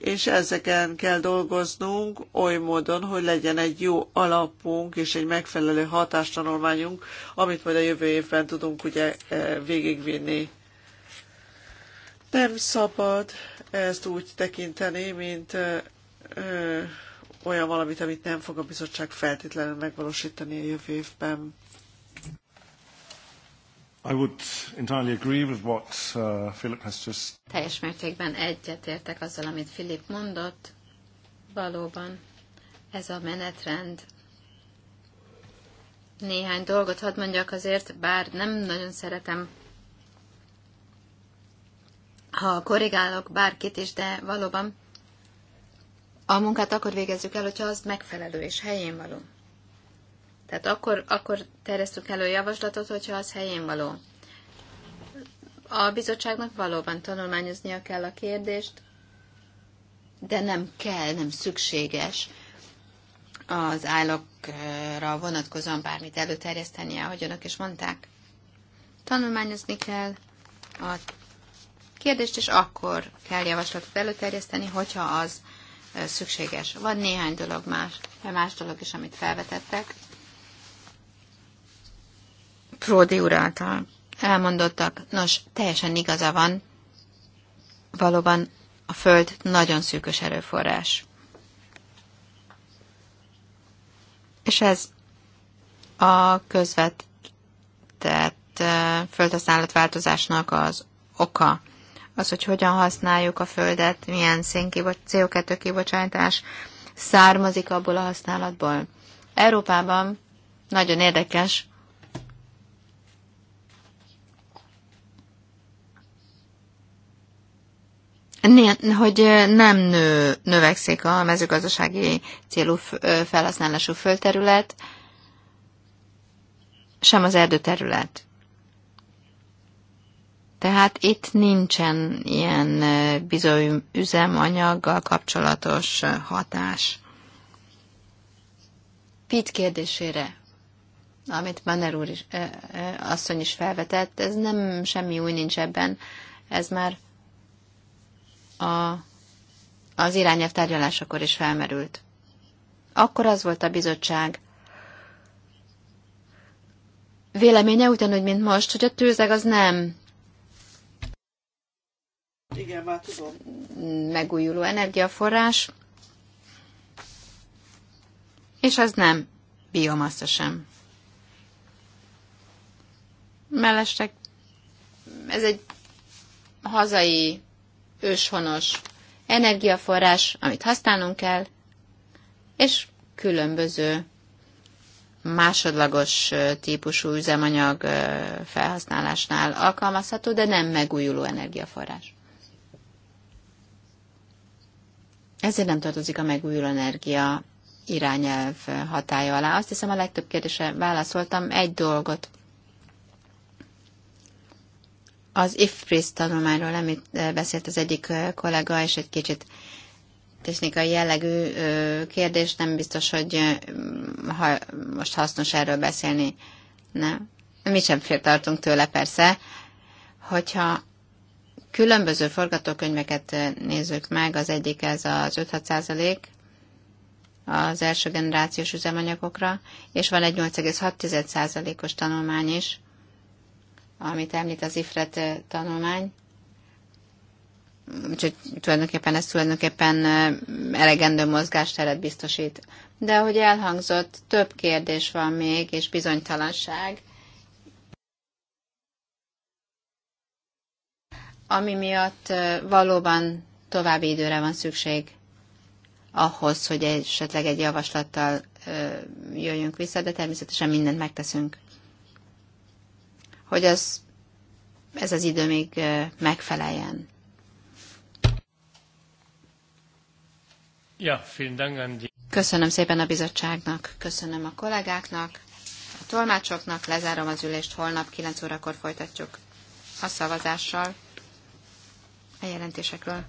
és ezeken kell dolgoznunk oly módon, hogy legyen egy jó alapunk és egy megfelelő hatástanulmányunk, amit majd a jövő évben tudunk ugye eh, végigvinni. Nem szabad ezt úgy tekinteni, mint ö, eh, ö, eh, olyan valamit, amit nem fog a bizottság feltétlenül megvalósítani a jövő évben. I would entirely agree with what uh, Philip has just... Teljes mértékben egyetértek azzal, amit Philip mondott. Valóban ez a menetrend. Néhány dolgot hadd mondjak azért, bár nem nagyon szeretem, ha korrigálok bárkit is, de valóban a munkát akkor végezzük el, hogyha az megfelelő és helyén való. Tehát akkor, akkor terjesztünk elő javaslatot, hogyha az helyén való. A bizottságnak valóban tanulmányoznia kell a kérdést, de nem kell, nem szükséges az állokra vonatkozóan bármit előterjesztenie, ahogy önök is mondták. Tanulmányozni kell a kérdést, és akkor kell javaslatot előterjeszteni, hogyha az szükséges. Van néhány dolog más, más dolog is, amit felvetettek. Pródi úr által elmondottak. Nos, teljesen igaza van. Valóban a Föld nagyon szűkös erőforrás. És ez a közvetett földhasználat változásnak az oka. Az, hogy hogyan használjuk a földet, milyen CO2 kibocsátás származik abból a használatból. Európában nagyon érdekes, hogy nem nő, növekszik a mezőgazdasági célú felhasználású földterület, sem az erdőterület. Tehát itt nincsen ilyen bizony üzemanyaggal kapcsolatos hatás. Pit kérdésére, amit Manner úr is, asszony is felvetett, ez nem semmi új nincs ebben. Ez már a, az irányelv tárgyalásakor is felmerült. Akkor az volt a bizottság véleménye ugyanúgy, mint most, hogy a tőzeg az nem igen, már tudom. megújuló energiaforrás, és az nem biomassa sem. Mellestek, ez egy hazai őshonos energiaforrás, amit használnunk kell, és különböző másodlagos típusú üzemanyag felhasználásnál alkalmazható, de nem megújuló energiaforrás. Ezért nem tartozik a megújuló energia irányelv hatája alá. Azt hiszem a legtöbb kérdésre válaszoltam. Egy dolgot az IFPRIS tanulmányról, amit beszélt az egyik kollega, és egy kicsit technikai jellegű kérdés, nem biztos, hogy ha most hasznos erről beszélni. Nem. Mi sem fél tartunk tőle persze, hogyha különböző forgatókönyveket nézzük meg, az egyik ez az 5-6 százalék az első generációs üzemanyagokra, és van egy 8,6 os tanulmány is, amit említ az IFRET tanulmány. Úgyhogy tulajdonképpen ez tulajdonképpen elegendő mozgásteret biztosít. De ahogy elhangzott, több kérdés van még, és bizonytalanság. Ami miatt valóban további időre van szükség ahhoz, hogy esetleg egy javaslattal jöjjünk vissza, de természetesen mindent megteszünk hogy az, ez az idő még megfeleljen. Ja, Köszönöm szépen a bizottságnak, köszönöm a kollégáknak, a tolmácsoknak, lezárom az ülést, holnap 9 órakor folytatjuk a szavazással a jelentésekről.